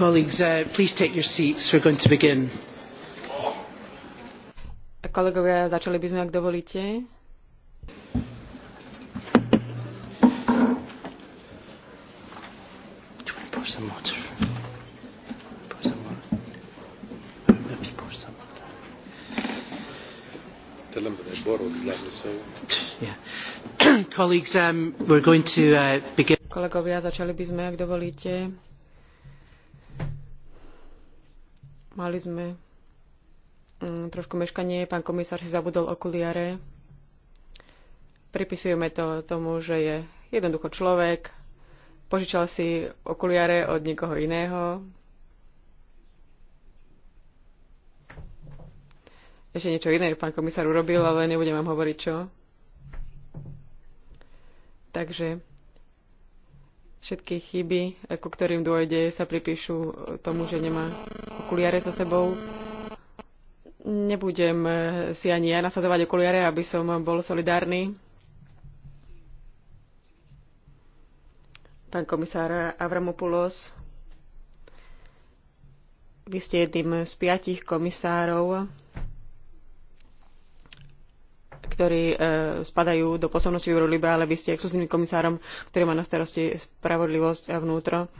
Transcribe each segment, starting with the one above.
Colleagues, uh, please take your seats. We're going to begin. Kolegovia, začali by sme, ak dovolíte. Um, uh, Kolegovia, začali by sme, ak dovolíte. Mali sme mm, trošku meškanie, pán komisár si zabudol okuliare. Pripisujeme to tomu, že je jednoducho človek, požičal si okuliare od niekoho iného. Ešte niečo iné pán komisár urobil, ale nebudem vám hovoriť čo. Takže Všetky chyby, e, ku ktorým dôjde, sa pripíšu e, tomu, že nemá okuliare so sebou. Nebudem e, si ani ja nasadzovať okuliare, aby som bol solidárny. Pán komisár Avramopoulos, vy ste jedným z piatich komisárov, ktorí e, spadajú do pôsobnosti Eurolibe, ale vy ste exkluzívnym komisárom, ktorý má na starosti spravodlivosť a vnútro.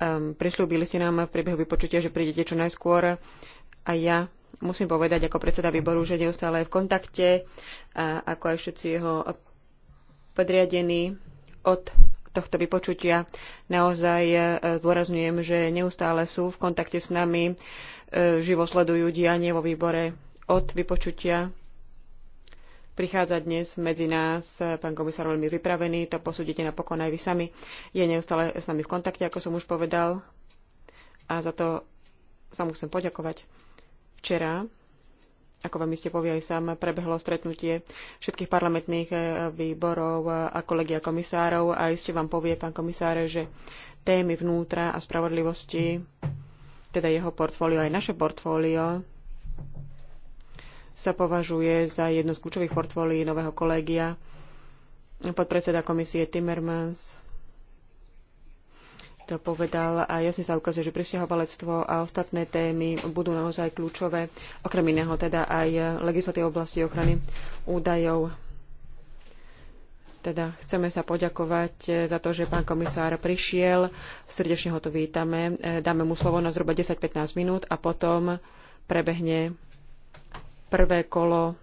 Ehm, prislúbili ste nám v priebehu vypočutia, že prídete čo najskôr a ja musím povedať ako predseda výboru, že neustále je v kontakte, a e, ako aj všetci jeho podriadení od tohto vypočutia. Naozaj e, zdôrazňujem, že neustále sú v kontakte s nami, živo sledujú dianie vo výbore od vypočutia prichádza dnes medzi nás. Pán komisár veľmi pripravený, to posúdite napokon aj vy sami. Je neustále s nami v kontakte, ako som už povedal. A za to sa musím poďakovať. Včera, ako vám ste povie aj sám, prebehlo stretnutie všetkých parlamentných eh, výborov a kolegia komisárov a iste vám povie pán komisár, že témy vnútra a spravodlivosti, teda jeho portfólio aj naše portfólio, sa považuje za jedno z kľúčových portfólií nového kolégia. Podpredseda komisie Timmermans to povedal a jasne sa ukazuje, že prisťahovalectvo a ostatné témy budú naozaj kľúčové, okrem iného teda aj legislatív oblasti ochrany údajov. Teda chceme sa poďakovať eh, za to, že pán komisár prišiel. Srdečne ho to vítame. Eh, dáme mu slovo na zhruba 10-15 minút a potom prebehne prvé kolo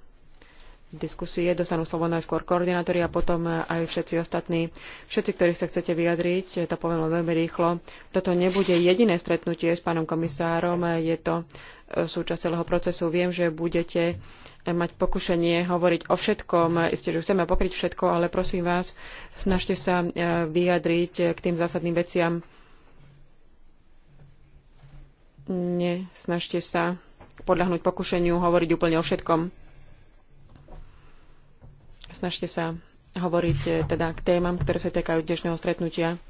diskusie dostanú slovo najskôr koordinátori a potom aj všetci ostatní. Všetci, ktorí sa chcete vyjadriť, to poviem veľmi rýchlo. Toto nebude jediné stretnutie s pánom komisárom, je to e, súčasť celého procesu. Viem, že budete e, mať pokušenie hovoriť o všetkom. Isté, že chceme pokryť všetko, ale prosím vás, snažte sa e, vyjadriť k tým zásadným veciam. Nesnažte sa podľahnúť pokušeniu hovoriť úplne o všetkom. Snažte sa hovoriť eh, teda k témam, ktoré sa týkajú dnešného stretnutia.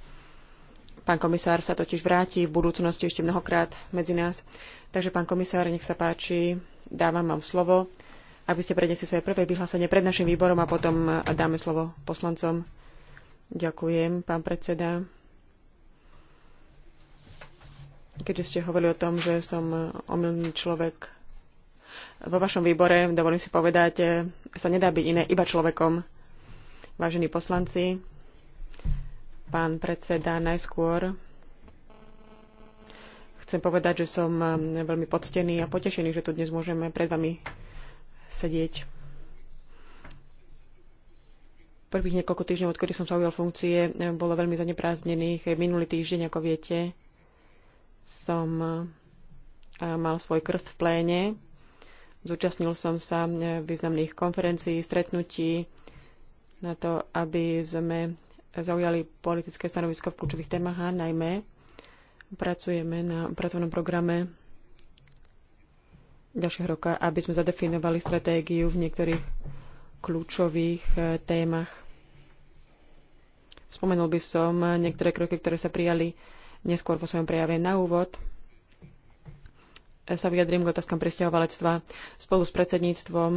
Pán komisár sa totiž vráti v budúcnosti ešte mnohokrát medzi nás. Takže, pán komisár, nech sa páči, dávam vám slovo, aby ste prednesli svoje prvé vyhlásenie pred našim výborom a potom eh, dáme slovo poslancom. Ďakujem, pán predseda keďže ste hovorili o tom, že som e, omylný človek vo vašom výbore, dovolím si povedať, e, sa nedá byť iné iba človekom. Vážení poslanci, pán predseda, najskôr chcem povedať, že som e, veľmi poctený a potešený, že tu dnes môžeme pred vami sedieť. Prvých niekoľko týždňov, odkedy som sa ujal funkcie, bolo veľmi zaneprázdnených. Minulý týždeň, ako viete, som e, mal svoj krst v pléne. Zúčastnil som sa e, významných konferencií, stretnutí na to, aby sme zaujali politické stanovisko v kľúčových témach a najmä pracujeme na pracovnom programe ďalšieho roka, aby sme zadefinovali stratégiu v niektorých kľúčových e, témach. Spomenul by som niektoré kroky, ktoré sa prijali neskôr vo svojom prejave. Na úvod sa vyjadrím k otázkam presťahovalectva. Spolu s predsedníctvom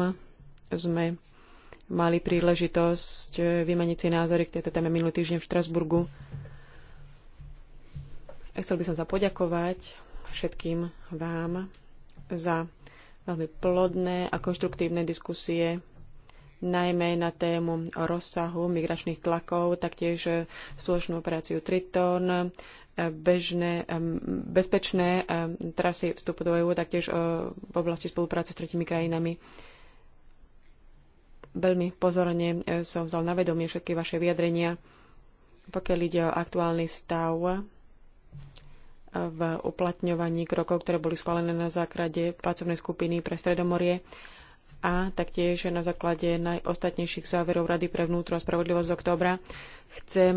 sme mali príležitosť vymeniť si názory k tejto téme minulý týždeň v Štrasburgu. Chcel by som sa poďakovať všetkým vám za veľmi plodné a konštruktívne diskusie, najmä na tému rozsahu migračných tlakov, taktiež spoločnú operáciu Triton, bežné, bezpečné trasy vstupu do EÚ, taktiež e, v oblasti spolupráce s tretimi krajinami. Veľmi pozorne e, som vzal na vedomie všetky vaše vyjadrenia, pokiaľ ide o aktuálny stav e, v uplatňovaní krokov, ktoré boli schválené na základe pracovnej skupiny pre Stredomorie a taktiež na základe najostatnejších záverov Rady pre vnútro a spravodlivosť z oktobra chcem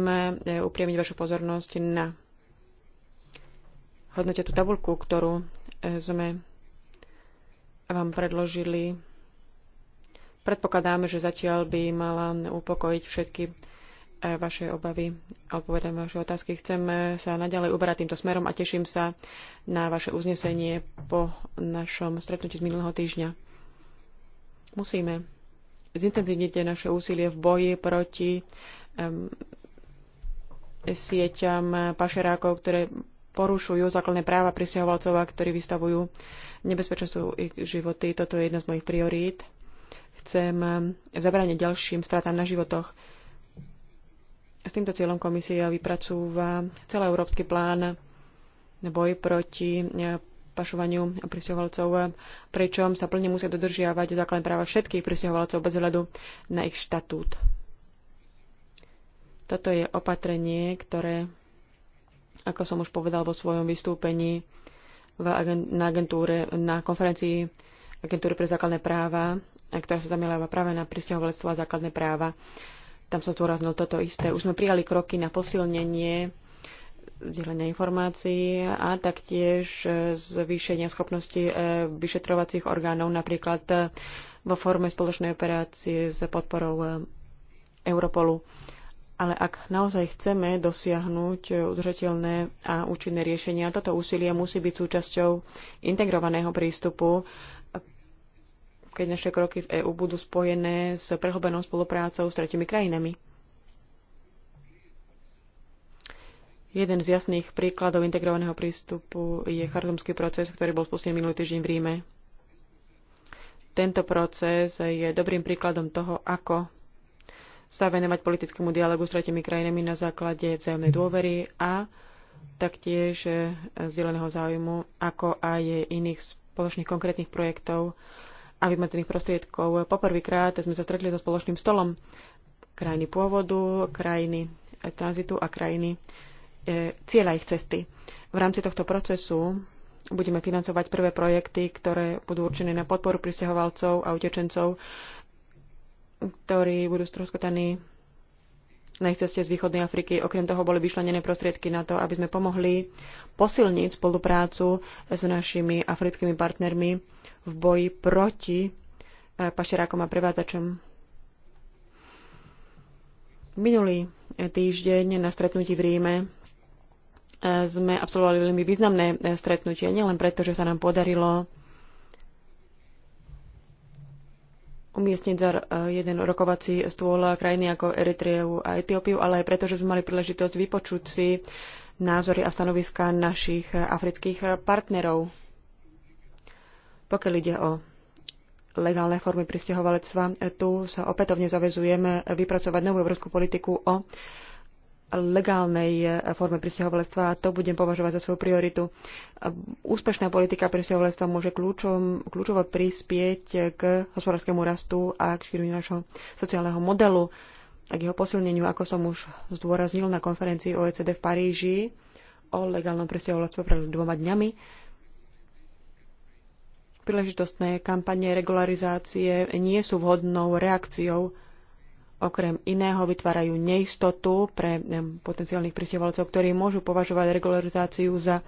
upriemiť vašu pozornosť na hodnotia tú tabulku, ktorú e, sme vám predložili. Predpokladáme, že zatiaľ by mala upokojiť všetky e, vaše obavy a odpovedať na vaše otázky. Chcem sa naďalej uberať týmto smerom a teším sa na vaše uznesenie po našom stretnutí z minulého týždňa. Musíme zintenzívniť naše úsilie v boji proti um, sieťam pašerákov, ktoré porušujú základné práva prisťahovalcov a ktorí vystavujú nebezpečenstvu ich životy. Toto je jedna z mojich priorít. Chcem zabrániť ďalším stratám na životoch. S týmto cieľom komisia vypracúva celý európsky plán boj proti pašovaniu prisťahovalcov, pričom sa plne musia dodržiavať základné práva všetkých prisťahovalcov bez hľadu na ich štatút. Toto je opatrenie, ktoré ako som už povedal vo svojom vystúpení v, na agentúre, na konferencii agentúry pre základné práva, ktorá sa zamieľava práve na pristahovalectvo a základné práva, tam sa zdôraznil toto isté. Už sme prijali kroky na posilnenie zdieľania informácií a taktiež zvýšenia schopnosti eh, vyšetrovacích orgánov, napríklad eh, vo forme spoločnej operácie s podporou eh, Europolu. Ale ak naozaj chceme dosiahnuť udržateľné a účinné riešenia, toto úsilie musí byť súčasťou integrovaného prístupu, keď naše kroky v EÚ budú spojené s prehlbenou spoluprácou s tretimi krajinami. Jeden z jasných príkladov integrovaného prístupu je chartumský proces, ktorý bol spustený minulý týždeň v Ríme. Tento proces je dobrým príkladom toho, ako sa venovať politickému dialogu s tretimi krajinami na základe vzájomnej dôvery a taktiež e, zeleného záujmu, ako aj iných spoločných konkrétnych projektov a vymedzených prostriedkov. Poprvýkrát sme sa stretli so spoločným stolom krajiny pôvodu, krajiny tranzitu a krajiny e, cieľa ich cesty. V rámci tohto procesu budeme financovať prvé projekty, ktoré budú určené na podporu pristahovalcov a utečencov ktorí budú stroskotaní na ich ceste z východnej Afriky. Okrem toho boli vyšlenené prostriedky na to, aby sme pomohli posilniť spoluprácu s našimi africkými partnermi v boji proti e, pašerákom a prevádzačom. Minulý e, týždeň na stretnutí v Ríme e, sme absolvovali veľmi významné stretnutie, nielen preto, že sa nám podarilo umiestniť za e, jeden rokovací stôl krajiny ako Eritreu a Etiópiu, ale aj preto, že sme mali príležitosť vypočuť si názory a stanoviska našich afrických partnerov. Pokiaľ ide o legálne formy pristahovalectva, tu sa opätovne zavezujeme vypracovať novú európsku politiku o legálnej e, forme pristahovalectva a to budem považovať za svoju prioritu. E, úspešná politika pristahovalectva môže kľúčom, kľúčovo prispieť k hospodárskému rastu a k šíreniu našho sociálneho modelu a k jeho posilneniu, ako som už zdôraznil na konferencii OECD v Paríži o legálnom pristahovalectve pred dvoma dňami. Príležitostné kampanie regularizácie nie sú vhodnou reakciou okrem iného vytvárajú neistotu pre potenciálnych pristahovalcov, ktorí môžu považovať regularizáciu za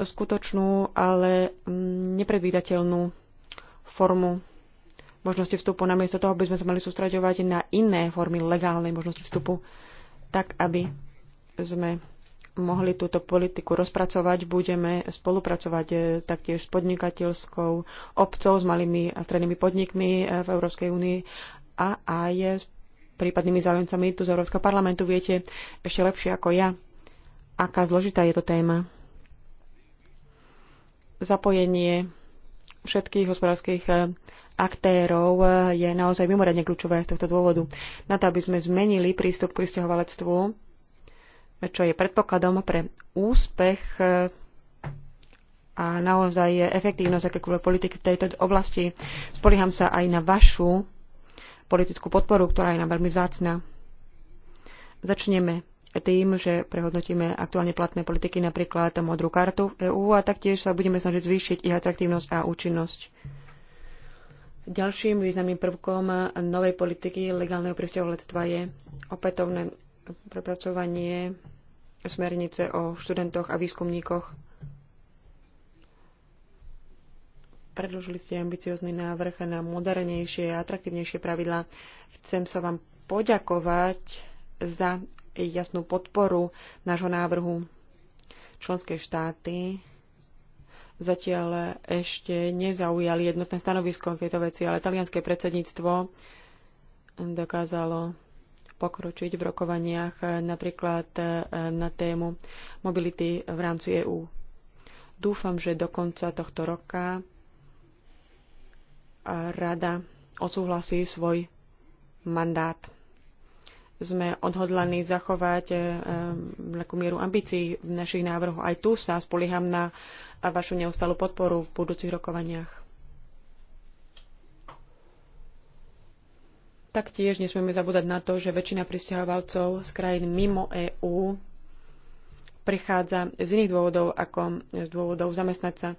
skutočnú, ale mm, nepredvídateľnú formu možnosti vstupu. Namiesto toho by sme sa mali sústraďovať na iné formy legálnej možnosti vstupu, tak aby sme mohli túto politiku rozpracovať. Budeme spolupracovať e, taktiež s podnikateľskou obcov, s malými a strednými podnikmi e, v Európskej únii a aj s prípadnými záujemcami tu z Európskeho parlamentu. Viete ešte lepšie ako ja, aká zložitá je to téma. Zapojenie všetkých hospodárskych eh, aktérov eh, je naozaj mimoriadne kľúčové z tohto dôvodu. Na to, aby sme zmenili prístup k pristahovalectvu, čo je predpokladom pre úspech eh, a naozaj efektívnosť akékoľvek politiky v tejto oblasti. Spolíham sa aj na vašu politickú podporu, ktorá je nám veľmi vzácna. Začneme tým, že prehodnotíme aktuálne platné politiky, napríklad modrú kartu EÚ a taktiež sa budeme snažiť zvýšiť ich atraktívnosť a účinnosť. Ďalším významným prvkom novej politiky legálneho pristahovalectva je opätovné prepracovanie smernice o študentoch a výskumníkoch Predložili ste ambiciózny návrh na modernejšie a atraktívnejšie pravidlá. Chcem sa vám poďakovať za jasnú podporu nášho návrhu. Členské štáty zatiaľ ešte nezaujali jednotné stanovisko v tejto veci, ale talianské predsedníctvo dokázalo pokročiť v rokovaniach napríklad e, na tému mobility v rámci EÚ. Dúfam, že do konca tohto roka rada odsúhlasí svoj mandát. Sme odhodlaní zachovať e, nejakú mieru ambícií v našich návrhoch. Aj tu sa spolieham na vašu neustalú podporu v budúcich rokovaniach. Taktiež nesmieme zabúdať na to, že väčšina pristahovalcov z krajín mimo EÚ prichádza z iných dôvodov ako z dôvodov zamestnať sa e,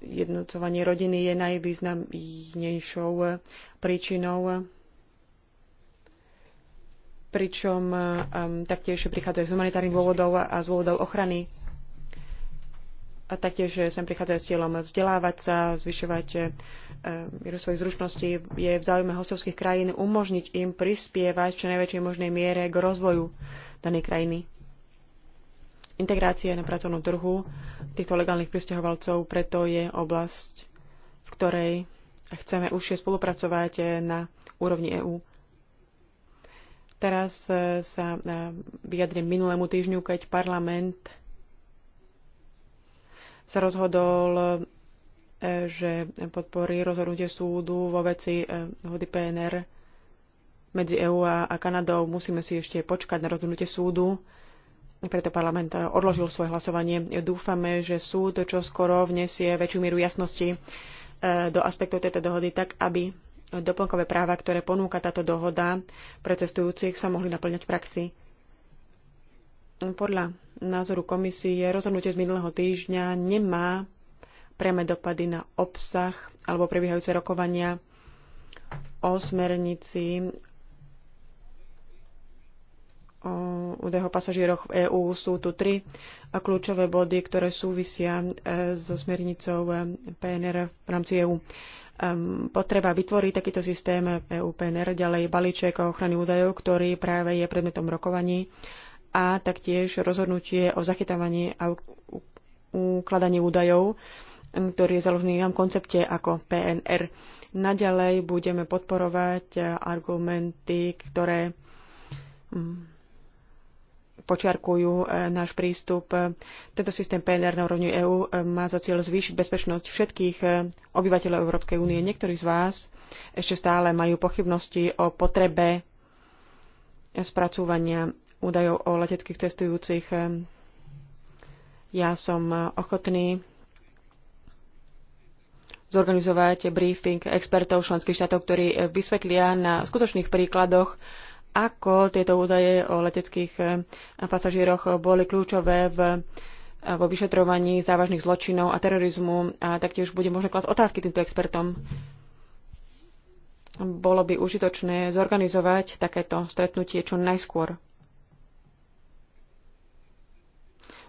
Jednocovanie rodiny je najvýznamnejšou príčinou pričom um, taktiež prichádzajú z humanitárnych dôvodov a z dôvodov ochrany. A taktiež sem prichádzajú s cieľom vzdelávať sa, zvyšovať um, mieru um, svojich zručností. Je v záujme hostovských krajín umožniť im prispievať čo najväčšej možnej miere k rozvoju danej krajiny integrácie na pracovnom trhu týchto legálnych pristahovalcov, preto je oblasť, v ktorej chceme užšie spolupracovať na úrovni EÚ. Teraz e, sa e, vyjadrím minulému týždňu, keď parlament sa rozhodol, e, že podporí rozhodnutie súdu vo veci hody PNR medzi EÚ a Kanadou. Musíme si ešte počkať na rozhodnutie súdu preto parlament eh, odložil svoje hlasovanie. Dúfame, že súd čo skoro vnesie väčšiu mieru jasnosti eh, do aspektov tejto dohody tak, aby doplnkové práva, ktoré ponúka táto dohoda pre cestujúcich, sa mohli naplňať v praxi. Podľa názoru komisie rozhodnutie z minulého týždňa nemá priame dopady na obsah alebo prebiehajúce rokovania o smernici údajov o pasažieroch v EÚ sú tu tri kľúčové body, ktoré súvisia e, so smernicou e, PNR v rámci EÚ. Ehm, potreba vytvoriť takýto systém EU PNR, ďalej balíček o ochrany údajov, ktorý práve je predmetom rokovaní a taktiež rozhodnutie o zachytávaní a ukladaní údajov, ehm, ktorý je založený na koncepte ako PNR. Naďalej budeme podporovať e, argumenty, ktoré mm, počiarkujú e, náš prístup. E, tento systém PNR na úrovni EÚ e, má za cieľ zvýšiť bezpečnosť všetkých obyvateľov Európskej únie. Niektorí z vás ešte stále majú pochybnosti o potrebe spracúvania údajov o leteckých cestujúcich. Ja som ochotný zorganizovať briefing expertov členských štátov, ktorí vysvetlia na skutočných príkladoch, ako tieto údaje o leteckých eh, pasažieroch boli kľúčové v, eh, vo vyšetrovaní závažných zločinov a terorizmu a taktiež bude možno klásť otázky týmto expertom. Bolo by užitočné zorganizovať takéto stretnutie čo najskôr.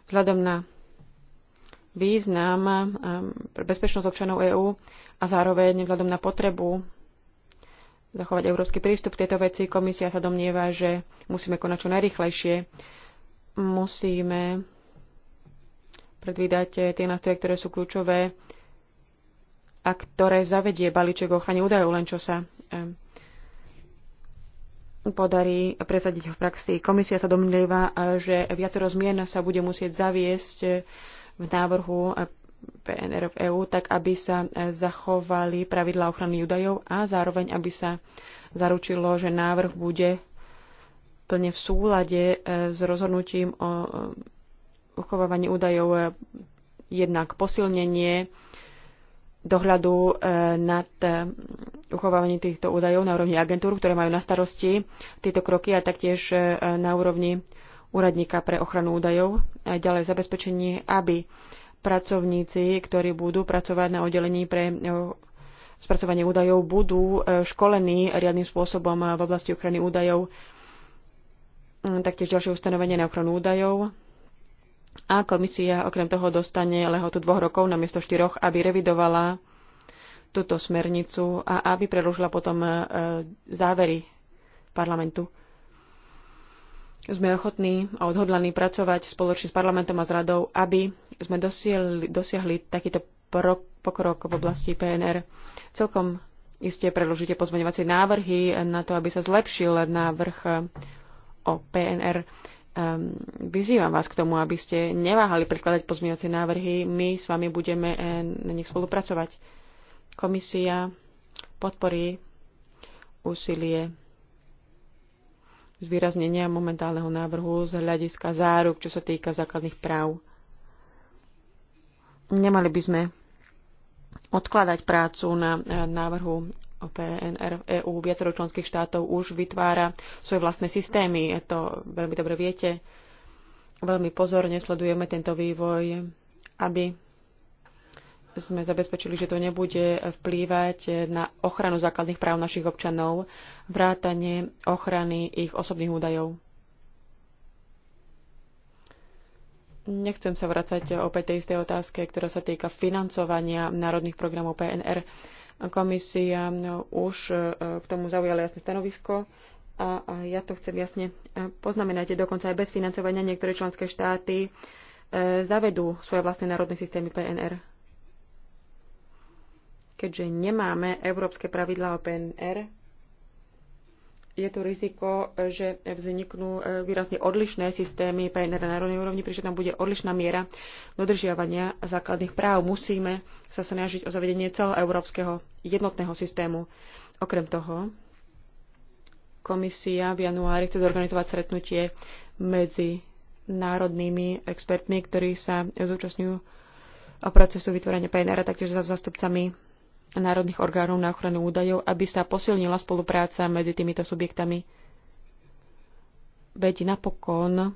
Vzhľadom na význam eh, pre bezpečnosť občanov EÚ a zároveň vzhľadom na potrebu zachovať európsky prístup k tejto veci. Komisia sa domnieva, že musíme konať čo najrychlejšie. Musíme predvídať tie nástroje, ktoré sú kľúčové a ktoré zavedie balíček o ochrane údajov, len čo sa podarí presadiť v praxi. Komisia sa domnieva, že viacero zmien sa bude musieť zaviesť v návrhu PNR v EÚ, tak aby sa e, zachovali pravidlá ochrany údajov a zároveň, aby sa zaručilo, že návrh bude plne v súlade e, s rozhodnutím o e, uchovávaní údajov jednak posilnenie dohľadu nad uchovávaním týchto údajov na úrovni agentúr, ktoré majú na starosti tieto kroky a taktiež na úrovni úradníka pre ochranu údajov. A ďalej zabezpečenie, aby pracovníci, ktorí budú pracovať na oddelení pre e, spracovanie údajov, budú e, školení riadnym spôsobom e, v oblasti ochrany údajov, taktiež ďalšie ustanovenie na ochranu údajov. A komisia okrem toho dostane lehotu dvoch rokov na miesto štyroch, aby revidovala túto smernicu a aby prerušila potom závery parlamentu. Sme ochotní a odhodlaní pracovať spoločne s parlamentom a s radou, aby sme dosiahli, dosiahli takýto pokrok v oblasti PNR. Celkom iste predložíte pozmeňovacie návrhy na to, aby sa zlepšil návrh eh, o PNR. Ehm, vyzývam vás k tomu, aby ste neváhali predkladať pozmeňovacie návrhy. My s vami budeme eh, na nich spolupracovať. Komisia podporí úsilie zvýraznenia momentálneho návrhu z hľadiska záruk, čo sa týka základných práv. Nemali by sme odkladať prácu na e, návrhu PNR EU. Viacero členských štátov už vytvára svoje vlastné systémy. E, to veľmi dobre viete. Veľmi pozorne sledujeme tento vývoj, aby sme zabezpečili, že to nebude vplývať na ochranu základných práv našich občanov, vrátanie ochrany ich osobných údajov. Nechcem sa vrácať opäť tej istej otázke, ktorá sa týka financovania národných programov PNR. Komisia no, už e, k tomu zaujala jasné stanovisko a ja to chcem jasne e, poznamenať. Dokonca aj bez financovania niektoré členské štáty e, zavedú svoje vlastné národné systémy PNR. Keďže nemáme európske pravidlá o PNR, je tu riziko, že vzniknú e, výrazne odlišné systémy PNR na národnej úrovni, pričom tam bude odlišná miera dodržiavania základných práv. Musíme sa snažiť o zavedenie celoeurópskeho jednotného systému. Okrem toho, komisia v januári chce zorganizovať stretnutie medzi národnými expertmi, ktorí sa zúčastňujú procesu vytvorenia PNR a taktiež za zástupcami národných orgánov na ochranu údajov, aby sa posilnila spolupráca medzi týmito subjektami. Veď napokon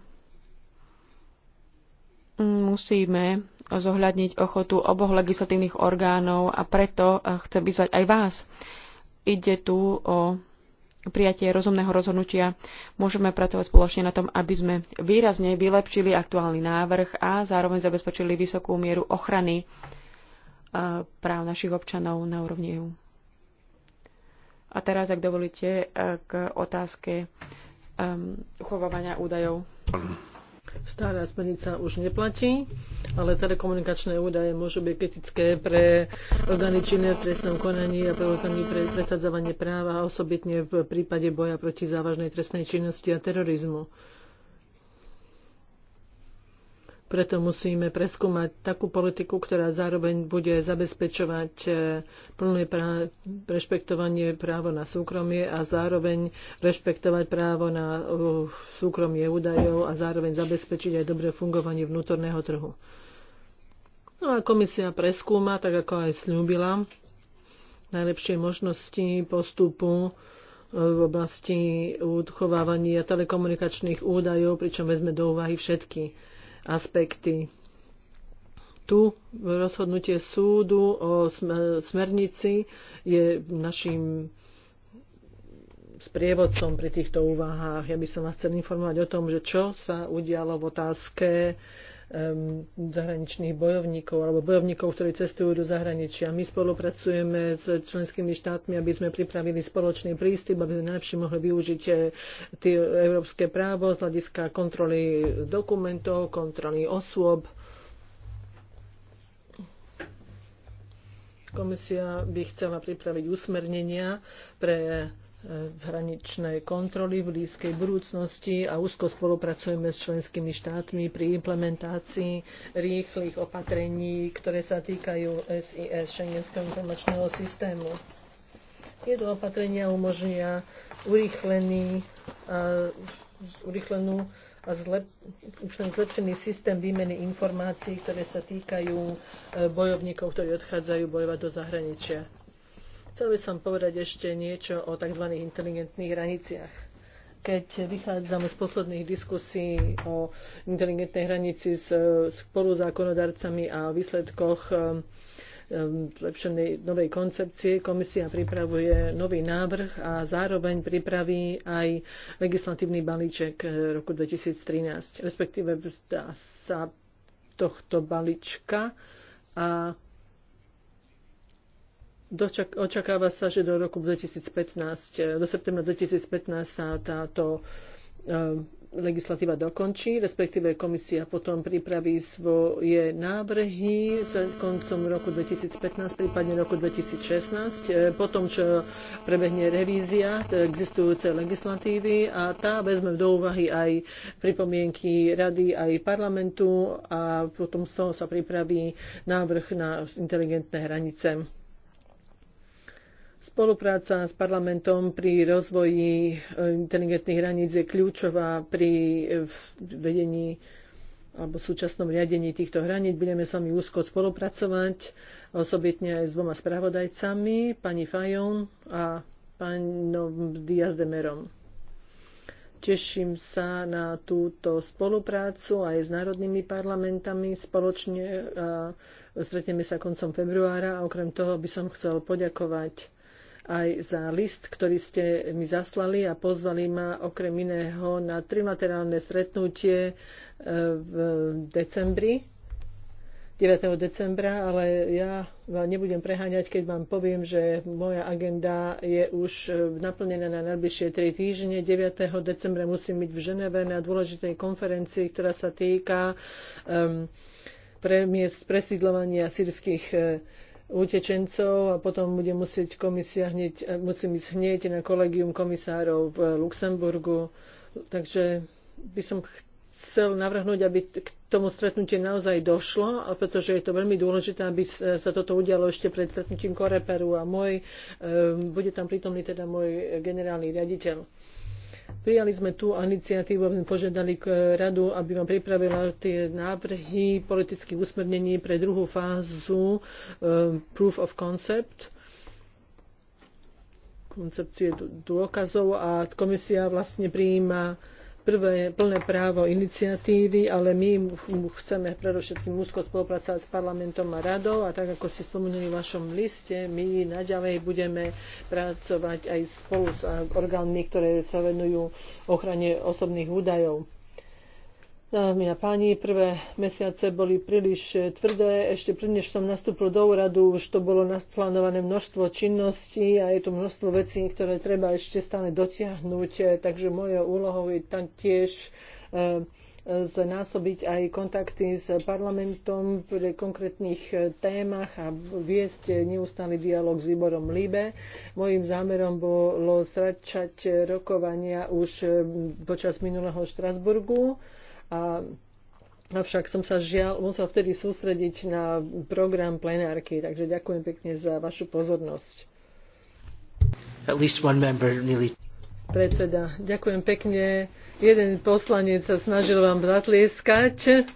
musíme zohľadniť ochotu oboch legislatívnych orgánov a preto chcem vyzvať aj vás. Ide tu o prijatie rozumného rozhodnutia. Môžeme pracovať spoločne na tom, aby sme výrazne vylepšili aktuálny návrh a zároveň zabezpečili vysokú mieru ochrany práv našich občanov na úrovni EU. A teraz, ak dovolíte, e, k otázke um, uchovávania údajov. Stará smernica už neplatí, ale telekomunikačné údaje môžu byť kritické pre orgány činné v trestnom konaní a pre orgány pre presadzovanie práva, osobitne v prípade boja proti závažnej trestnej činnosti a terorizmu. Preto musíme preskúmať takú politiku, ktorá zároveň bude zabezpečovať e, plné rešpektovanie právo na súkromie a zároveň rešpektovať právo na e, súkromie údajov a zároveň zabezpečiť aj dobré fungovanie vnútorného trhu. No a komisia preskúma, tak ako aj slúbila, najlepšie možnosti postupu e, v oblasti uchovávania telekomunikačných údajov, pričom vezme do úvahy všetky aspekty. Tu rozhodnutie súdu o smernici je našim sprievodcom pri týchto úvahách. Ja by som vás chcel informovať o tom, že čo sa udialo v otázke zahraničných bojovníkov alebo bojovníkov, ktorí cestujú do zahraničia. My spolupracujeme s členskými štátmi, aby sme pripravili spoločný prístup, aby sme najlepšie mohli využiť eh, tie európske právo z hľadiska kontroly dokumentov, kontroly osôb. Komisia by chcela pripraviť usmernenia pre hraničné kontroly v blízkej budúcnosti a úzko spolupracujeme s členskými štátmi pri implementácii rýchlych opatrení, ktoré sa týkajú SIS, Schengenského informačného systému. Tieto opatrenia umožnia urýchlený, a, urýchlenú a zlep, zlepšený systém výmeny informácií, ktoré sa týkajú e, bojovníkov, ktorí odchádzajú bojovať do zahraničia. Chcel by som povedať ešte niečo o tzv. inteligentných hraniciach. Keď vychádzame z posledných diskusí o inteligentnej hranici s zákonodarcami a výsledkoch um, um, zlepšenej novej koncepcie. Komisia pripravuje nový návrh a zároveň pripraví aj legislatívny balíček eh, roku 2013, respektíve sa tohto balíčka a Dočak, očakáva sa, že do roku 2015, eh, do septembra 2015 sa táto eh, legislatíva dokončí, respektíve komisia potom pripraví svoje návrhy za koncom roku 2015, prípadne roku 2016, eh, potom čo prebehne revízia existujúcej legislatívy a tá vezme do úvahy aj pripomienky rady aj parlamentu a potom z toho sa pripraví návrh na inteligentné hranice. Spolupráca s parlamentom pri rozvoji eh, inteligentných hraníc je kľúčová pri eh, vedení alebo súčasnom riadení týchto hraníc. Budeme s vami úzko spolupracovať, osobitne aj s dvoma spravodajcami, pani Fajon a pánom Merom. Teším sa na túto spoluprácu aj s národnými parlamentami spoločne. Stretneme sa koncom februára a okrem toho by som chcel poďakovať aj za list, ktorý ste mi zaslali a pozvali ma okrem iného na trilaterálne stretnutie e, v decembri 9. decembra, ale ja vám nebudem preháňať, keď vám poviem, že moja agenda je už e, naplnená na najbližšie 3 týždne. 9. decembra musím byť v Ženeve na dôležitej konferencii, ktorá sa týka um, presídlovania sírskych uh, utečencov a potom bude musieť komisia hneď, eh, musím ísť hneď na kolegium komisárov v Luxemburgu. Takže by som chcel navrhnúť, aby k tomu stretnutie naozaj došlo, pretože je to veľmi dôležité, aby eh, sa toto udialo ešte pred stretnutím Koreperu a môj, eh, bude tam prítomný teda môj generálny riaditeľ. Prijali sme tú iniciatívu, aby sme požiadali k eh, radu, aby vám pripravila tie návrhy politických usmernení pre druhú fázu um, proof of concept koncepcie dôkazov a komisia vlastne prijíma prvé plné právo iniciatívy, ale my chceme predovšetkým úzko spolupracovať s parlamentom a radou a tak, ako ste spomenuli v vašom liste, my naďalej budeme pracovať aj spolu s orgánmi, ktoré sa venujú ochrane osobných údajov. Dámy a páni, prvé mesiace boli príliš tvrdé. Ešte prednež som nastúpil do úradu, už to bolo naplánované množstvo činností a je tu množstvo vecí, ktoré treba ešte stále dotiahnuť. Takže mojou úlohou je tiež eh, znásobiť aj kontakty s parlamentom pri konkrétnych témach a viesť neustály dialog s výborom Líbe. Mojím zámerom bolo začať rokovania už eh, počas minulého Štrasburgu a Avšak som sa žiaľ musel vtedy sústrediť na program plenárky, takže ďakujem pekne za vašu pozornosť. At least one member really predseda. Ďakujem pekne. Jeden poslanec sa snažil vám zatlieskať.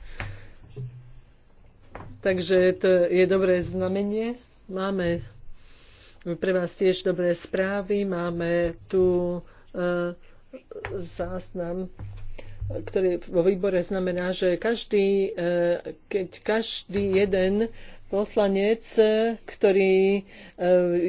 Takže to je dobré znamenie. Máme pre vás tiež dobré správy. Máme tu uh, záznam ktorý vo výbore znamená, že každý, e, keď každý jeden poslanec, e, ktorý e,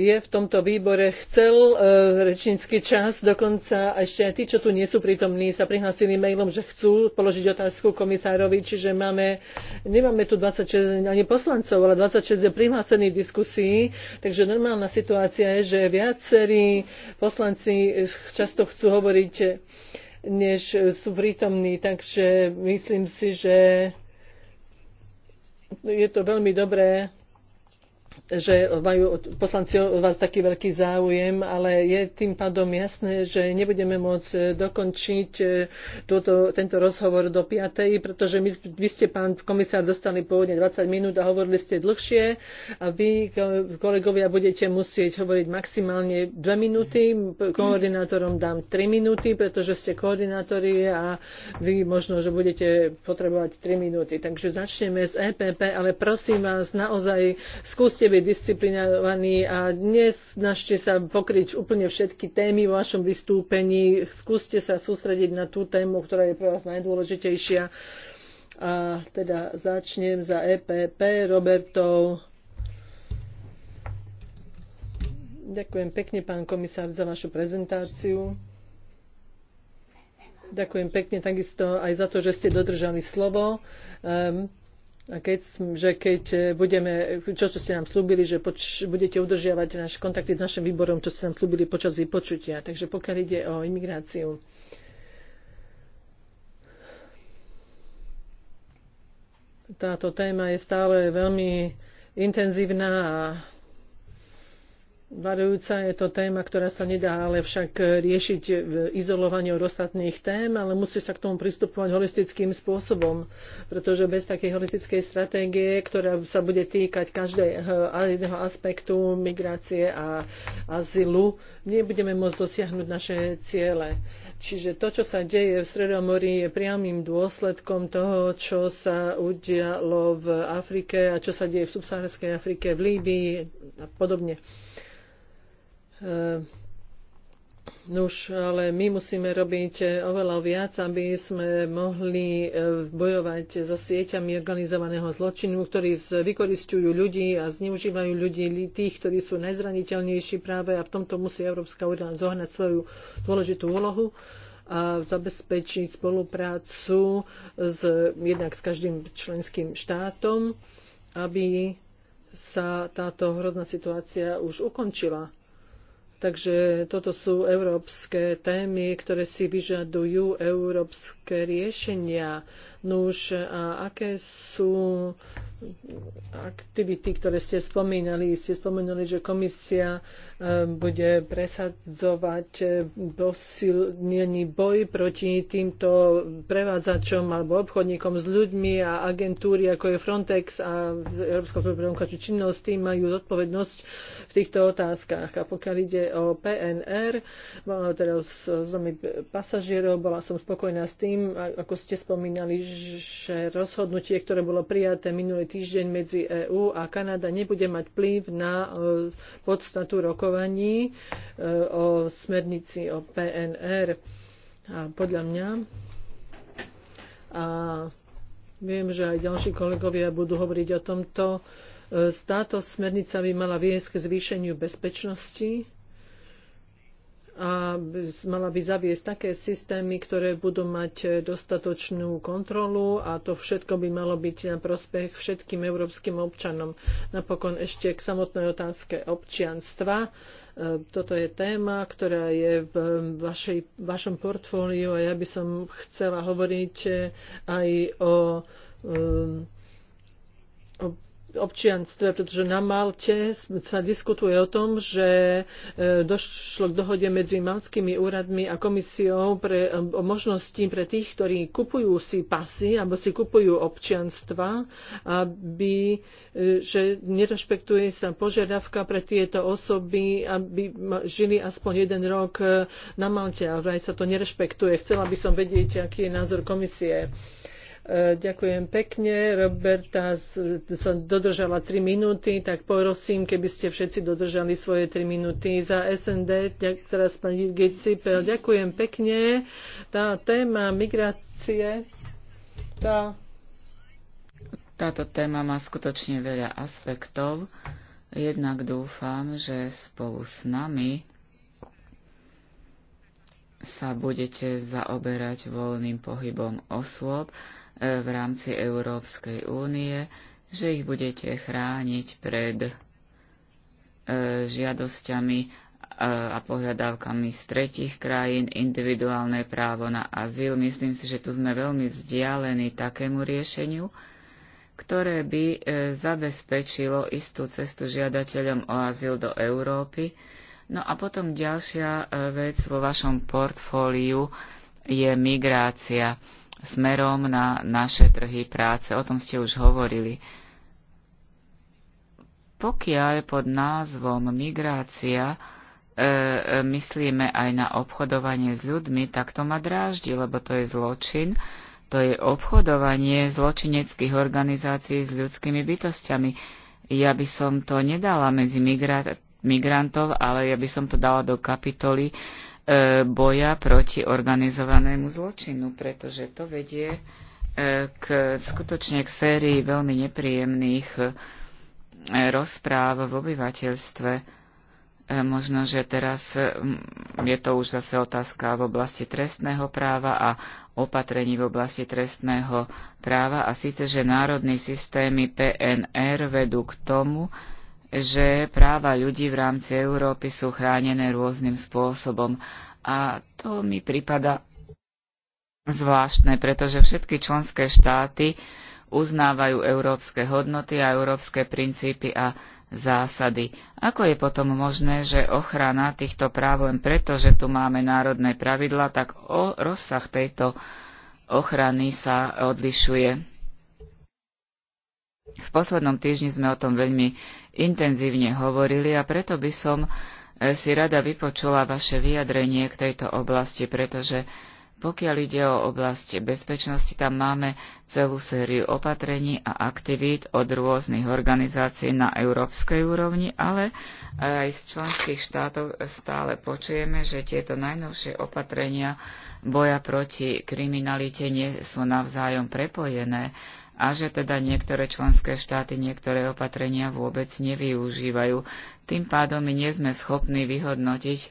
je v tomto výbore, chcel rečnícky čas, dokonca ešte aj tí, čo tu nie sú prítomní, sa prihlásili mailom, že chcú položiť otázku komisárovi, čiže máme, nemáme tu 26 ani poslancov, ale 26 je prihlásených diskusii, takže normálna situácia je, že viacerí poslanci často chcú hovoriť než e, sú prítomní. Takže myslím si, že je to veľmi dobré že majú poslanci o vás taký veľký záujem, ale je tým pádom jasné, že nebudeme môcť e, dokončiť e, túto, tento rozhovor do 5. pretože my, vy ste, pán komisár, dostali pôvodne 20 minút a hovorili ste dlhšie a vy, kolegovia, budete musieť hovoriť maximálne 2 minúty. Koordinátorom dám 3 minúty, pretože ste koordinátori a vy možno, že budete potrebovať 3 minúty. Takže začneme z EPP, ale prosím vás, naozaj skúste byť disciplinovaní a dnes snažte sa pokryť úplne všetky témy vo vašom vystúpení. Skúste sa sústrediť na tú tému, ktorá je pre vás najdôležitejšia. A teda začnem za EPP Robertov. Ďakujem pekne, pán komisár, za vašu prezentáciu. Ďakujem pekne takisto aj za to, že ste dodržali slovo. Um, a keď, že keď e, budeme, čo, čo ste nám slúbili, že poč, budete udržiavať naše kontakty s našim výborom, čo ste nám slúbili počas vypočutia. Takže pokiaľ ide o imigráciu, táto téma je stále veľmi intenzívna a varujúca je to téma, ktorá sa nedá ale však riešiť v izolovaní od ostatných tém, ale musí sa k tomu pristupovať holistickým spôsobom, pretože bez takej holistickej stratégie, ktorá sa bude týkať každého eh, aspektu migrácie a azylu, nebudeme môcť dosiahnuť naše ciele. Čiže to, čo sa deje v Sredomorí, je priamým dôsledkom toho, čo sa udialo v Afrike a čo sa deje v subsaharskej Afrike, v Líbii a podobne. Ehm, nuž, ale my musíme robiť eh, oveľa viac, aby sme mohli eh, bojovať so sieťami organizovaného zločinu, ktorí vykoristujú ľudí a zneužívajú ľudí, tých, ktorí sú najzraniteľnejší práve a v tomto musí Európska únia zohnať svoju dôležitú úlohu a zabezpečiť spoluprácu s, jednak s každým členským štátom, aby sa táto hrozná situácia už ukončila Takže toto sú európske témy, ktoré si vyžadujú európske riešenia. Nuž, a aké sú aktivity, ktoré ste spomínali? Ste spomenuli, že komisia e, bude presadzovať e, posilnený boj proti týmto prevádzačom alebo obchodníkom s ľuďmi a agentúry, ako je Frontex a Európska prvnúka činnosť, tým majú zodpovednosť v týchto otázkach. A pokiaľ ide o PNR, teda s, s pasažierov, bola som spokojná s tým, ako ste spomínali, že rozhodnutie, ktoré bolo prijaté minulý týždeň medzi EÚ a Kanada, nebude mať vplyv na e, podstatu rokovaní e, o smernici o PNR. A podľa mňa a viem, že aj ďalší kolegovia budú hovoriť o tomto. E, táto smernica by mala viesť k zvýšeniu bezpečnosti a mala by zaviesť také systémy, ktoré budú mať e, dostatočnú kontrolu a to všetko by malo byť na prospech všetkým európskym občanom. Napokon ešte k samotnej otázke občianstva. E, toto je téma, ktorá je v vašej, vašom portfóliu a ja by som chcela hovoriť e, aj o, o občianstve, pretože na Malte sa diskutuje o tom, že e, došlo k dohode medzi malskými úradmi a komisiou pre, e, o možnosti pre tých, ktorí kupujú si pasy alebo si kupujú občianstva, aby, e, že nerešpektuje sa požiadavka pre tieto osoby, aby žili aspoň jeden rok na Malte a vraj sa to nerešpektuje. Chcela by som vedieť, aký je názor komisie. Ďakujem pekne. Roberta, som dodržala 3 minúty, tak prosím, keby ste všetci dodržali svoje 3 minúty za SND. Ďak, teraz pani Gicipel, ďakujem pekne. Tá téma migrácie, tá... Táto téma má skutočne veľa aspektov. Jednak dúfam, že spolu s nami sa budete zaoberať voľným pohybom osôb, v rámci Európskej únie, že ich budete chrániť pred e, žiadosťami e, a pohľadávkami z tretich krajín, individuálne právo na azyl. Myslím si, že tu sme veľmi vzdialení takému riešeniu, ktoré by e, zabezpečilo istú cestu žiadateľom o azyl do Európy. No a potom ďalšia vec vo vašom portfóliu je migrácia smerom na naše trhy práce. O tom ste už hovorili. Pokiaľ pod názvom migrácia e, e, myslíme aj na obchodovanie s ľuďmi, tak to ma dráždi, lebo to je zločin. To je obchodovanie zločineckých organizácií s ľudskými bytostiami. Ja by som to nedala medzi migrát, migrantov, ale ja by som to dala do kapitoly E, boja proti organizovanému zločinu, pretože to vedie e, k, skutočne k sérii veľmi nepríjemných e, rozpráv v obyvateľstve. Možno, že teraz je to už zase otázka v oblasti trestného práva a opatrení v oblasti trestného práva a síce, že národní systémy PNR vedú k tomu, že práva ľudí v rámci Európy sú chránené rôznym spôsobom. A to mi prípada zvláštne, pretože všetky členské štáty uznávajú európske hodnoty a európske princípy a zásady. Ako je potom možné, že ochrana týchto práv len preto, že tu máme národné pravidla, tak o rozsah tejto ochrany sa odlišuje. V poslednom týždni sme o tom veľmi intenzívne hovorili a preto by som e, si rada vypočula vaše vyjadrenie k tejto oblasti, pretože pokiaľ ide o oblasť bezpečnosti, tam máme celú sériu opatrení a aktivít od rôznych organizácií na európskej úrovni, ale aj z členských štátov stále počujeme, že tieto najnovšie opatrenia boja proti kriminalite nie sú navzájom prepojené a že teda niektoré členské štáty niektoré opatrenia vôbec nevyužívajú. Tým pádom my nie sme schopní vyhodnotiť, e,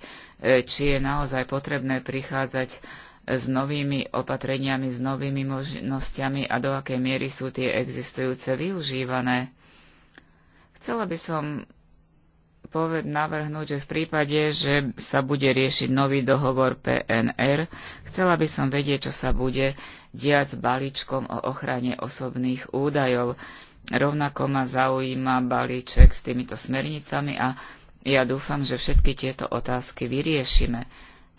či je naozaj potrebné prichádzať s novými opatreniami, s novými možnosťami a do akej miery sú tie existujúce využívané. Chcela by som poved navrhnúť, že v prípade, že sa bude riešiť nový dohovor PNR, chcela by som vedieť, čo sa bude diať s balíčkom o ochrane osobných údajov. Rovnako ma zaujíma balíček s týmito smernicami a ja dúfam, že všetky tieto otázky vyriešime.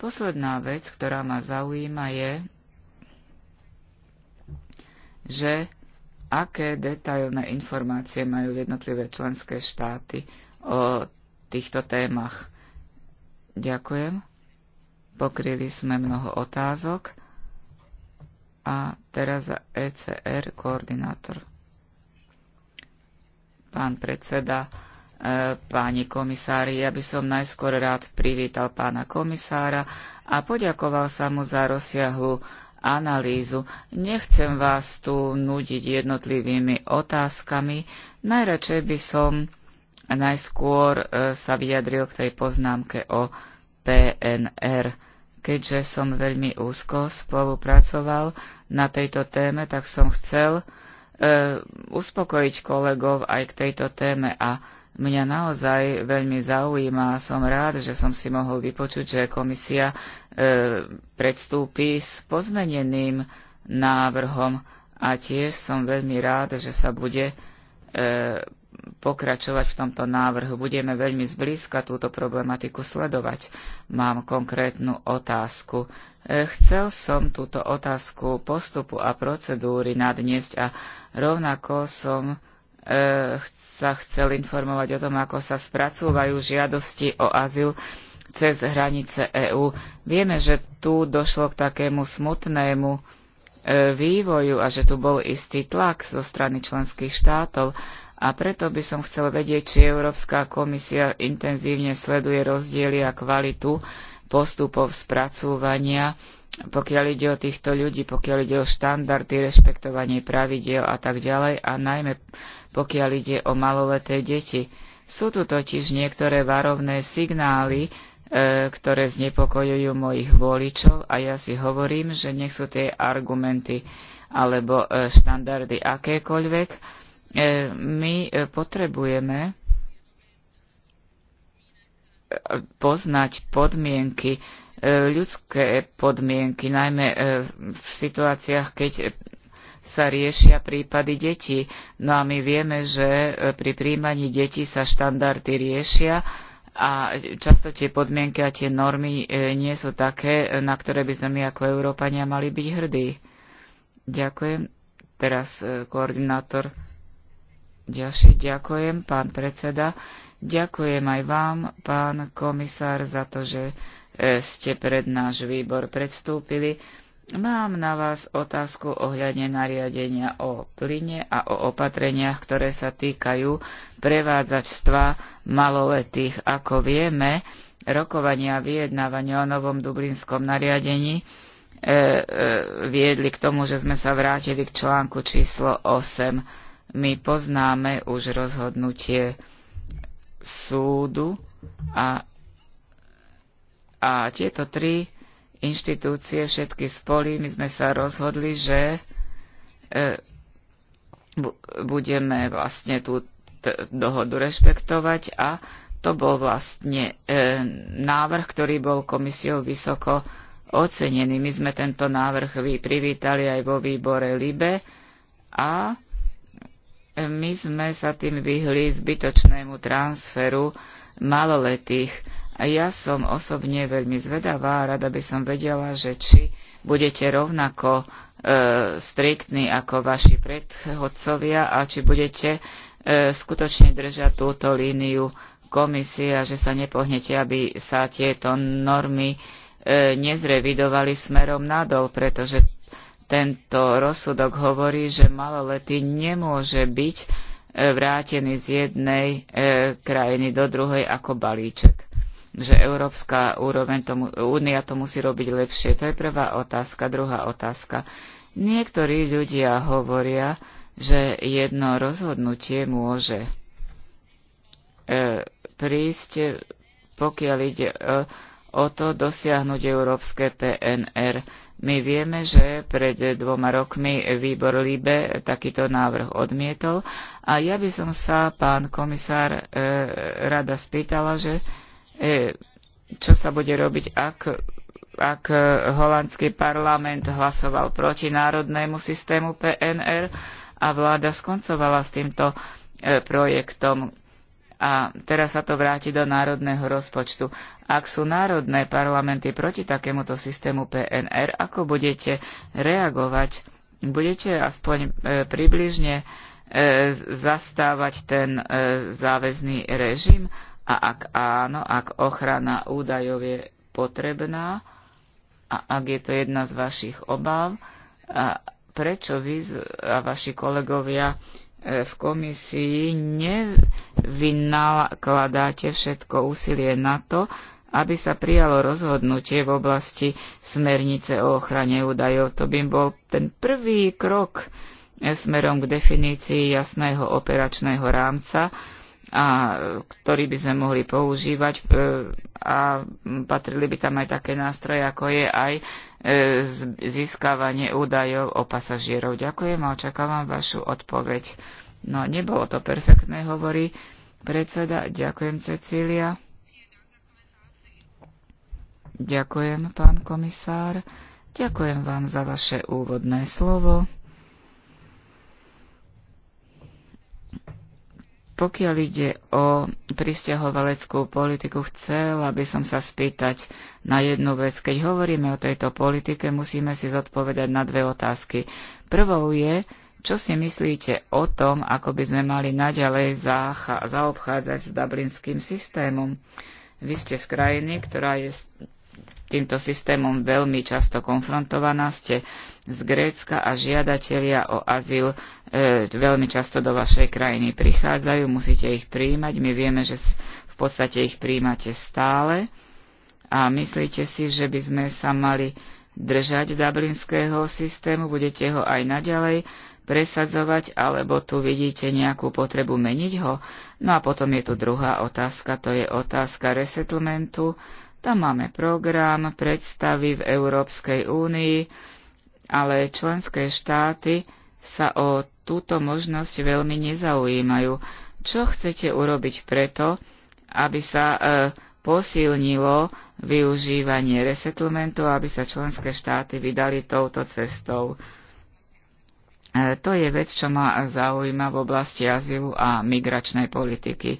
Posledná vec, ktorá ma zaujíma, je, že aké detailné informácie majú jednotlivé členské štáty o týchto témach. Ďakujem. Pokryli sme mnoho otázok. A teraz za ECR koordinátor. Pán predseda, e, páni komisári, ja by som najskôr rád privítal pána komisára a poďakoval sa mu za rozsiahlu analýzu. Nechcem vás tu nudiť jednotlivými otázkami, najradšej by som Najskôr e, sa vyjadril k tej poznámke o PNR. Keďže som veľmi úzko spolupracoval na tejto téme, tak som chcel e, uspokojiť kolegov aj k tejto téme a Mňa naozaj veľmi zaujíma a som rád, že som si mohol vypočuť, že komisia e, predstúpi s pozmeneným návrhom a tiež som veľmi rád, že sa bude e, pokračovať v tomto návrhu. Budeme veľmi zblízka túto problematiku sledovať. Mám konkrétnu otázku. E, chcel som túto otázku postupu a procedúry nadniesť a rovnako som e, sa chcel informovať o tom, ako sa spracúvajú žiadosti o azyl cez hranice EÚ. Vieme, že tu došlo k takému smutnému e, vývoju a že tu bol istý tlak zo strany členských štátov a preto by som chcel vedieť, či Európska komisia intenzívne sleduje rozdiely a kvalitu postupov spracúvania, pokiaľ ide o týchto ľudí, pokiaľ ide o štandardy, rešpektovanie pravidiel a tak ďalej, a najmä pokiaľ ide o maloleté deti. Sú tu totiž niektoré varovné signály, e, ktoré znepokojujú mojich voličov a ja si hovorím, že nech sú tie argumenty alebo e, štandardy akékoľvek, E, my e, potrebujeme e, poznať podmienky, ľudské podmienky, najmä v situáciách, keď sa riešia prípady detí. No a my vieme, že pri príjmaní detí sa štandardy riešia a často tie podmienky a tie normy nie sú také, na ktoré by sme my ako Európania mali byť hrdí. Ďakujem. Teraz koordinátor. Ďalšie ďakujem, pán predseda. Ďakujem aj vám, pán komisár, za to, že e, ste pred náš výbor predstúpili. Mám na vás otázku ohľadne nariadenia o plyne a o opatreniach, ktoré sa týkajú prevádzačstva maloletých. Ako vieme, rokovania a vyjednávania o novom dublinskom nariadení e, e, viedli k tomu, že sme sa vrátili k článku číslo 8 my poznáme už rozhodnutie súdu a, a tieto tri inštitúcie všetky spolí. my sme sa rozhodli, že e, bu, budeme vlastne tú dohodu rešpektovať a to bol vlastne e, návrh, ktorý bol komisiou vysoko ocenený. My sme tento návrh privítali aj vo výbore LIBE a my sme sa tým vyhli zbytočnému transferu maloletých. A ja som osobne veľmi zvedavá a rada by som vedela, že či budete rovnako e, striktní ako vaši predchodcovia a či budete e, skutočne držať túto líniu komisie a že sa nepohnete, aby sa tieto normy e, nezrevidovali smerom nadol, pretože tento rozsudok hovorí, že maloletý nemôže byť e, vrátený z jednej e, krajiny do druhej ako balíček že Európska úroveň tomu, únia to musí robiť lepšie. To je prvá otázka. Druhá otázka. Niektorí ľudia hovoria, že jedno rozhodnutie môže e, prísť, pokiaľ ide e, o to dosiahnuť európske PNR. My vieme, že pred dvoma rokmi výbor Líbe takýto návrh odmietol a ja by som sa, pán komisár, e, rada spýtala, že e, čo sa bude robiť, ak, ak holandský parlament hlasoval proti národnému systému PNR a vláda skoncovala s týmto e, projektom a teraz sa to vráti do národného rozpočtu. Ak sú národné parlamenty proti takémuto systému PNR, ako budete reagovať? Budete aspoň e, približne e, zastávať ten e, záväzný režim? A ak áno, ak ochrana údajov je potrebná a ak je to jedna z vašich obáv, a prečo vy a vaši kolegovia v komisii nevynakladáte všetko úsilie na to, aby sa prijalo rozhodnutie v oblasti smernice o ochrane údajov. To by bol ten prvý krok smerom k definícii jasného operačného rámca, a, ktorý by sme mohli používať e, a patrili by tam aj také nástroje, ako je aj E, získavanie údajov o pasažierov. Ďakujem a očakávam vašu odpoveď. No, nebolo to perfektné, hovorí predseda. Ďakujem, Cecília. Ďakujem, pán komisár. Ďakujem vám za vaše úvodné slovo. Pokiaľ ide o pristahovaleckú politiku, chcela aby som sa spýtať na jednu vec. Keď hovoríme o tejto politike, musíme si zodpovedať na dve otázky. Prvou je, čo si myslíte o tom, ako by sme mali naďalej zaobchádzať s dublinským systémom? Vy ste z krajiny, ktorá je týmto systémom veľmi často konfrontovaná, ste z Grécka a žiadatelia o azyl e, veľmi často do vašej krajiny prichádzajú, musíte ich príjmať, my vieme, že v podstate ich príjmate stále a myslíte si, že by sme sa mali držať dublinského systému, budete ho aj naďalej presadzovať, alebo tu vidíte nejakú potrebu meniť ho? No a potom je tu druhá otázka, to je otázka resettlementu tam máme program, predstavy v Európskej únii, ale členské štáty sa o túto možnosť veľmi nezaujímajú. Čo chcete urobiť preto, aby sa e, posilnilo využívanie resettlementu, aby sa členské štáty vydali touto cestou? E, to je vec, čo ma zaujíma v oblasti azylu a migračnej politiky.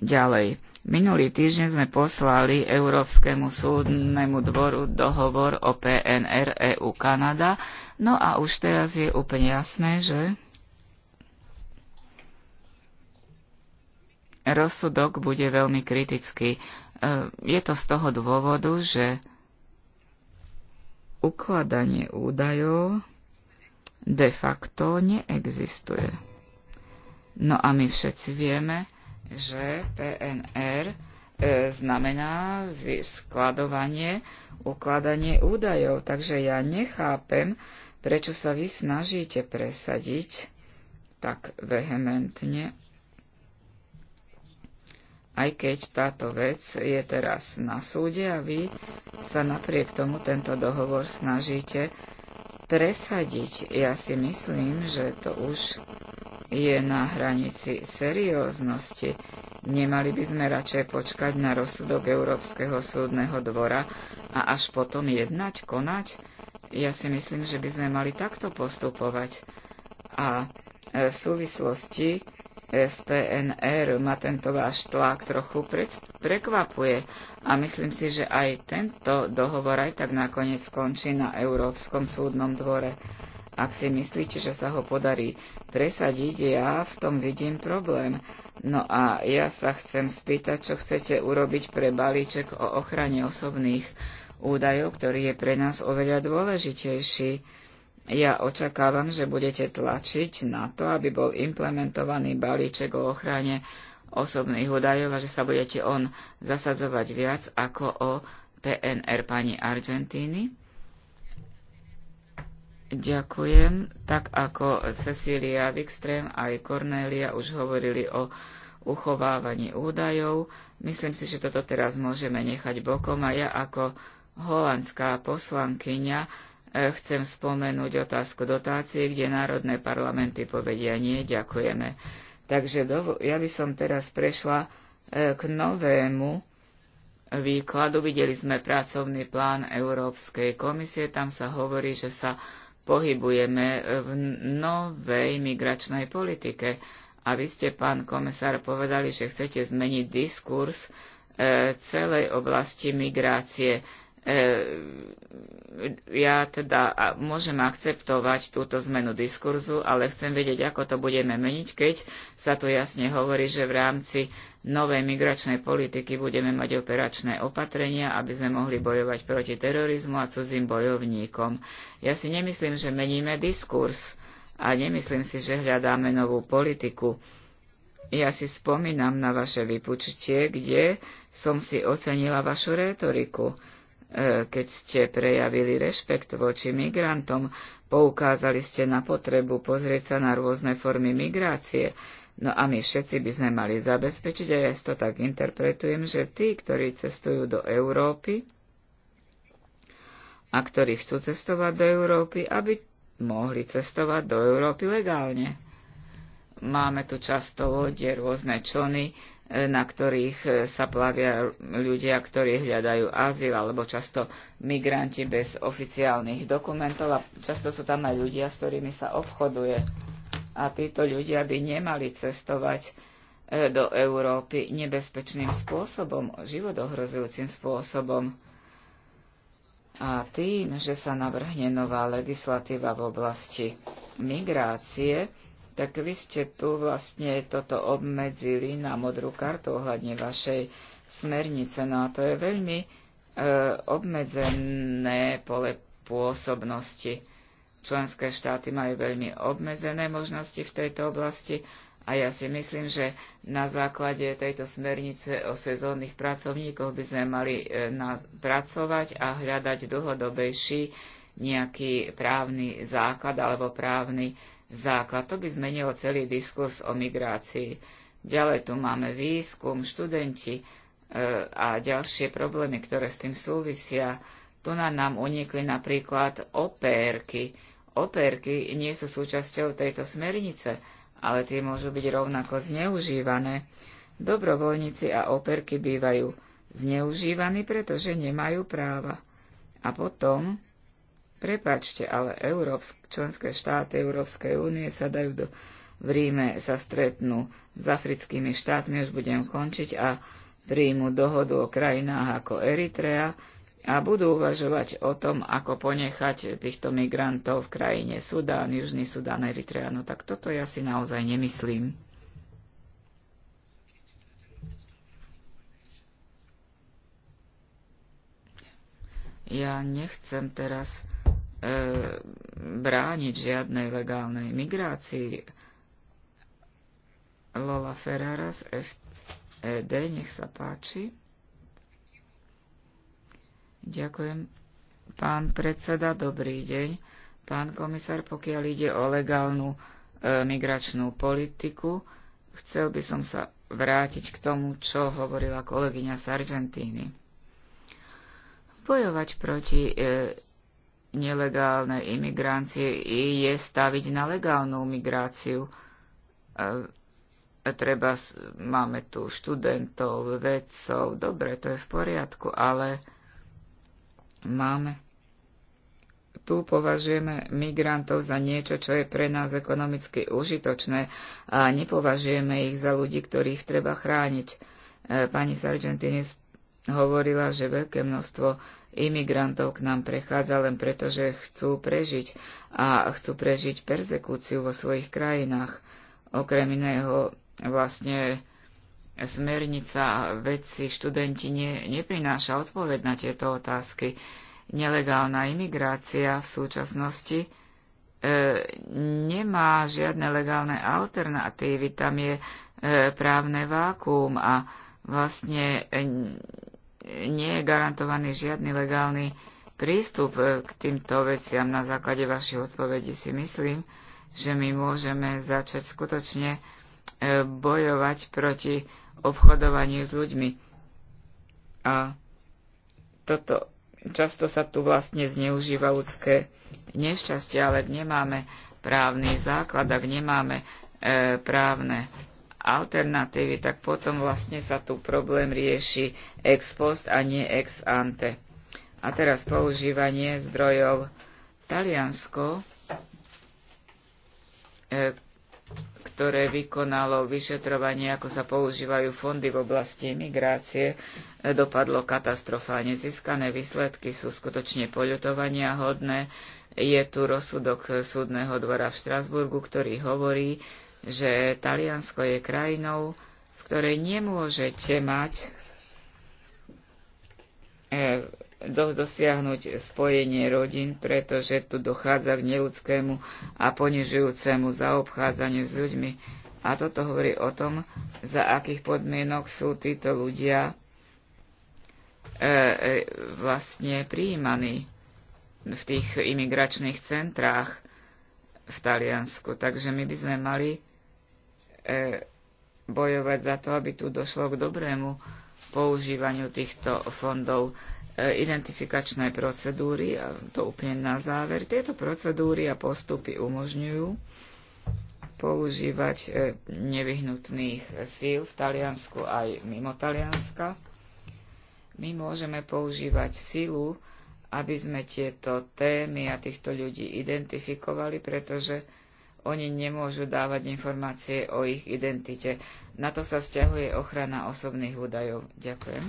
Ďalej Minulý týždeň sme poslali Európskemu súdnemu dvoru dohovor o PNR EU Kanada, no a už teraz je úplne jasné, že rozsudok bude veľmi kritický. E, je to z toho dôvodu, že ukladanie údajov de facto neexistuje. No a my všetci vieme, že PNR e, znamená skladovanie, ukladanie údajov. Takže ja nechápem, prečo sa vy snažíte presadiť tak vehementne, aj keď táto vec je teraz na súde a vy sa napriek tomu tento dohovor snažíte presadiť. Ja si myslím, že to už je na hranici serióznosti. Nemali by sme radšej počkať na rozsudok Európskeho súdneho dvora a až potom jednať, konať? Ja si myslím, že by sme mali takto postupovať. A e, v súvislosti e, s PNR ma tento váš tlak trochu prekvapuje a myslím si, že aj tento dohovor aj tak nakoniec skončí na Európskom súdnom dvore. Ak si myslíte, že sa ho podarí presadiť, ja v tom vidím problém. No a ja sa chcem spýtať, čo chcete urobiť pre balíček o ochrane osobných údajov, ktorý je pre nás oveľa dôležitejší. Ja očakávam, že budete tlačiť na to, aby bol implementovaný balíček o ochrane osobných údajov a že sa budete on zasadzovať viac ako o TNR pani Argentíny. Ďakujem. Tak ako Cecília Wikström aj Cornelia už hovorili o uchovávaní údajov, myslím si, že toto teraz môžeme nechať bokom a ja ako holandská poslankyňa eh, chcem spomenúť otázku dotácie, kde národné parlamenty povedia nie, ďakujeme. Takže ja by som teraz prešla eh, k novému výkladu. Videli sme pracovný plán Európskej komisie, tam sa hovorí, že sa pohybujeme v novej migračnej politike. A vy ste, pán komisár, povedali, že chcete zmeniť diskurs e, celej oblasti migrácie. Ehm, ja teda môžem akceptovať túto zmenu diskurzu, ale chcem vedieť, ako to budeme meniť, keď sa tu jasne hovorí, že v rámci novej migračnej politiky budeme mať operačné opatrenia, aby sme mohli bojovať proti terorizmu a cudzím bojovníkom. Ja si nemyslím, že meníme diskurs a nemyslím si, že hľadáme novú politiku. Ja si spomínam na vaše vypočutie, kde som si ocenila vašu rétoriku. E, keď ste prejavili rešpekt voči migrantom, poukázali ste na potrebu pozrieť sa na rôzne formy migrácie. No a my všetci by sme mali zabezpečiť, a ja to tak interpretujem, že tí, ktorí cestujú do Európy a ktorí chcú cestovať do Európy, aby mohli cestovať do Európy legálne. Máme tu často lode, rôzne člny, na ktorých e, sa plavia ľudia, ktorí hľadajú azyl, alebo často migranti bez oficiálnych dokumentov a často sú tam aj ľudia, s ktorými sa obchoduje. A títo ľudia by nemali cestovať e, do Európy nebezpečným spôsobom, životohrozujúcim spôsobom. A tým, že sa navrhne nová legislatíva v oblasti migrácie, tak vy ste tu vlastne toto obmedzili na modrú kartu ohľadne vašej smernice. No a to je veľmi e, obmedzené pole pôsobnosti. Členské štáty majú veľmi obmedzené možnosti v tejto oblasti a ja si myslím, že na základe tejto smernice o sezónnych pracovníkoch by sme mali e, na, pracovať a hľadať dlhodobejší nejaký právny základ alebo právny základ. To by zmenilo celý diskurs o migrácii. Ďalej tu máme výskum, študenti e, a ďalšie problémy, ktoré s tým súvisia. Tu na nám unikli napríklad opérky. Opérky nie sú súčasťou tejto smernice, ale tie môžu byť rovnako zneužívané. Dobrovoľníci a operky bývajú zneužívaní, pretože nemajú práva. A potom Prepačte, ale Európsk, členské štáty Európskej únie sa dajú do... V Ríme sa stretnú s africkými štátmi, už budem končiť, a príjmu dohodu o krajinách ako Eritrea a budú uvažovať o tom, ako ponechať týchto migrantov v krajine Sudán, Južný Sudán, Eritrea. No tak toto ja si naozaj nemyslím. Ja nechcem teraz E, brániť žiadnej legálnej migrácii. Lola Ferrara z FED, nech sa páči. Ďakujem, pán predseda, dobrý deň. Pán komisár, pokiaľ ide o legálnu e, migračnú politiku, chcel by som sa vrátiť k tomu, čo hovorila kolegyňa z Argentíny. Bojovať proti e, nelegálnej imigrácie je staviť na legálnu migráciu. E, treba, máme tu študentov, vedcov, dobre, to je v poriadku, ale máme. Tu považujeme migrantov za niečo, čo je pre nás ekonomicky užitočné a nepovažujeme ich za ľudí, ktorých treba chrániť. E, pani Sargentini hovorila, že veľké množstvo imigrantov k nám prechádza len preto, že chcú prežiť a chcú prežiť persekúciu vo svojich krajinách. Okrem iného vlastne smernica vedci študenti ne, neprináša odpoveď na tieto otázky. Nelegálna imigrácia v súčasnosti e, nemá žiadne legálne alternatívy, tam je e, právne vákuum a vlastne e, nie je garantovaný žiadny legálny prístup e, k týmto veciam. Na základe vašej odpovedi si myslím, že my môžeme začať skutočne e, bojovať proti obchodovaniu s ľuďmi. A toto často sa tu vlastne zneužíva ľudské nešťastie, ale ak nemáme právny základ, ak nemáme e, právne alternatívy, tak potom vlastne sa tu problém rieši ex post a nie ex ante. A teraz používanie zdrojov Taliansko, e, ktoré vykonalo vyšetrovanie, ako sa používajú fondy v oblasti migrácie, e, dopadlo katastrofálne. Získané výsledky sú skutočne poľutovania hodné. Je tu rozsudok súdneho dvora v Štrasburgu, ktorý hovorí, že Taliansko je krajinou, v ktorej nemôžete mať e, do, dosiahnuť spojenie rodín, pretože tu dochádza k neľudskému a ponižujúcemu zaobchádzaniu s ľuďmi. A toto hovorí o tom, za akých podmienok sú títo ľudia e, e vlastne prijímaní v tých imigračných centrách v Taliansku. Takže my by sme mali E, bojovať za to, aby tu došlo k dobrému používaniu týchto fondov e, identifikačné procedúry, a to úplne na záver, tieto procedúry a postupy umožňujú používať e, nevyhnutných síl v Taliansku aj mimo Talianska. My môžeme používať silu, aby sme tieto témy a týchto ľudí identifikovali, pretože oni nemôžu dávať informácie o ich identite. Na to sa vzťahuje ochrana osobných údajov. Ďakujem.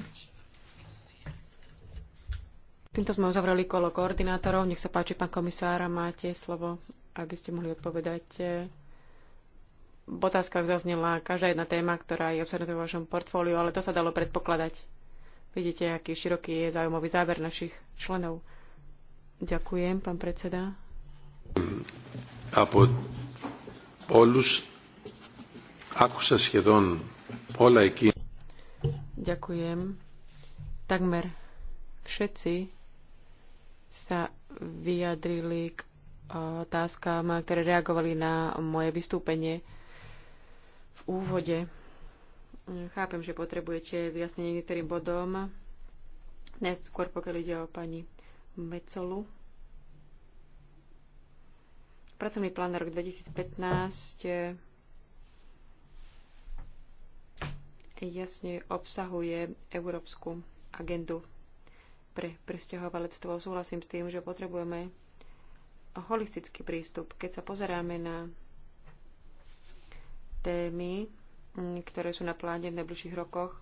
Týmto sme uzavreli kolo koordinátorov. Nech sa páči, pán komisára, máte slovo, aby ste mohli odpovedať. V otázkach zaznela každá jedna téma, ktorá je obsahnutá vo vašom portfóliu, ale to sa dalo predpokladať. Vidíte, aký široký je zaujímavý záber našich členov. Ďakujem, pán predseda. Από όλους άκουσα σχεδόν όλα εκείνα. Ďakujem. Takmer všetci sa vyjadrili k e, otázkam, ktoré reagovali na moje vystúpenie v úvode. Chápem, že potrebujete vyjasnenie niektorým bodom. Neskôr pokiaľ ide o pani Mecolu pracovný plán na rok 2015 eh, jasne obsahuje európsku agendu pre presťahovalectvo. Súhlasím s tým, že potrebujeme holistický prístup. Keď sa pozeráme na témy, mm, ktoré sú na pláne v najbližších rokoch,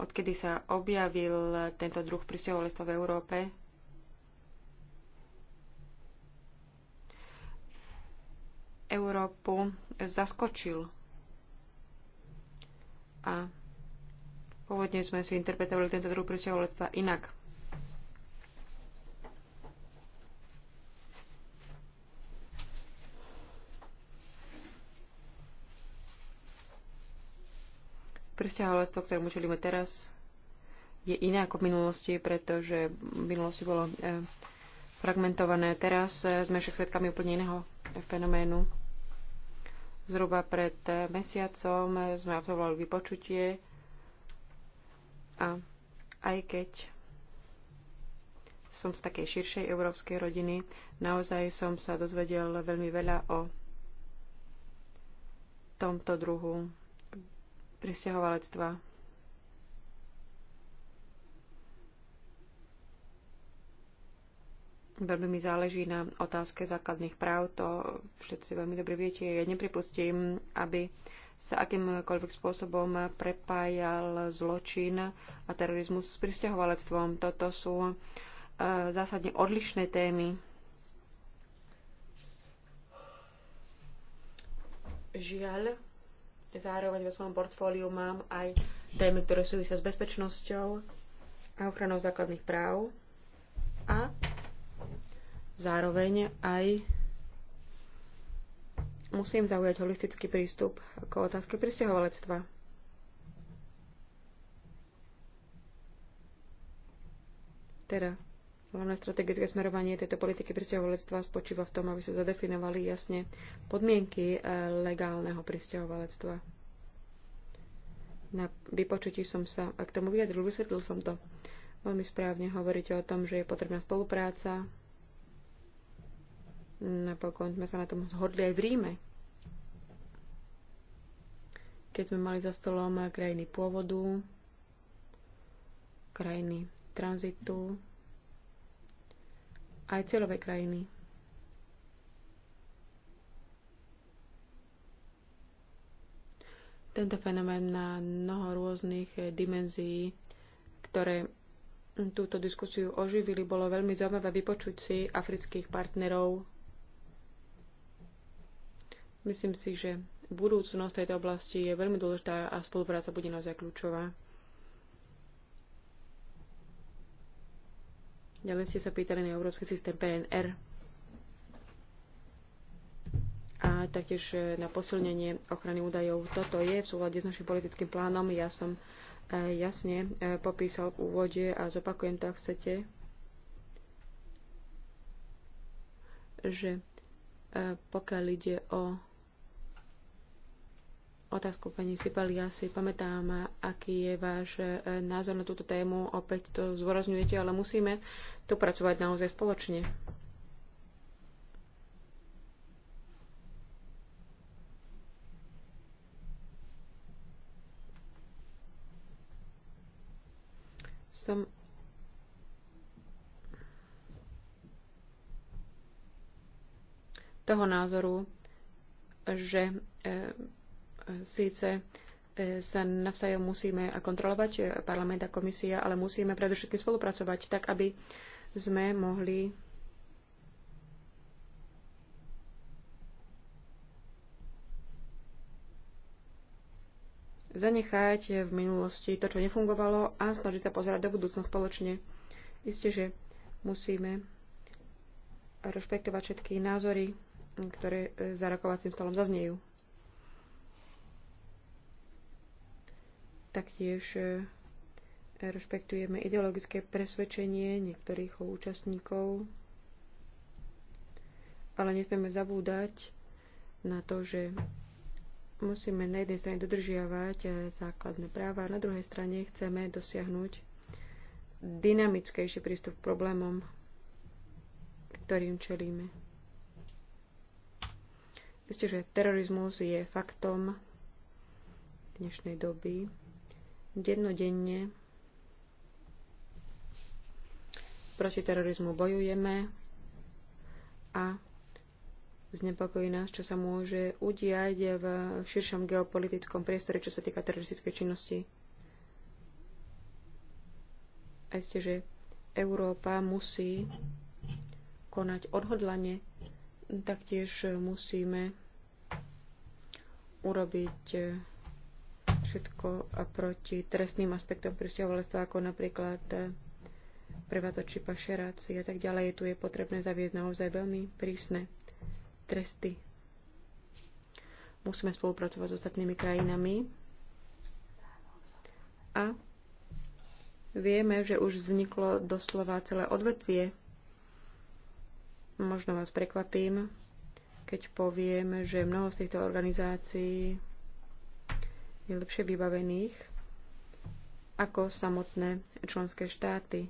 odkedy sa objavil tento druh prisťahovalectva v Európe, Európu zaskočil. A pôvodne sme si interpretovali tento druh prisťahovalectva inak. Presťahovalectvo, ktorému čelíme teraz, je iné ako v minulosti, pretože v minulosti bolo eh, fragmentované. Teraz eh, sme však svedkami úplne iného fenoménu. Zhruba pred eh, mesiacom eh, sme absolvovali vypočutie a aj keď som z takej širšej európskej rodiny, naozaj som sa dozvedel veľmi veľa o tomto druhu prisťahovalectva Veľmi mi záleží na otázke základných práv, to všetci veľmi dobre viete. Ja nepripustím, aby sa akýmkoľvek spôsobom prepájal zločin a terorizmus s pristahovalectvom. Toto sú e, zásadne odlišné témy. Žiaľ, zároveň vo svojom portfóliu mám aj témy, ktoré súvisia s bezpečnosťou a ochranou základných práv a Zároveň aj musím zaujať holistický prístup k otázke pristahovalectva. Teda, hlavné strategické smerovanie tejto politiky pristahovalectva spočíva v tom, aby sa zadefinovali jasne podmienky eh, legálneho pristahovalectva. Na vypočutí som sa a k tomu vyjadril, vysvetlil som to. Veľmi správne hovoríte o tom, že je potrebná spolupráca Napokon sme sa na tom zhodli aj v Ríme. Keď sme mali za stolom krajiny pôvodu, krajiny tranzitu, aj cieľové krajiny. Tento fenomén na mnoho rôznych eh, dimenzií, ktoré túto diskusiu oživili, bolo veľmi zaujímavé vypočuť si afrických partnerov Myslím si, že budúcnosť tejto oblasti je veľmi dôležitá a spolupráca bude naozaj kľúčová. Ďalej ste sa pýtali na európsky systém PNR a taktiež e, na posilnenie ochrany údajov. Toto je v súlade s našim politickým plánom. Ja som e, jasne e, popísal v úvode a zopakujem to, ak chcete, že pokiaľ ide o otázku pani Sipel. Ja si pamätám, aký je váš e, názor na túto tému. Opäť to zvorazňujete, ale musíme tu pracovať naozaj spoločne. Som toho názoru, že e, síce e, sa navzájom musíme kontrolovať, e, parlament a komisia, ale musíme predovšetkým spolupracovať tak, aby sme mohli zanechať v minulosti to, čo nefungovalo a snažiť sa pozerať do budúcna spoločne. Isté, že musíme rešpektovať všetky názory, ktoré e, za rokovacím stolom zaznejú. Taktiež e, rešpektujeme ideologické presvedčenie niektorých účastníkov, ale nesmieme zabúdať na to, že musíme na jednej strane dodržiavať e, základné práva a na druhej strane chceme dosiahnuť dynamickejší prístup k problémom, ktorým čelíme. Viete, že terorizmus je faktom dnešnej doby dennodenne proti terorizmu bojujeme a znepokojí nás, čo sa môže udiať v širšom geopolitickom priestore, čo sa týka teroristickej činnosti. A ste, že Európa musí konať odhodlane, taktiež musíme urobiť všetko a proti trestným aspektom pristahovalectva, ako napríklad e, prevádzači pašeráci a tak ďalej. Tu je potrebné zaviesť naozaj veľmi prísne tresty. Musíme spolupracovať s ostatnými krajinami a vieme, že už vzniklo doslova celé odvetvie. Možno vás prekvapím, keď poviem, že mnoho z týchto organizácií je lepšie vybavených ako samotné členské štáty.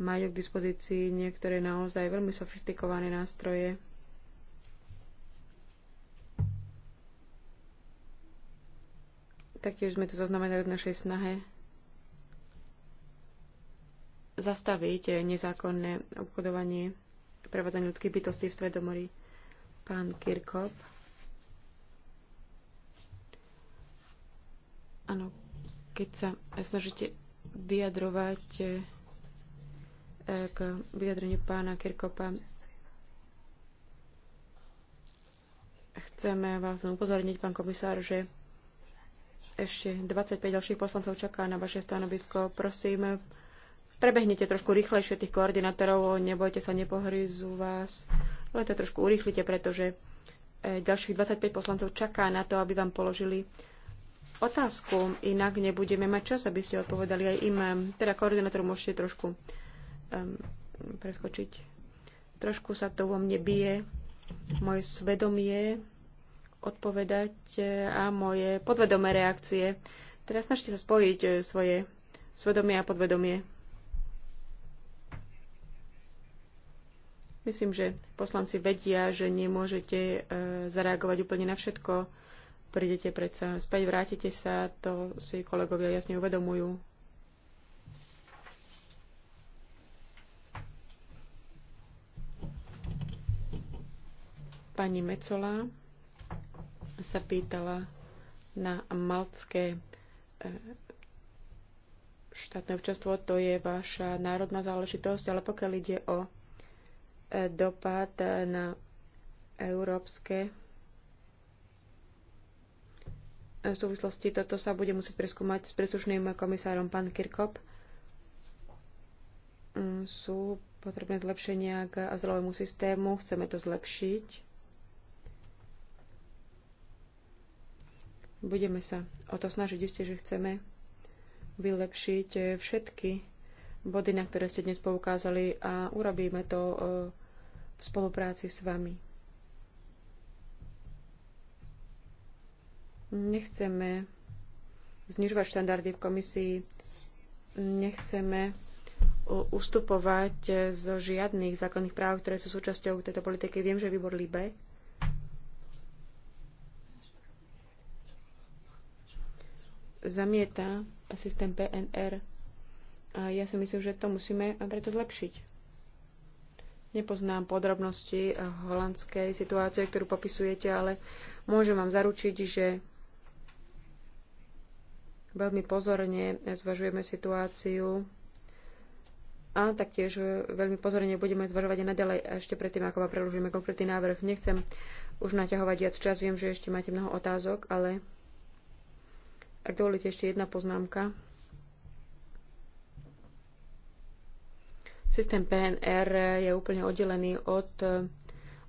Majú k dispozícii niektoré naozaj veľmi sofistikované nástroje. Taktiež sme tu zaznamenali v našej snahe zastaviť nezákonné obchodovanie prevádzanie ľudských bytostí v Stredomorí. Pán Kirkop. Áno, keď sa snažíte vyjadrovať e, k vyjadreniu pána Kirkopa, chceme vás upozorniť, pán komisár, že ešte 25 ďalších poslancov čaká na vaše stanovisko. Prosím, prebehnite trošku rýchlejšie tých koordinátorov, nebojte sa, nepohryzú vás, ale to trošku urýchlite, pretože e, ďalších 25 poslancov čaká na to, aby vám položili otázku, inak nebudeme mať čas, aby ste odpovedali aj im. Teda koordinátor môžete trošku um, preskočiť. Trošku sa to vo mne bije. Moje svedomie odpovedať e, a moje podvedomé reakcie. Teraz snažte sa spojiť e, svoje svedomie a podvedomie. Myslím, že poslanci vedia, že nemôžete e, zareagovať úplne na všetko prídete predsa späť, vrátite sa, to si kolegovia jasne uvedomujú. Pani Mecola sa pýtala na maltské e, štátne občanstvo, to je vaša národná záležitosť, ale pokiaľ ide o e, dopad na európske v súvislosti toto sa bude musieť preskúmať s príslušným komisárom pán Kirkop. Mm, sú potrebné zlepšenia k azylovému systému, chceme to zlepšiť. Budeme sa o to snažiť, isté, že chceme vylepšiť eh, všetky body, na ktoré ste dnes poukázali a urobíme to eh, v spolupráci s vami. Nechceme znižovať štandardy v komisii, nechceme e, ustupovať zo žiadnych zákonných práv, ktoré sú súčasťou tejto politiky. Viem, že výbor Libe zamieta systém PNR. A ja si myslím, že to musíme preto zlepšiť. Nepoznám podrobnosti holandskej situácie, ktorú popisujete, ale môžem vám zaručiť, že Veľmi pozorne zvažujeme situáciu a taktiež veľmi pozorne budeme zvažovať aj naďalej ešte predtým, ako vám preložíme konkrétny návrh. Nechcem už naťahovať viac čas, viem, že ešte máte mnoho otázok, ale ak dovolíte ešte jedna poznámka. Systém PNR je úplne oddelený od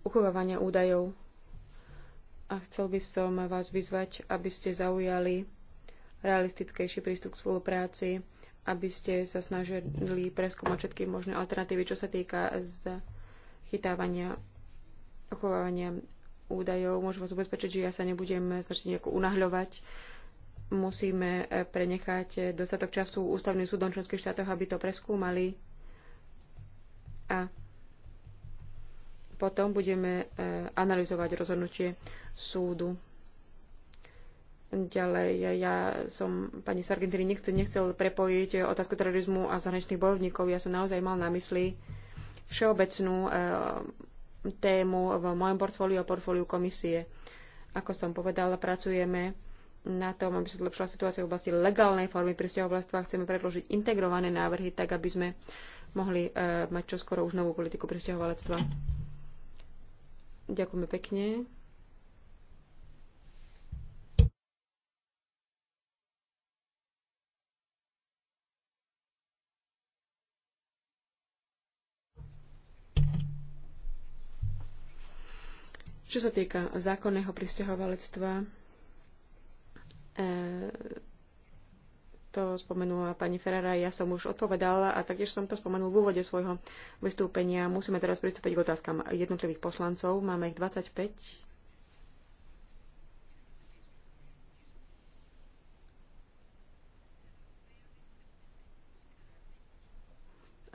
uchovávania údajov a chcel by som vás vyzvať, aby ste zaujali realistickejší prístup k spolupráci, aby ste sa snažili preskúmať všetky možné alternatívy, čo sa týka chytávania, uchovávania údajov. Môžem vás ubezpečiť, že ja sa nebudem snažiť nejako unahľovať. Musíme eh, prenechať eh, dostatok času ústavným súdom členských štátoch, aby to preskúmali a potom budeme eh, analyzovať rozhodnutie súdu. Ďalej, ja som pani Sargentini nechcel, nechcel prepojiť otázku terorizmu a zahraničných bojovníkov. Ja som naozaj mal na mysli všeobecnú e, tému v mojom portfóliu a portfóliu komisie. Ako som povedala, pracujeme na tom, aby sa zlepšila situácia v oblasti legálnej formy pristahovalstva. Chceme predložiť integrované návrhy, tak aby sme mohli e, mať čoskoro už novú politiku pristahovalectva. Ďakujeme pekne. Čo sa týka zákonného pristahovalectva, e, to spomenula pani Ferrara, ja som už odpovedala a taktiež som to spomenul v úvode svojho vystúpenia. Musíme teraz pristúpiť k otázkam jednotlivých poslancov. Máme ich 25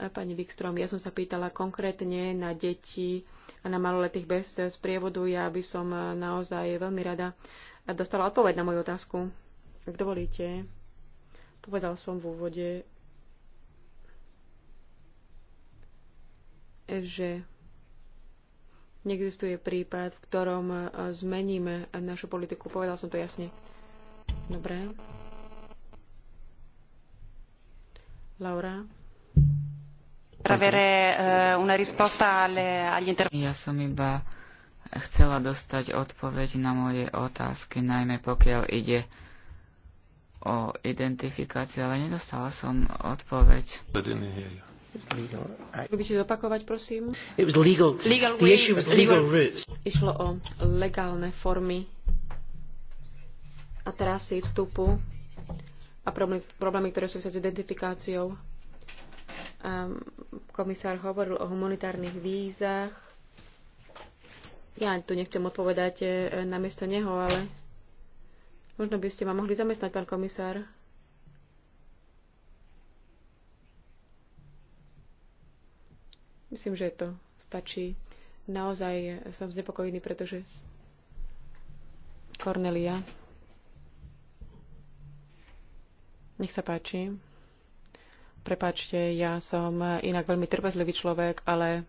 Pani Vikstrom, ja som sa pýtala konkrétne na deti a na maloletých bez sprievodu. Ja by som naozaj veľmi rada dostala odpoveď na moju otázku. Ak dovolíte, povedal som v úvode, že neexistuje prípad, v ktorom zmeníme našu politiku. Povedal som to jasne. Dobre. Laura per avere eh, una risposta agli interventi. Ja som iba chcela dostať odpoveď na moje otázky, najmä pokiaľ ide o identifikáciu, ale nedostala som odpoveď. Môžete zopakovať, prosím? It was legal. legal The issue was legal roots. Išlo o legálne formy a trasy vstupu a problémy, problémy ktoré súvisia s identifikáciou. Komisár hovoril o humanitárnych vízach. Ja tu nechcem odpovedať e, na miesto neho, ale možno by ste ma mohli zamestnať, pán komisár. Myslím, že to stačí. Naozaj som znepokojený, pretože Cornelia. Nech sa páči. Prepačte, ja som inak veľmi trpezlivý človek, ale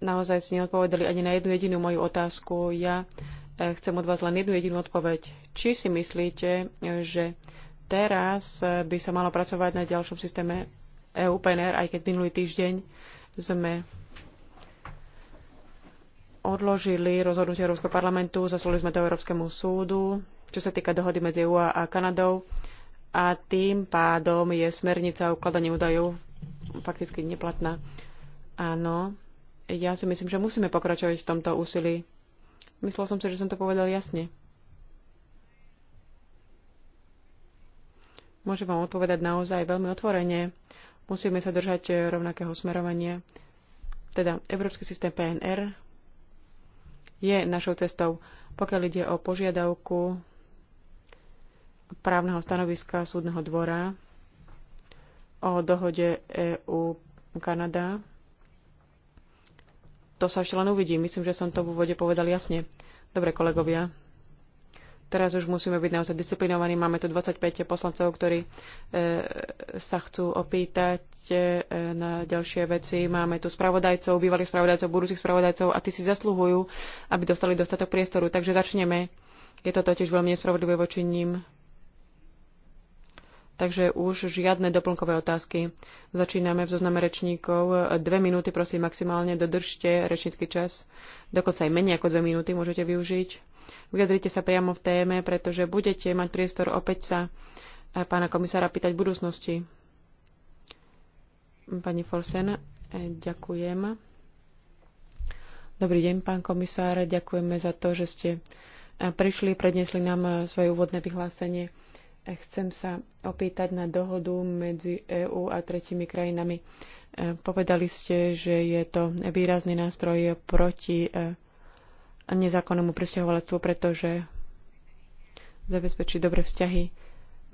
naozaj si neodpovedali ani na jednu jedinú moju otázku. Ja e, chcem od vás len jednu jedinú odpoveď. Či si myslíte, že teraz by sa malo pracovať na ďalšom systéme EUPNR, aj keď minulý týždeň sme odložili rozhodnutie Európskeho parlamentu, zaslali sme to Európskemu súdu, čo sa týka dohody medzi EU a Kanadou a tým pádom je smernica o ukladaní údajov fakticky neplatná. Áno, ja si myslím, že musíme pokračovať v tomto úsilí. Myslel som si, že som to povedal jasne. Môžem vám odpovedať naozaj veľmi otvorene. Musíme sa držať rovnakého smerovania. Teda Európsky systém PNR je našou cestou. Pokiaľ ide o požiadavku právneho stanoviska súdneho dvora o dohode EU-Kanada. To sa ešte len uvidí. Myslím, že som to v úvode povedal jasne. Dobre, kolegovia. Teraz už musíme byť naozaj disciplinovaní. Máme tu 25 poslancov, ktorí e, sa chcú opýtať e, na ďalšie veci. Máme tu spravodajcov, bývalých spravodajcov, budúcich spravodajcov a tí si zasluhujú, aby dostali dostatok priestoru. Takže začneme. Je to totiž veľmi nespravodlivé voči ním. Takže už žiadne doplnkové otázky. Začíname v zozname rečníkov. Dve minúty, prosím, maximálne dodržte rečnícky čas. Dokonca aj menej ako dve minúty môžete využiť. Vyjadrite sa priamo v téme, pretože budete mať priestor opäť sa pána komisára pýtať v budúcnosti. Pani Folsen, eh, ďakujem. Dobrý deň, pán komisár. Ďakujeme za to, že ste eh, prišli, predniesli nám eh, svoje úvodné vyhlásenie. Chcem sa opýtať na dohodu medzi EÚ a tretimi krajinami. E, povedali ste, že je to výrazný nástroj proti e, nezákonnému presťahovalectvu, pretože zabezpečí dobré vzťahy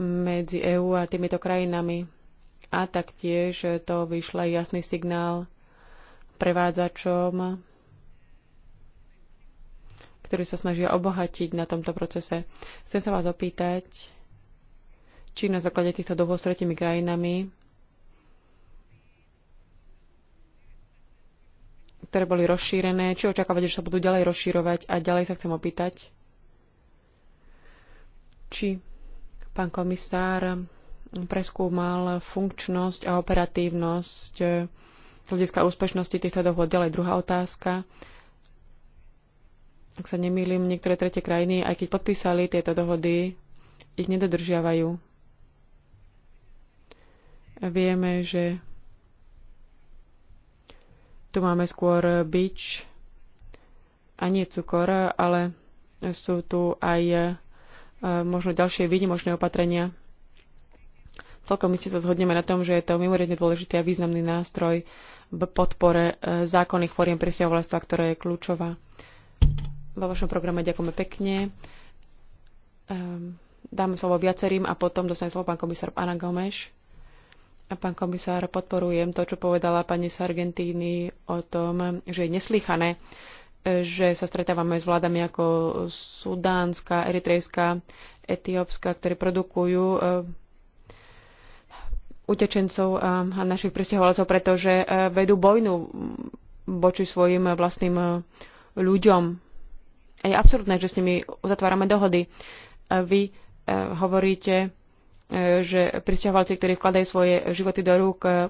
medzi EÚ a týmito krajinami. A taktiež to vyšle jasný signál prevádzačom, ktorí sa snažia obohatiť na tomto procese. Chcem sa vás opýtať, či na základe týchto dohôd s tretimi krajinami, ktoré boli rozšírené, či očakávate, že sa budú ďalej rozšírovať a ďalej sa chcem opýtať, či pán komisár preskúmal funkčnosť a operatívnosť z hľadiska úspešnosti týchto dohôd. Ďalej druhá otázka. Ak sa nemýlim, niektoré tretie krajiny, aj keď podpísali tieto dohody, ich nedodržiavajú. Vieme, že tu máme skôr bič a nie cukor, ale sú tu aj e, možno ďalšie výnimočné opatrenia. Celkom my si sa zhodneme na tom, že je to mimoriadne dôležitý a významný nástroj v podpore e, zákonných fóriem presťahovalstva, ktorá je kľúčová. Vo vašom programe ďakujeme pekne. Ehm, dáme slovo viacerým a potom dostane slovo pán komisár Anna Gomeš. Pán komisár, podporujem to, čo povedala pani Sargentini o tom, že je neslychané, že sa stretávame s vládami ako Sudánska, Eritrejská, Etiópska, ktoré produkujú eh, utečencov a našich pristahovalcov, pretože eh, vedú vojnu voči svojim vlastným eh, ľuďom. A je absurdné, že s nimi uzatvárame dohody. Vy hovoríte E, že pristahovalci, ktorí vkladajú svoje životy do rúk e,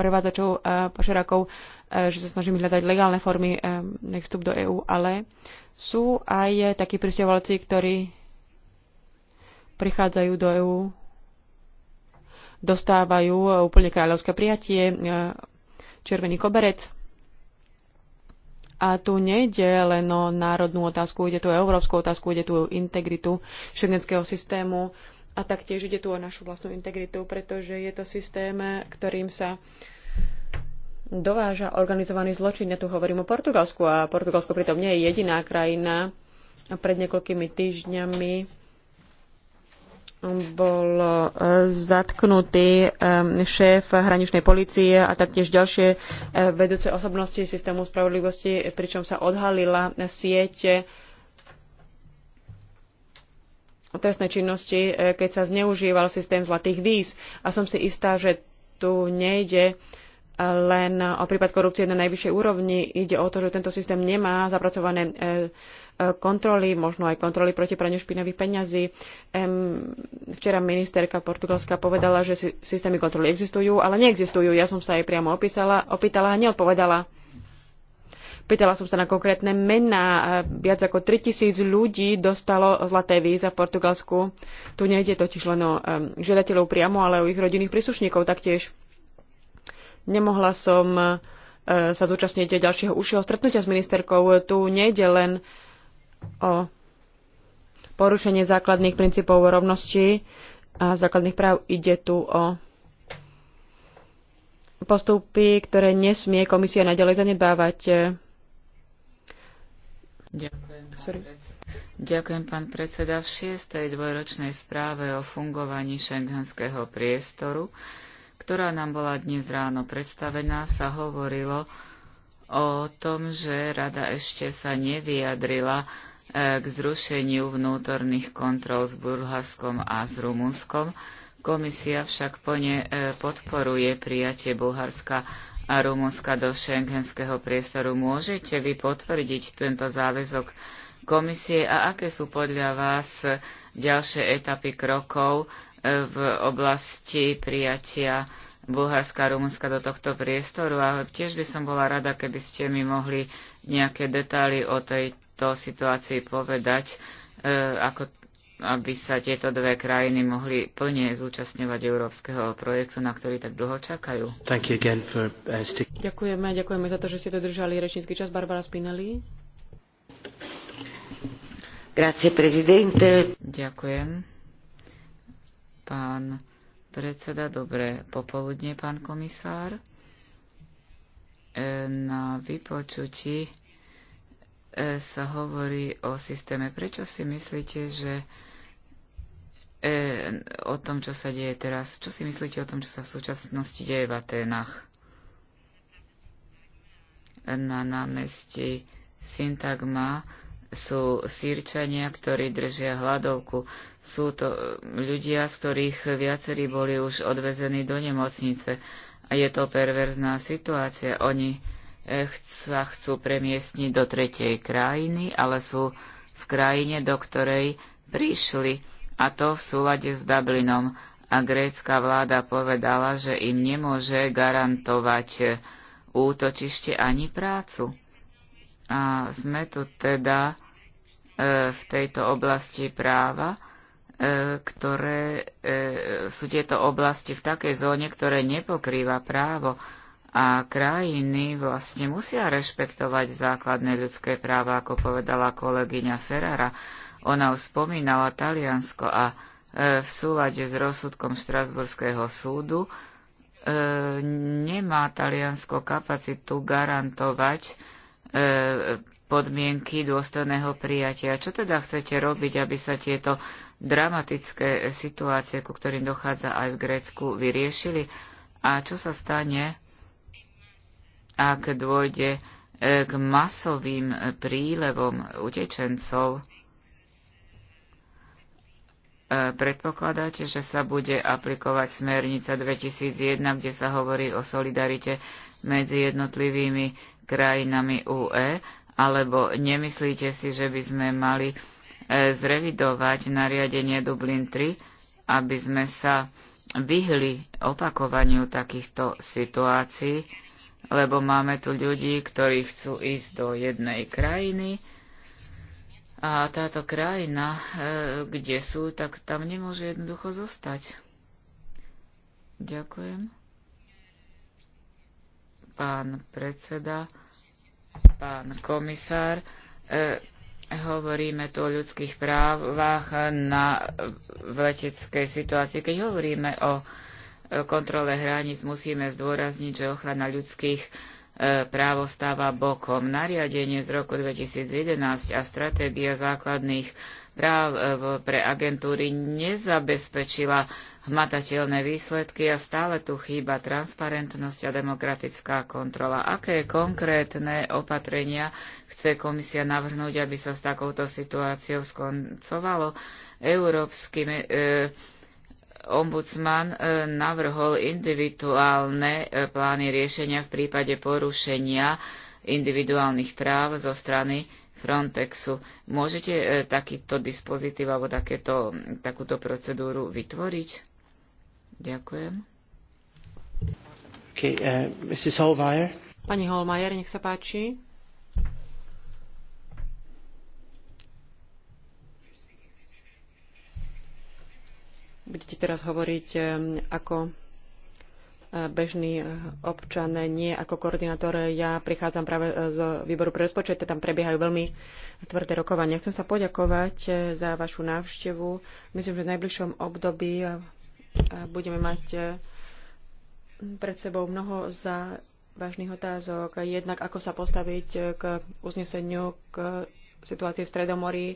prevádzačov a pašerákov, e, že sa snažíme hľadať legálne formy na vstup do EÚ, ale sú aj takí pristahovalci, ktorí prichádzajú do EÚ, dostávajú úplne kráľovské prijatie, červený koberec. A tu nejde len o národnú otázku, ide tu o európsku otázku, ide tu o integritu šengenského systému a taktiež ide tu o našu vlastnú integritu, pretože je to systém, ktorým sa dováža organizovaný zločin. Ja tu hovorím o Portugalsku a Portugalsko pritom nie je jediná krajina. Pred niekoľkými týždňami bol e, zatknutý e, šéf hraničnej policie a taktiež ďalšie e, vedúce osobnosti systému spravodlivosti, pričom sa odhalila siete trestnej činnosti, e, keď sa zneužíval systém zlatých víz. A som si istá, že tu nejde e, len o prípad korupcie na najvyššej úrovni. Ide o to, že tento systém nemá zapracované e, kontroly, možno aj kontroly proti praniu špinavých peňazí. Včera ministerka Portugalska povedala, že systémy kontroly existujú, ale neexistujú. Ja som sa jej priamo opísala, opýtala a neodpovedala Pýtala som sa na konkrétne mená. Viac ako 3000 ľudí dostalo zlaté víza v Portugalsku. Tu nejde totiž len o žiadateľov priamo, ale o ich rodinných príslušníkov taktiež. Nemohla som e, sa zúčastniť ďalšieho užšieho stretnutia s ministerkou. Tu nejde len o porušenie základných princípov rovnosti a základných práv. Ide tu o postupy, ktoré nesmie komisia naďalej zanedbávať. Ďakujem, Sorry. Ďakujem, pán predseda. V šiestej dvojročnej správe o fungovaní šengenského priestoru, ktorá nám bola dnes ráno predstavená, sa hovorilo o tom, že rada ešte sa nevyjadrila e, k zrušeniu vnútorných kontrol s Bulharskom a s Rumunskom. Komisia však plne e, podporuje prijatie Bulharska a Rumunska do šengenského priestoru. Môžete vy potvrdiť tento záväzok komisie a aké sú podľa vás ďalšie etapy krokov e, v oblasti prijatia Bulharska a Rumunska do tohto priestoru, ale tiež by som bola rada, keby ste mi mohli nejaké detaily o tejto situácii povedať, e, ako aby sa tieto dve krajiny mohli plne zúčastňovať európskeho projektu, na ktorý tak dlho čakajú. For, uh, stick... Ďakujeme, ďakujeme za to, že ste dodržali rečnícky čas. Barbara Spinelli. Grazie, prezidente. Ďakujem. Pán predseda, dobre popoludne, pán komisár. E, na vypočutí e, sa hovorí o systéme. Prečo si myslíte, že e, o tom, čo sa deje teraz. Čo si myslíte o tom, čo sa v súčasnosti deje v Atenách? Na námestí Syntagma sú sírčania, ktorí držia hladovku. Sú to ľudia, z ktorých viacerí boli už odvezení do nemocnice. A je to perverzná situácia. Oni e, sa chcú premiestniť do tretej krajiny, ale sú v krajine, do ktorej prišli a to v súlade s Dublinom. A grécka vláda povedala, že im nemôže garantovať útočište ani prácu. A sme tu teda e, v tejto oblasti práva, e, ktoré e, sú tieto oblasti v takej zóne, ktoré nepokrýva právo. A krajiny vlastne musia rešpektovať základné ľudské práva, ako povedala kolegyňa Ferrara. Ona už spomínala Taliansko a e, v súlade s rozsudkom Štrasburského súdu e, nemá Taliansko kapacitu garantovať e, podmienky dôstojného prijatia. Čo teda chcete robiť, aby sa tieto dramatické situácie, ku ktorým dochádza aj v Grécku, vyriešili? A čo sa stane, ak dôjde e, k masovým prílevom utečencov? predpokladáte, že sa bude aplikovať smernica 2001, kde sa hovorí o solidarite medzi jednotlivými krajinami UE, alebo nemyslíte si, že by sme mali e, zrevidovať nariadenie Dublin 3, aby sme sa vyhli opakovaniu takýchto situácií, lebo máme tu ľudí, ktorí chcú ísť do jednej krajiny, a táto krajina, e, kde sú, tak tam nemôže jednoducho zostať. Ďakujem. Pán predseda, pán komisár, e, hovoríme tu o ľudských právach na, v leteckej situácii. Keď hovoríme o kontrole hraníc, musíme zdôrazniť, že ochrana ľudských práv E, právo stáva bokom. Nariadenie z roku 2011 a stratégia základných práv e, pre agentúry nezabezpečila hmatateľné výsledky a stále tu chýba transparentnosť a demokratická kontrola. Aké konkrétne opatrenia chce komisia navrhnúť, aby sa s takouto situáciou skoncovalo? Európsky e, ombudsman e, navrhol individuálne e, plány riešenia v prípade porušenia individuálnych práv zo strany Frontexu. Môžete e, takýto dispozitív alebo takéto, takúto procedúru vytvoriť? Ďakujem. Okay, uh, Mrs. Holmeyer. Pani Holmeyer, nech sa páči. budete teraz hovoriť ako e, bežný e, občan, nie ako koordinátor. Ja prichádzam práve e, z výboru pre rozpočet, tam prebiehajú veľmi tvrdé rokovania. Chcem sa poďakovať za vašu návštevu. Myslím, že v najbližšom období budeme mať pred sebou mnoho za vážnych otázok. Jednak ako sa postaviť k uzneseniu k situácii v Stredomorí,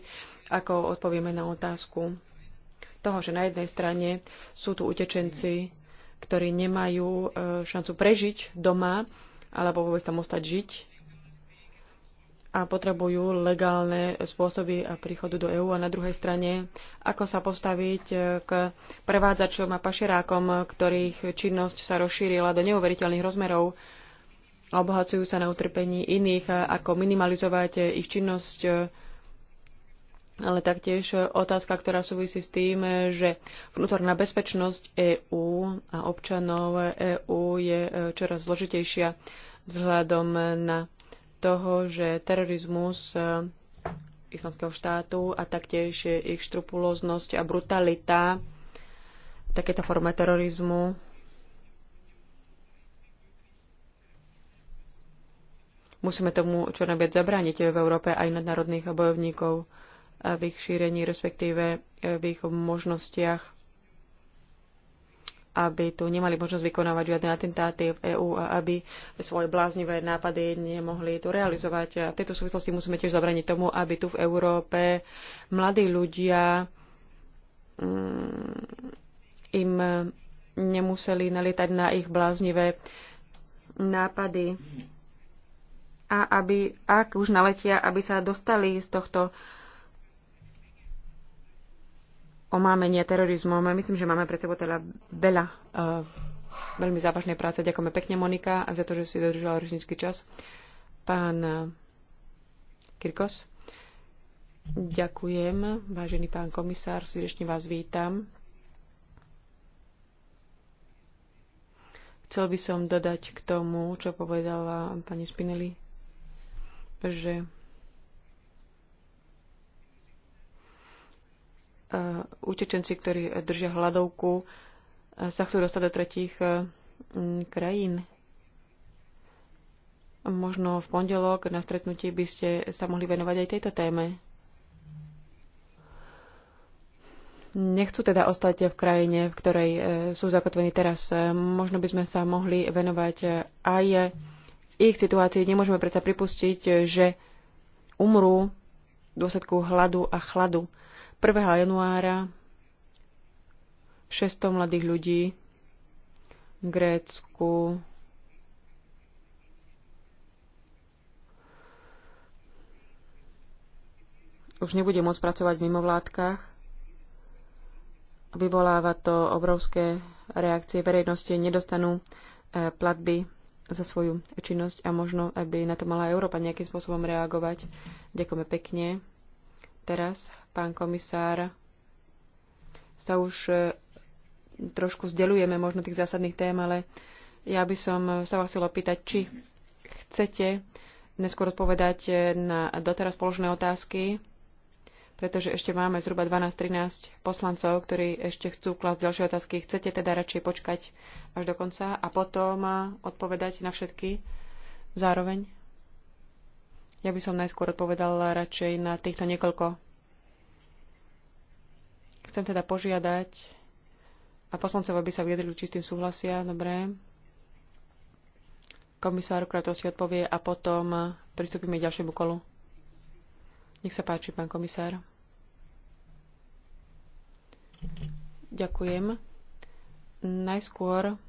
ako odpovieme na otázku toho, že na jednej strane sú tu utečenci, ktorí nemajú e, šancu prežiť doma alebo vôbec tam ostať žiť a potrebujú legálne spôsoby príchodu do EÚ a na druhej strane, ako sa postaviť e, k prevádzačom a pašerákom, ktorých činnosť sa rozšírila do neuveriteľných rozmerov a obohacujú sa na utrpení iných, ako minimalizovať ich činnosť e, ale taktiež otázka, ktorá súvisí s tým, že vnútorná bezpečnosť EÚ a občanov EÚ je e, čoraz zložitejšia vzhľadom na toho, že terorizmus e, islamského štátu a taktiež ich štrupulóznosť a brutalita, takéto forma terorizmu musíme tomu čo najviac zabrániť v Európe aj nadnárodných bojovníkov v ich šírení, respektíve e, v ich možnostiach, aby tu nemali možnosť vykonávať žiadne atentáty v EÚ a aby svoje bláznivé nápady nemohli tu realizovať. A v tejto súvislosti musíme tiež zabraniť tomu, aby tu v Európe mladí ľudia mm, im nemuseli nalietať na ich bláznivé nápady a aby, ak už naletia, aby sa dostali z tohto omámenia terorizmom. Myslím, že máme pred sebou teda veľa eh, veľmi závažnej práce. Ďakujeme pekne, Monika, za to, že si dodržala ročnícky čas. Pán eh, Kirkos, ďakujem. Vážený pán komisár, srdečne vás vítam. Chcel by som dodať k tomu, čo povedala pani Spinelli, že Eh, utečenci, ktorí držia hladovku, eh, sa chcú dostať do tretích eh, krajín. Možno v pondelok na stretnutí by ste sa mohli venovať aj tejto téme. Nechcú teda ostať v krajine, v ktorej sú zakotvení teraz. Možno by sme sa mohli venovať aj ich situácii. Nemôžeme predsa pripustiť, že umrú v dôsledku hladu a chladu. 1. januára 600 mladých ľudí v Grécku už nebude môcť pracovať v mimovládkach. Vyvoláva to obrovské reakcie verejnosti, nedostanú e, platby za svoju činnosť a možno, aby e, na to mala Európa nejakým spôsobom reagovať. Ďakujeme pekne teraz, pán komisár, sa už e, trošku zdelujeme možno tých zásadných tém, ale ja by som sa vás chcela opýtať, či chcete neskôr odpovedať e, na doteraz položené otázky, pretože ešte máme zhruba 12-13 poslancov, ktorí ešte chcú klásť ďalšie otázky. Chcete teda radšej počkať až do konca a potom e, odpovedať na všetky zároveň? Ja by som najskôr odpovedala radšej na týchto niekoľko. Chcem teda požiadať a poslancov, aby sa vyjadrili, či s tým súhlasia. Dobre. Komisár kratosti odpovie a potom pristúpime k ďalšiemu kolu. Nech sa páči, pán komisár. Ďakujem. Najskôr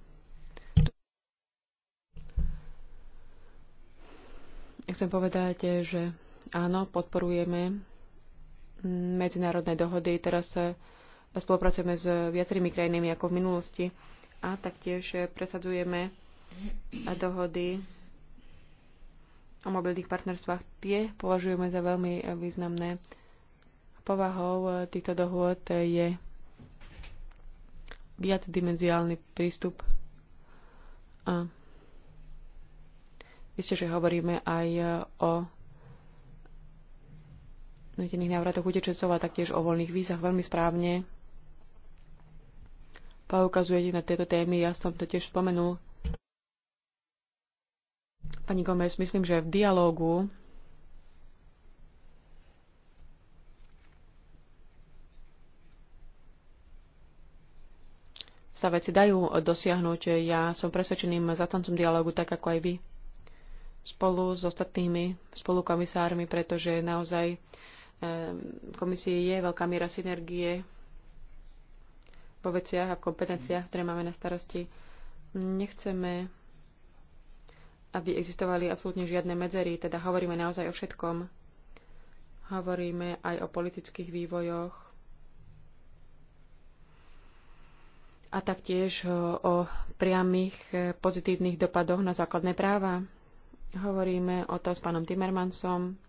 Chcem povedať, že áno, podporujeme medzinárodné dohody. Teraz eh, spolupracujeme s viacerými krajinami ako v minulosti a taktiež eh, presadzujeme dohody o mobilných partnerstvách. Tie považujeme za veľmi eh, významné. Povahou týchto dohôd je viacdimenziálny prístup a Isté, že hovoríme aj e, o nutených návratoch utečencov a taktiež o voľných vízach veľmi správne. Poukazujete na tieto témy, ja som to tiež spomenul. Pani Gomez, myslím, že v dialógu sa veci dajú dosiahnuť. Ja som presvedčeným zastancom dialogu, tak ako aj vy spolu s ostatnými spolukomisármi, pretože naozaj eh, v komisii je veľká miera synergie vo veciach a v kompetenciách, ktoré máme na starosti. Nechceme, aby existovali absolútne žiadne medzery, teda hovoríme naozaj o všetkom. Hovoríme aj o politických vývojoch a taktiež o priamých eh, pozitívnych dopadoch na základné práva. Hovoríme o to s pánom Timmermansom.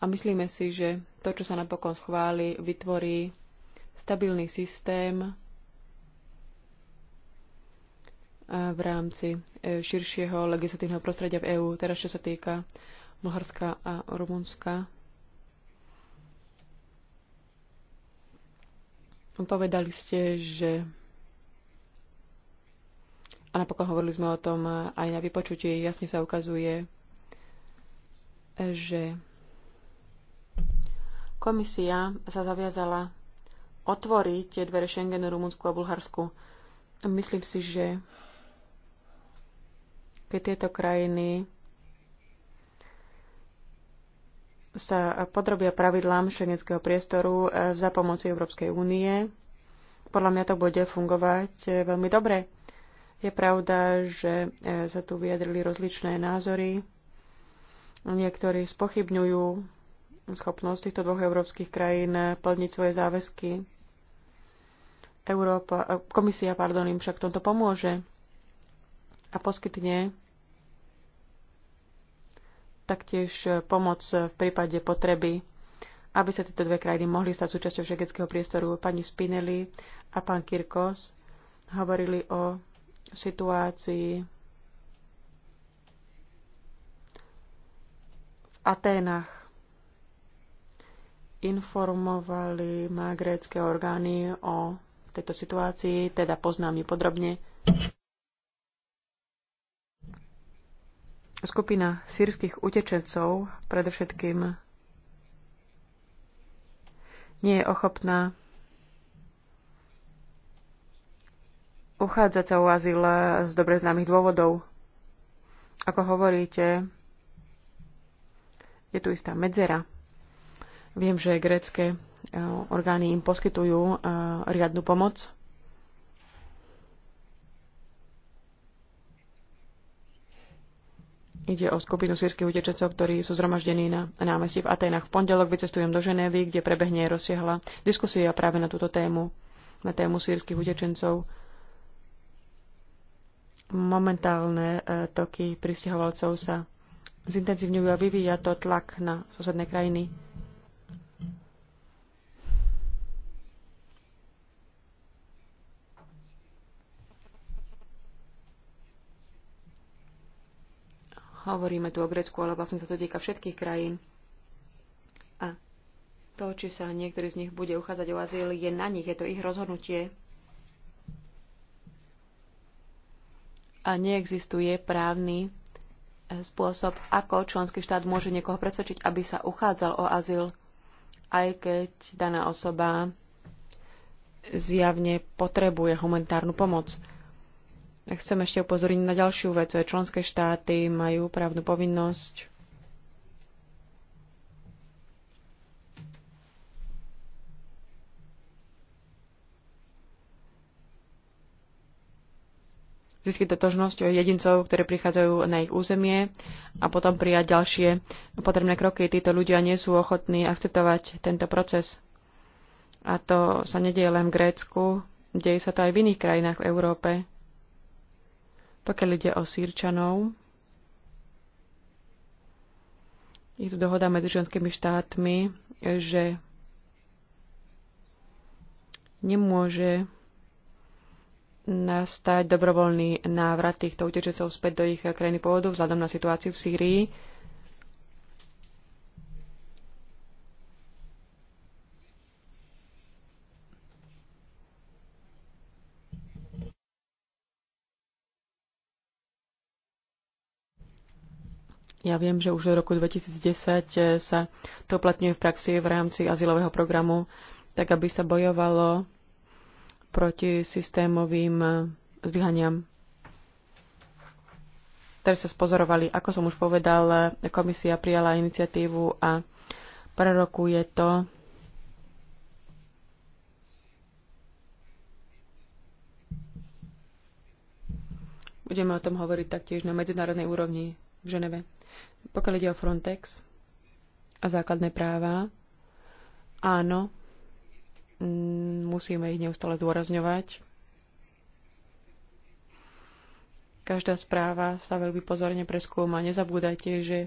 A myslíme si, že to, čo sa napokon schváli, vytvorí stabilný systém eh, v rámci eh, širšieho legislatívneho prostredia v EÚ, teraz čo sa týka Bulharska a Rumunska. Povedali ste, že a napokon hovorili sme o tom aj na vypočutí, jasne sa ukazuje, že komisia sa zaviazala otvoriť tie dvere Schengenu, Rumunsku a Bulharsku. Myslím si, že keď tieto krajiny sa podrobia pravidlám šengenského priestoru e, za pomoci Európskej únie. Podľa mňa to bude fungovať e, veľmi dobre. Je pravda, že e, sa tu vyjadrili rozličné názory. Niektorí spochybňujú schopnosť týchto dvoch európskych krajín plniť svoje záväzky. Európa, komisia pardon, im však tomto pomôže a poskytne taktiež e, pomoc e, v prípade potreby, aby sa tieto dve krajiny mohli stať súčasťou všetkého priestoru. Pani Spinelli a pán Kirkos hovorili o situácii v Aténach. Informovali ma grécké orgány o tejto situácii, teda poznám ju podrobne. skupina sírskych utečencov predovšetkým nie je ochopná uchádzať sa o azyl z dobre známych dôvodov. Ako hovoríte, je tu istá medzera. Viem, že grécke eh, orgány im poskytujú eh, riadnu pomoc, Ide o skupinu sírskych utečencov, ktorí sú zhromaždení na námestí v Atenách. V pondelok vycestujem do Ženévy, kde prebehne rozsiahla diskusia práve na túto tému, na tému sírskych utečencov. Momentálne e, toky pristahovalcov sa zintenzívňujú a vyvíja to tlak na susedné krajiny. Hovoríme tu o Grécku, ale vlastne sa to týka všetkých krajín. A to, či sa niektorý z nich bude uchádzať o azyl, je na nich, je to ich rozhodnutie. A neexistuje právny e, spôsob, ako členský štát môže niekoho presvedčiť, aby sa uchádzal o azyl, aj keď daná osoba zjavne potrebuje humanitárnu pomoc. Chcem ešte upozoriť na ďalšiu vec. Členské štáty majú právnu povinnosť ziskiť totožnosť jedincov, ktorí prichádzajú na ich územie a potom prijať ďalšie potrebné kroky. Títo ľudia nie sú ochotní akceptovať tento proces. A to sa nedieje len v Grécku, deje sa to aj v iných krajinách v Európe. Pokiaľ ide o sírčanov, je tu dohoda medzi členskými štátmi, že nemôže nastať dobrovoľný návrat týchto utečencov späť do ich krajiny pôvodu vzhľadom na situáciu v Sýrii. Ja viem, že už od roku 2010 eh, sa to uplatňuje v praxi v rámci azylového programu, tak aby sa bojovalo proti systémovým eh, zdyhaniam. Teraz sa spozorovali. Ako som už povedal, eh, komisia prijala iniciatívu a prerokuje to Budeme o tom hovoriť taktiež na medzinárodnej úrovni v Ženeve. Pokiaľ ide o Frontex a základné práva, áno, mm, musíme ich neustále zdôrazňovať. Každá správa sa veľmi pozorne preskúma. Nezabúdajte, že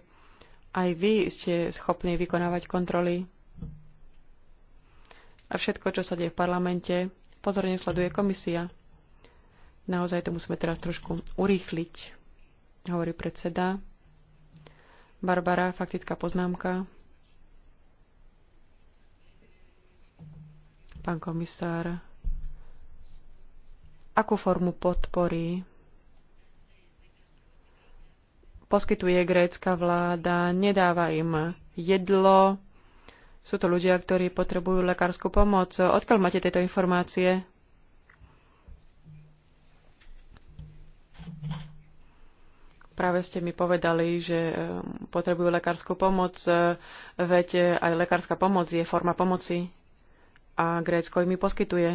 aj vy ste schopní vykonávať kontroly. A všetko, čo sa deje v parlamente, pozorne sleduje komisia. Naozaj to musíme teraz trošku urýchliť, hovorí predseda. Barbara, faktická poznámka. Pán komisár, akú formu podpory poskytuje grécka vláda, nedáva im jedlo. Sú to ľudia, ktorí potrebujú lekárskú pomoc. Odkiaľ máte tieto informácie? Práve ste mi povedali, že eh, potrebujú lekárskú pomoc, eh, veď eh, aj lekárska pomoc je forma pomoci a Grécko im ju poskytuje.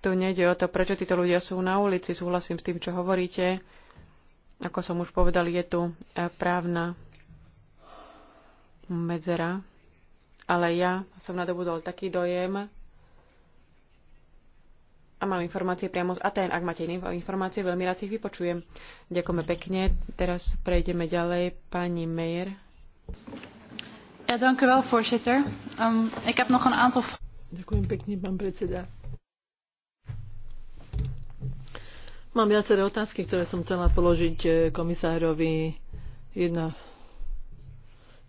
Tu nejde o to, prečo títo ľudia sú na ulici, súhlasím s tým, čo hovoríte. Ako som už povedal, je tu právna medzera. Ale ja som nadobudol taký dojem, a mám informácie priamo z Aten. Ak máte iné informácie, veľmi rád si ich vypočujem. Ďakujeme pekne. Teraz prejdeme ďalej. Pani Mejer. Ja, dank u wel, voorzitter. Um, ik heb nog een aantal... Ďakujem pekne, pán predseda. Mám viaceré otázky, ktoré som chcela položiť eh, komisárovi. Jedna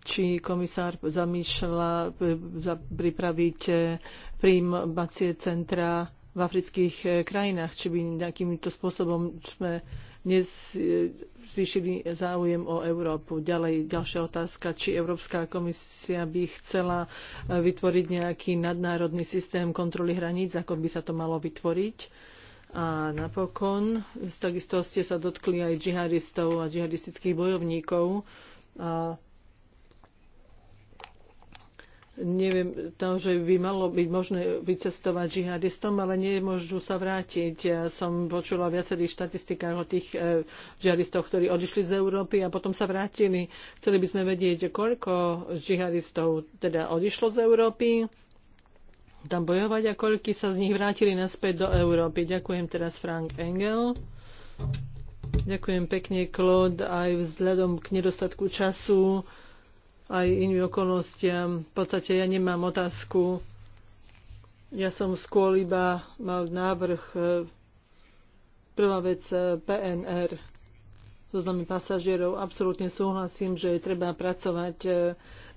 či komisár zamýšľa eh, pripraviť eh, príjmacie centra v afrických e, krajinách, či by nejakýmto spôsobom sme nezvýšili e, záujem o Európu. Ďalej, ďalšia otázka, či Európska komisia by chcela e, vytvoriť nejaký nadnárodný systém kontroly hraníc, ako by sa to malo vytvoriť. A napokon, takisto ste sa dotkli aj džihadistov a džihadistických bojovníkov. A neviem, to, že by malo byť možné vycestovať žihadistom, ale nemôžu sa vrátiť. Ja som počula v viacerých štatistikách o tých e, žihadistov, ktorí odišli z Európy a potom sa vrátili. Chceli by sme vedieť, koľko žihadistov teda odišlo z Európy tam bojovať a koľko sa z nich vrátili naspäť do Európy. Ďakujem teraz Frank Engel. Ďakujem pekne, Claude, aj vzhľadom k nedostatku času aj iným okolnostiam. V podstate ja nemám otázku. Ja som skôr iba mal návrh. E, prvá vec e, PNR, zoznamy pasažierov. Absolútne súhlasím, že treba pracovať e,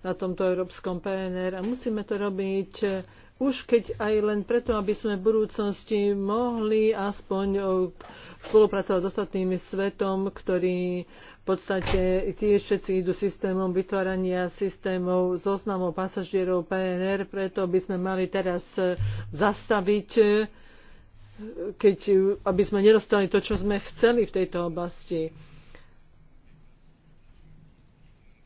na tomto európskom PNR a musíme to robiť už keď aj len preto, aby sme v budúcnosti mohli aspoň spolupracovať s ostatným svetom, ktorý podstate tie všetci idú systémom vytvárania systémov zoznamov pasažierov PNR, preto by sme mali teraz e, zastaviť, e, keď, aby sme nedostali to, čo sme chceli v tejto oblasti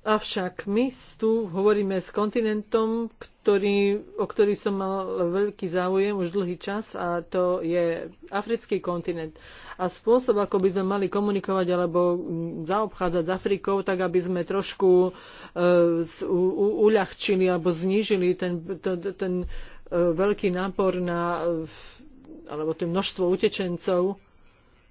Avšak my tu hovoríme s kontinentom, ktorý, o ktorý som mal veľký záujem už dlhý čas a to je africký kontinent. A spôsob, ako by sme mali komunikovať alebo zaobchádzať s Afrikou, tak aby sme trošku uh, u, u, uľahčili alebo znížili ten, to, ten uh, veľký nápor na, alebo to množstvo utečencov,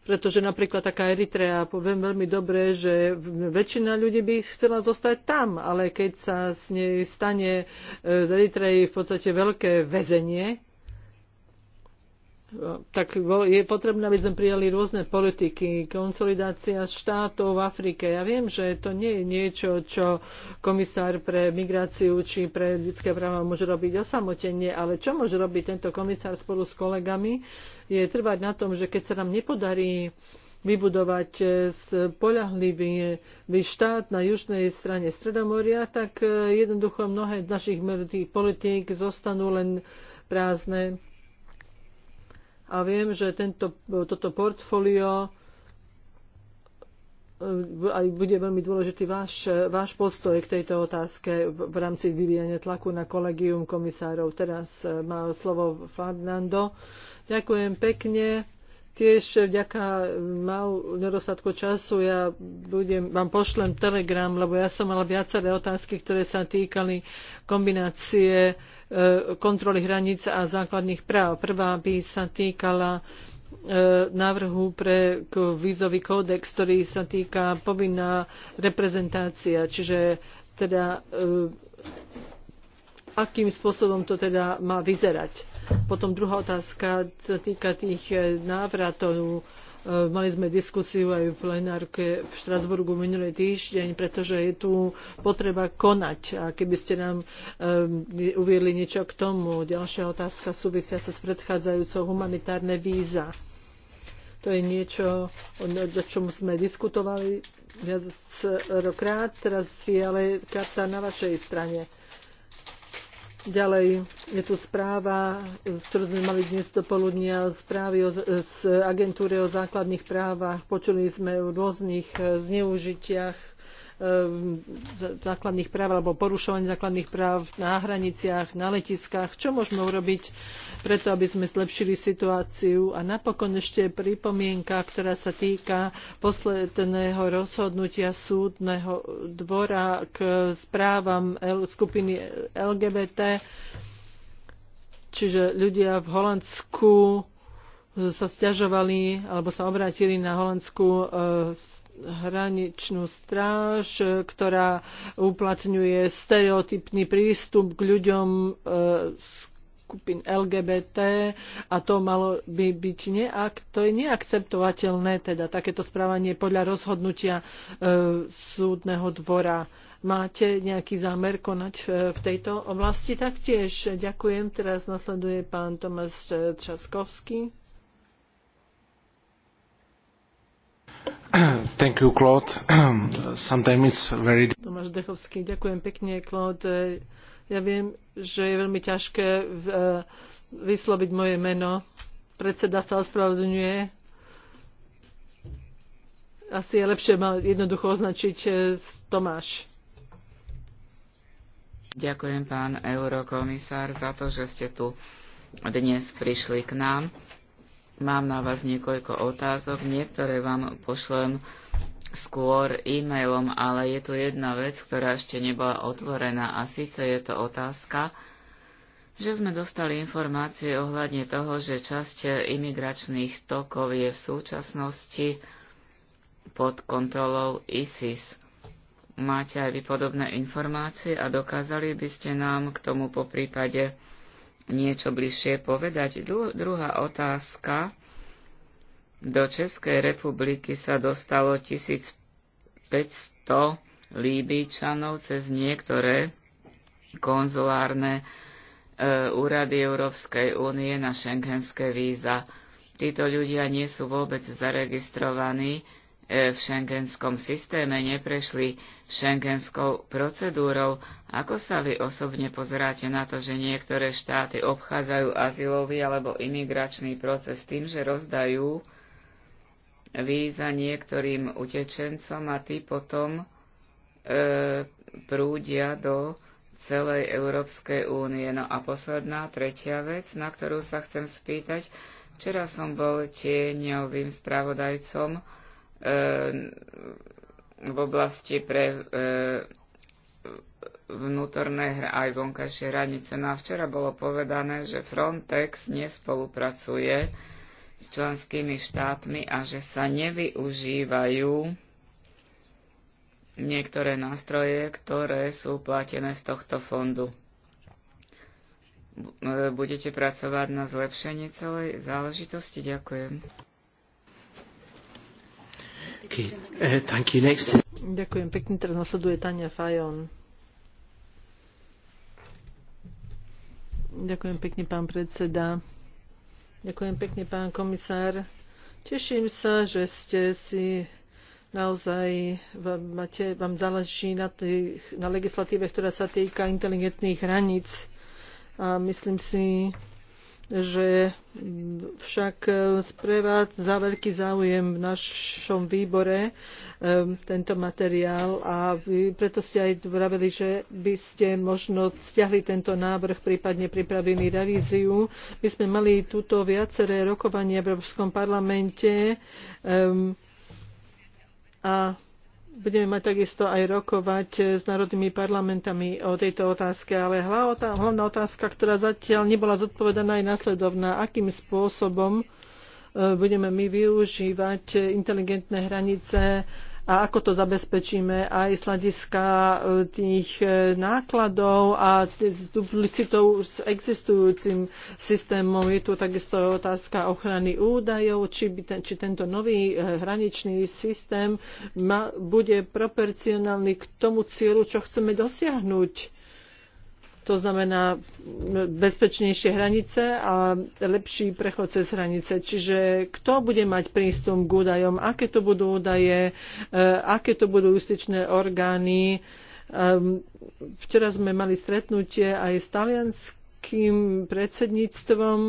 pretože napríklad taká Eritrea, poviem veľmi dobre, že väčšina ľudí by chcela zostať tam, ale keď sa z nej stane e, z Eritreji v podstate veľké väzenie, tak je potrebné, aby sme prijali rôzne politiky, konsolidácia štátov v Afrike. Ja viem, že to nie je niečo, čo komisár pre migráciu či pre ľudské práva môže robiť osamotenie, ale čo môže robiť tento komisár spolu s kolegami, je trvať na tom, že keď sa nám nepodarí vybudovať e, poľahlivý e, štát na južnej strane Stredomoria, tak e, jednoducho mnohé z našich politík zostanú len prázdne a viem, že tento, toto portfólio e, aj bude veľmi dôležitý váš, váš postoj k tejto otázke v rámci vyvíjania tlaku na kolegium komisárov. Teraz e, má slovo Fernando. Ďakujem pekne. Tiež vďaka e, mal nedostatku času ja budem, vám pošlem telegram, lebo ja som mala viaceré otázky, ktoré sa týkali kombinácie E, kontroly hraníc a základných práv. Prvá by sa týkala e, návrhu pre vízový kódex, ktorý sa týka povinná reprezentácia, čiže teda e, akým spôsobom to teda má vyzerať. Potom druhá otázka sa týka tých návratov E, mali sme diskusiu aj v plenárke v Štrasburgu minulý týždeň, pretože je tu potreba konať. A keby ste nám e, uviedli niečo k tomu. Ďalšia otázka súvisia sa s predchádzajúcou humanitárne víza. To je niečo, o čom sme diskutovali viacrokrát, teraz je ale karta na vašej strane. Ďalej je tu správa, ktorú sme mali dnes do poludnia, správy o, z agentúry o základných právach. Počuli sme o rôznych e, zneužitiach Eh, základných práv alebo porušovanie základných práv na hraniciach, na letiskách. Čo môžeme urobiť preto, aby sme zlepšili situáciu? A napokon ešte pripomienka, ktorá sa týka posledného rozhodnutia súdneho dvora k správam skupiny LGBT. Čiže ľudia v Holandsku sa stiažovali alebo sa obrátili na holandskú eh, hraničnú stráž, e, ktorá uplatňuje stereotypný prístup k ľuďom e, skupín LGBT a to malo by byť neak, to je neakceptovateľné, teda takéto správanie podľa rozhodnutia e, súdneho dvora. Máte nejaký zámer konať e, v tejto oblasti taktiež? Ďakujem. Teraz nasleduje pán Tomáš Časkovský. Thank you, Claude. Sometimes it's very... Tomáš Dechovský, ďakujem pekne, Claude. Ja viem, že je veľmi ťažké e, vysloviť moje meno. Predseda sa ospravedlňuje. Asi je lepšie ma jednoducho označiť e, Tomáš. Ďakujem, pán eurokomisár, za to, že ste tu dnes prišli k nám. Mám na vás niekoľko otázok, niektoré vám pošlem skôr e-mailom, ale je tu jedna vec, ktorá ešte nebola otvorená a síce je to otázka, že sme dostali informácie ohľadne toho, že časť imigračných tokov je v súčasnosti pod kontrolou ISIS. Máte aj vy podobné informácie a dokázali by ste nám k tomu po prípade niečo bližšie povedať. Dru- druhá otázka. Do Českej republiky sa dostalo 1500 líbyčanov cez niektoré konzulárne e, úrady Európskej únie na šengenské víza. Títo ľudia nie sú vôbec zaregistrovaní E, v šengenskom systéme, neprešli šengenskou procedúrou. Ako sa vy osobne pozeráte na to, že niektoré štáty obchádzajú azylový alebo imigračný proces tým, že rozdajú víza niektorým utečencom a tí potom e, prúdia do celej Európskej únie. No a posledná, tretia vec, na ktorú sa chcem spýtať. Včera som bol tieňovým spravodajcom Eh, v oblasti pre eh, vnútorné aj vonkajšie hranice. No a včera bolo povedané, že Frontex nespolupracuje s členskými štátmi a že sa nevyužívajú niektoré nástroje, ktoré sú platené z tohto fondu. Eh, budete pracovať na zlepšení celej záležitosti? Ďakujem. Okay. Uh, Ďakujem pekne. Teraz nasleduje Tania Fajon. Ďakujem pekne, pán predseda. Ďakujem pekne, pán komisár. Teším sa, že ste si naozaj vám, máte, vám záleží na, tých, na legislatíve, ktorá sa týka inteligentných hraníc. A myslím si, že však e, za veľký záujem v našom výbore e, tento materiál a vy preto ste aj vraveli, že by ste možno stiahli tento návrh, prípadne pripravili revíziu. My sme mali túto viaceré rokovanie v Európskom parlamente e, a budeme mať takisto aj rokovať eh, s národnými parlamentami o tejto otázke, ale hlavná otázka, ktorá zatiaľ nebola zodpovedaná, je následovná. Akým spôsobom eh, budeme my využívať eh, inteligentné hranice a ako to zabezpečíme aj z hľadiska e, tých e, nákladov a duplicitou s existujúcim systémom. Je tu takisto otázka ochrany údajov, či, by ten, či tento nový e, hraničný systém ma, bude proporcionálny k tomu cieľu, čo chceme dosiahnuť to znamená bezpečnejšie hranice a lepší prechod cez hranice. Čiže kto bude mať prístup k údajom, aké to budú údaje, e, aké to budú justičné orgány. E, včera sme mali stretnutie aj s talianským predsedníctvom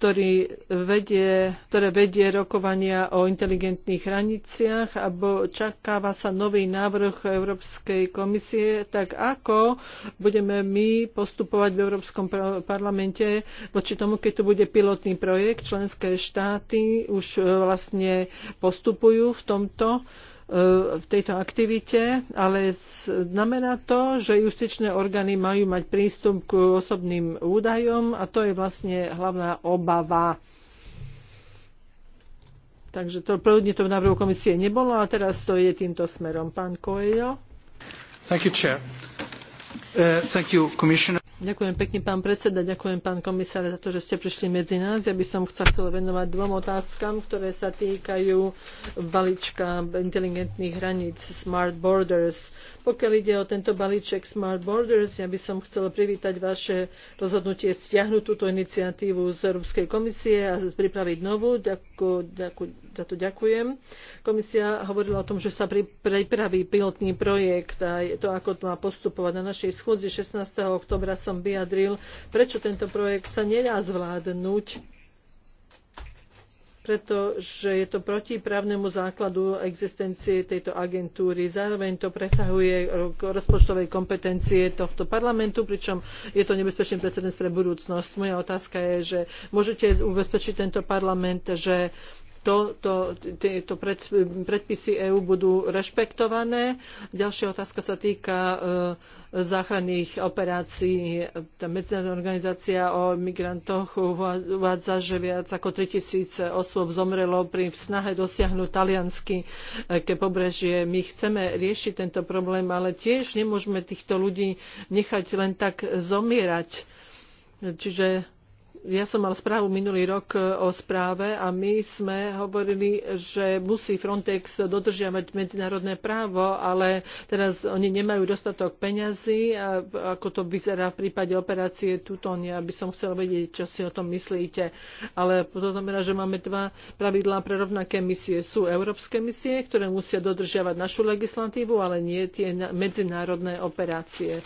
ktorý vedie, ktoré vedie rokovania o inteligentných hraniciach a čakáva sa nový návrh Európskej komisie, tak ako budeme my postupovať v Európskom parlamente voči tomu, keď to bude pilotný projekt, členské štáty už e, vlastne postupujú v tomto v tejto aktivite, ale znamená to, že justičné orgány majú mať prístup k osobným údajom a to je vlastne hlavná obava. Takže to prvodne to v návrhu komisie nebolo a teraz to je týmto smerom. Pán Coelho. Thank you, Chair. Uh, thank you, Commissioner. Ďakujem pekne, pán predseda, ďakujem, pán komisár, za to, že ste prišli medzi nás. Ja by som sa chcela venovať dvom otázkam, ktoré sa týkajú balíčka inteligentných hraníc Smart Borders. Pokiaľ ide o tento balíček Smart Borders, ja by som chcela privítať vaše rozhodnutie stiahnuť túto iniciatívu z Európskej komisie a pripraviť novú. Ďaku, ďaku, za to ďakujem. Komisia hovorila o tom, že sa pripraví pilotný projekt a to, ako to má postupovať. Na našej schôdzi 16. oktobra sa som vyjadril, prečo tento projekt sa nedá zvládnuť pretože je to proti právnemu základu existencie tejto agentúry. Zároveň to presahuje rozpočtové kompetencie tohto parlamentu, pričom je to nebezpečný precedens pre budúcnosť. Moja otázka je, že môžete ubezpečiť tento parlament, že tieto pred, predpisy EÚ budú rešpektované. Ďalšia otázka sa týka e, záchranných operácií. Tá medzinárodná organizácia o migrantoch uvádza, že viac ako 3000 osôb zomrelo pri snahe dosiahnuť taliansky e, ke pobrežie. My chceme riešiť tento problém, ale tiež nemôžeme týchto ľudí nechať len tak zomierať. Čiže ja som mal správu minulý rok e, o správe a my sme hovorili, že musí Frontex dodržiavať medzinárodné právo, ale teraz oni nemajú dostatok peňazí. A ako to vyzerá v prípade operácie Tuton, ja by som chcel vedieť, čo si o tom myslíte. Ale to znamená, že máme dva pravidlá pre rovnaké misie. Sú európske misie, ktoré musia dodržiavať našu legislatívu, ale nie tie medzinárodné operácie e,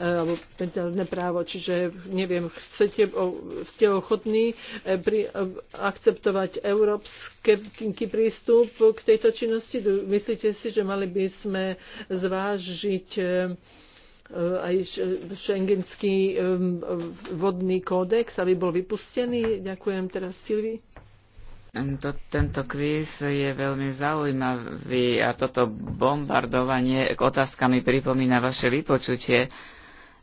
alebo medzinárodné právo. Čiže neviem, chcete, ste ochotní eh, pri, eh, akceptovať európsky prístup k tejto činnosti? Myslíte si, že mali by sme zvážiť eh, aj šengenský vodný kódex, aby bol vypustený? Ďakujem teraz Silvi. Tento, tento kvíz je veľmi zaujímavý a toto bombardovanie k otázkami pripomína vaše vypočutie,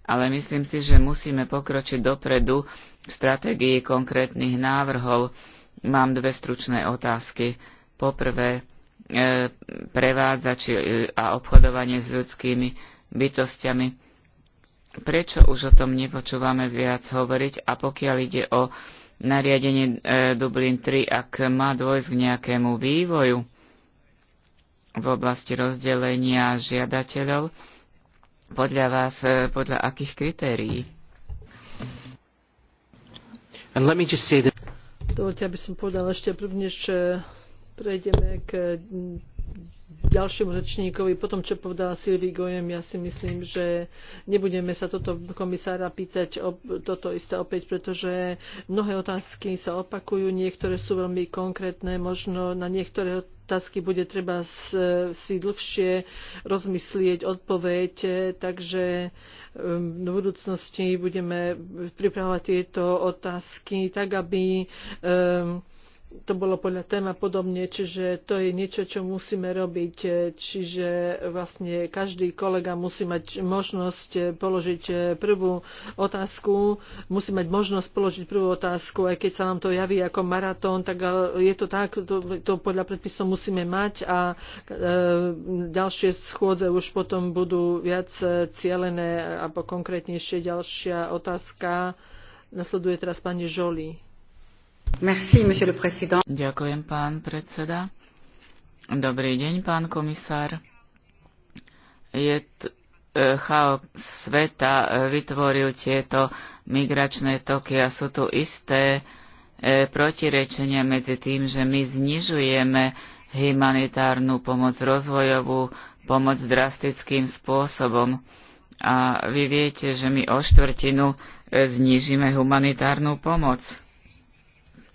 ale myslím si, že musíme pokročiť dopredu stratégii konkrétnych návrhov. Mám dve stručné otázky. Poprvé, e, prevádzači e, a obchodovanie s ľudskými bytostiami. Prečo už o tom nepočúvame viac hovoriť a pokiaľ ide o nariadenie e, Dublin 3, ak má dôjsť k nejakému vývoju v oblasti rozdelenia žiadateľov, podľa vás, e, podľa akých kritérií? And let me just say that... Dovolte, aby som povedal ešte prvnež prejdeme k ďalšiemu rečníkovi. potom, čo povedala Silvi Gojem, ja si myslím, že nebudeme sa toto komisára pýtať o toto isté opäť, pretože mnohé otázky sa opakujú, niektoré sú veľmi konkrétne, možno na niektoré otázky bude treba si dlhšie rozmyslieť odpoveď, takže v um, budúcnosti budeme pripravovať tieto otázky tak, aby um, to bolo podľa téma podobne, čiže to je niečo, čo musíme robiť. Čiže vlastne každý kolega musí mať možnosť položiť prvú otázku, musí mať možnosť položiť prvú otázku, aj keď sa nám to javí ako maratón, tak je to tak, to, to podľa predpisov musíme mať a e, ďalšie schôdze už potom budú viac cielené alebo konkrétnejšie ďalšia otázka. Nasleduje teraz pani Žoli. Merci, monsieur le président. Ďakujem, pán predseda. Dobrý deň, pán komisár. Je t- e, chaos sveta e, vytvoril tieto migračné toky a sú tu isté e, protirečenia medzi tým, že my znižujeme humanitárnu pomoc, rozvojovú pomoc drastickým spôsobom. A vy viete, že my o štvrtinu znižíme humanitárnu pomoc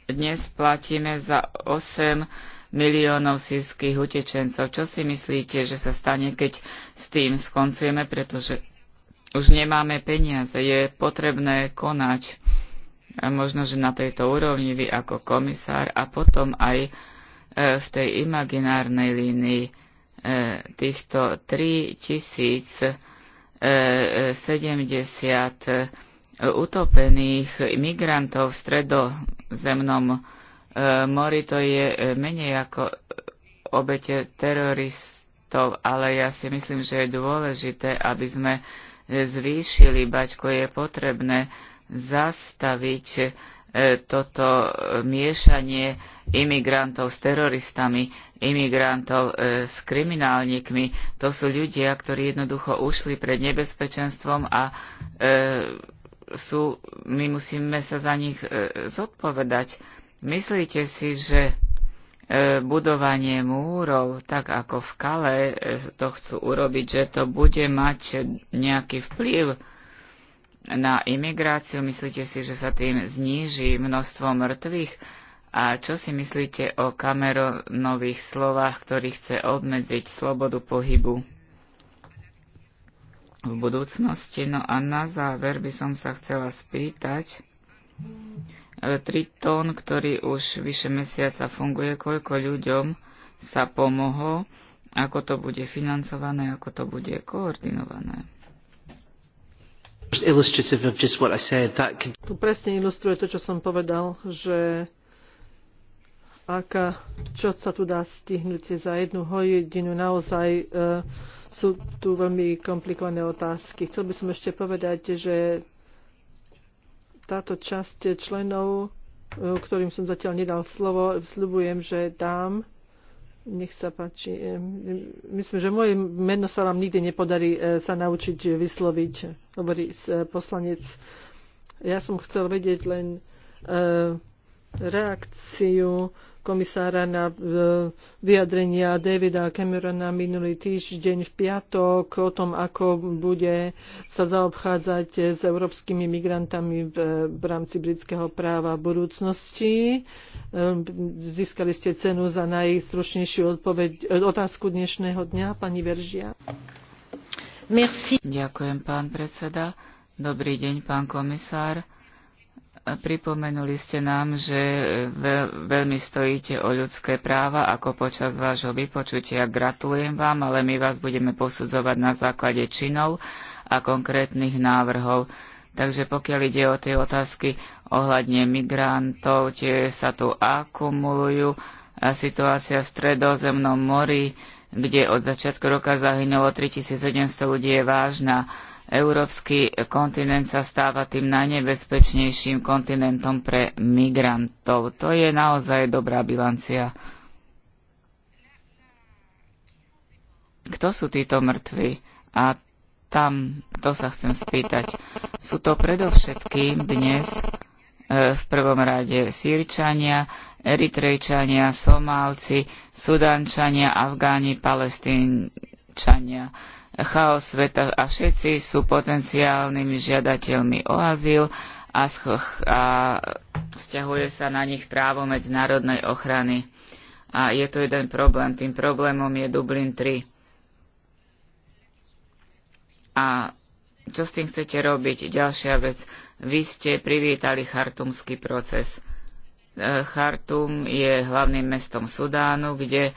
dnes platíme za 8 miliónov sírskych utečencov. Čo si myslíte, že sa stane, keď s tým skoncujeme, pretože už nemáme peniaze, je potrebné konať. A možno, že na tejto úrovni vy ako komisár a potom aj e, v tej imaginárnej línii e, týchto 3070 utopených imigrantov v stredozemnom e, mori, to je e, menej ako e, obete teroristov, ale ja si myslím, že je dôležité, aby sme zvýšili baťko, je potrebné zastaviť toto miešanie imigrantov s teroristami, imigrantov s kriminálnikmi. To sú ľudia, ktorí jednoducho ušli pred nebezpečenstvom a sú, my musíme sa za nich e, zodpovedať. Myslíte si, že e, budovanie múrov, tak ako v Kale e, to chcú urobiť, že to bude mať nejaký vplyv na imigráciu? Myslíte si, že sa tým zníži množstvo mŕtvych? A čo si myslíte o kameronových slovách, ktorý chce obmedziť slobodu pohybu? v budúcnosti. No a na záver by som sa chcela spýtať, e, Triton, ktorý už vyše mesiaca funguje, koľko ľuďom sa pomohlo, ako to bude financované, ako to bude koordinované. Tu presne ilustruje to, čo som povedal, že aká, čo sa tu dá stihnúť za jednu hodinu naozaj uh, sú tu veľmi komplikované otázky. Chcel by som ešte povedať, že táto časť členov, eh, ktorým som zatiaľ nedal slovo, sľubujem, že dám. Nech sa páči. Eh, myslím, že moje meno sa vám nikdy nepodarí eh, sa naučiť vysloviť, hovorí poslanec. Ja som chcel vedieť len reakciu komisára na e, vyjadrenia Davida Camerona minulý týždeň v piatok o tom, ako bude sa zaobchádzať s európskymi migrantami v, rámci britského práva v budúcnosti. E, získali ste cenu za najstručnejšiu odpoveď, e, otázku dnešného dňa, pani Veržia. Merci. Ďakujem, pán predseda. Dobrý deň, pán komisár. Pripomenuli ste nám, že e, veľ, veľmi stojíte o ľudské práva ako počas vášho vypočutia. Gratulujem vám, ale my vás budeme posudzovať na základe činov a konkrétnych návrhov. Takže pokiaľ ide o tie otázky ohľadne migrantov, tie sa tu akumulujú. A situácia v stredozemnom mori, kde od začiatku roka zahynulo 3700 ľudí, je vážna Európsky kontinent sa stáva tým najnebezpečnejším kontinentom pre migrantov. To je naozaj dobrá bilancia. Kto sú títo mŕtvi? A tam, to sa chcem spýtať. Sú to predovšetkým dnes e, v prvom rade Sýrčania, Eritrejčania, Somálci, Sudančania, Afgáni, Palestínčania chaos sveta a všetci sú potenciálnymi žiadateľmi o azyl a, a vzťahuje sa na nich právo medzinárodnej ochrany. A je to jeden problém. Tým problémom je Dublin 3. A čo s tým chcete robiť? Ďalšia vec. Vy ste privítali chartumský proces. E, Chartum je hlavným mestom Sudánu, kde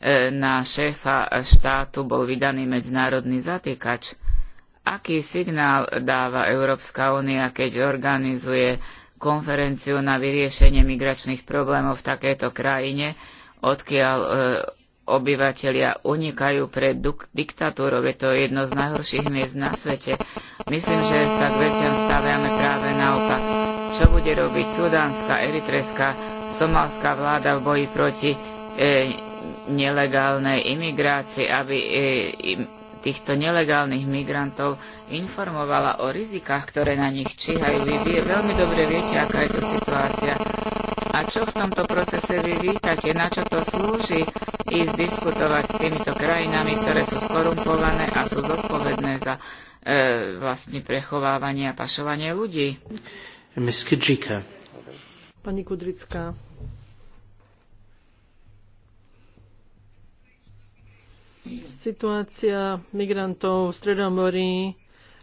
E, na šéfa štátu bol vydaný medzinárodný zatýkač. Aký signál dáva Európska únia, keď organizuje konferenciu na vyriešenie migračných problémov v takejto krajine, odkiaľ e, obyvateľia unikajú pred diktatúrou. Je to jedno z najhorších miest na svete. Myslím, že sa k veciam staviame práve naopak. Čo bude robiť sudánska, eritrejská, somalská vláda v boji proti E, nelegálnej imigrácie, aby e, týchto nelegálnych migrantov informovala o rizikách, ktoré na nich číhajú. Vy veľmi dobre viete, aká je to situácia. A čo v tomto procese vy vítate? Na čo to slúži? Ísť diskutovať s týmito krajinami, ktoré sú skorumpované a sú zodpovedné za e, vlastne prechovávanie a pašovanie ľudí. Pani Kudrická. Situácia migrantov v Stredomorí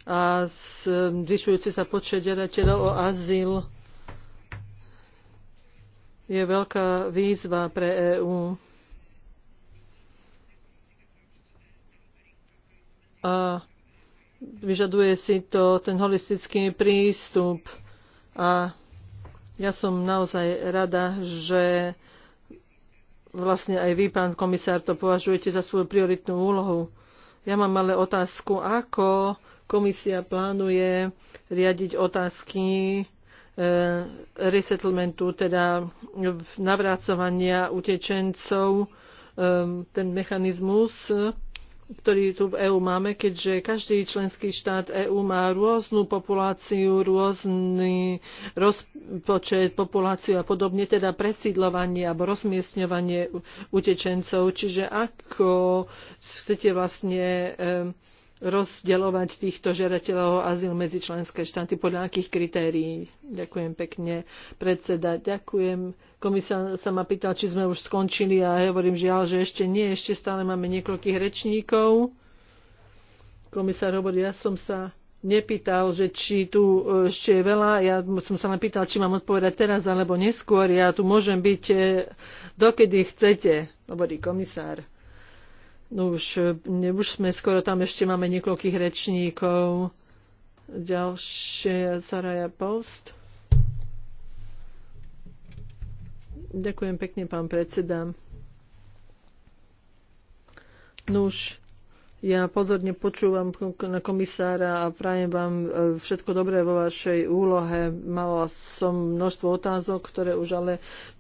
a zvyšujúci sa počet žiadateľov o azyl je veľká výzva pre EÚ. A vyžaduje si to ten holistický prístup. A ja som naozaj rada, že vlastne aj vy, pán komisár, to považujete za svoju prioritnú úlohu. Ja mám ale otázku, ako komisia plánuje riadiť otázky e, resettlementu, teda navrácovania utečencov, e, ten mechanizmus, ktorý tu v EÚ máme, keďže každý členský štát EÚ má rôznu populáciu, rôzny rozpočet populáciu a podobne, teda presídlovanie alebo rozmiestňovanie utečencov. Čiže ako chcete vlastne rozdeľovať týchto žiadateľov o azyl medzi členské štáty, podľa akých kritérií. Ďakujem pekne, predseda. Ďakujem. Komisár sa ma pýtal, či sme už skončili a ja hovorím žiaľ, že ešte nie, ešte stále máme niekoľkých rečníkov. Komisár hovorí, ja som sa nepýtal, že či tu e, ešte je veľa. Ja som sa len pýtal, či mám odpovedať teraz alebo neskôr. Ja tu môžem byť e, dokedy chcete, hovorí komisár. No už, e, ne, už sme skoro tam, ešte máme niekoľkých rečníkov. Ďalšie Saraja Post. Ďakujem pekne, pán predseda. Nuž, no ja pozorne počúvam na komisára a prajem vám e, všetko dobré vo vašej úlohe. Mala som množstvo otázok, ktoré už ale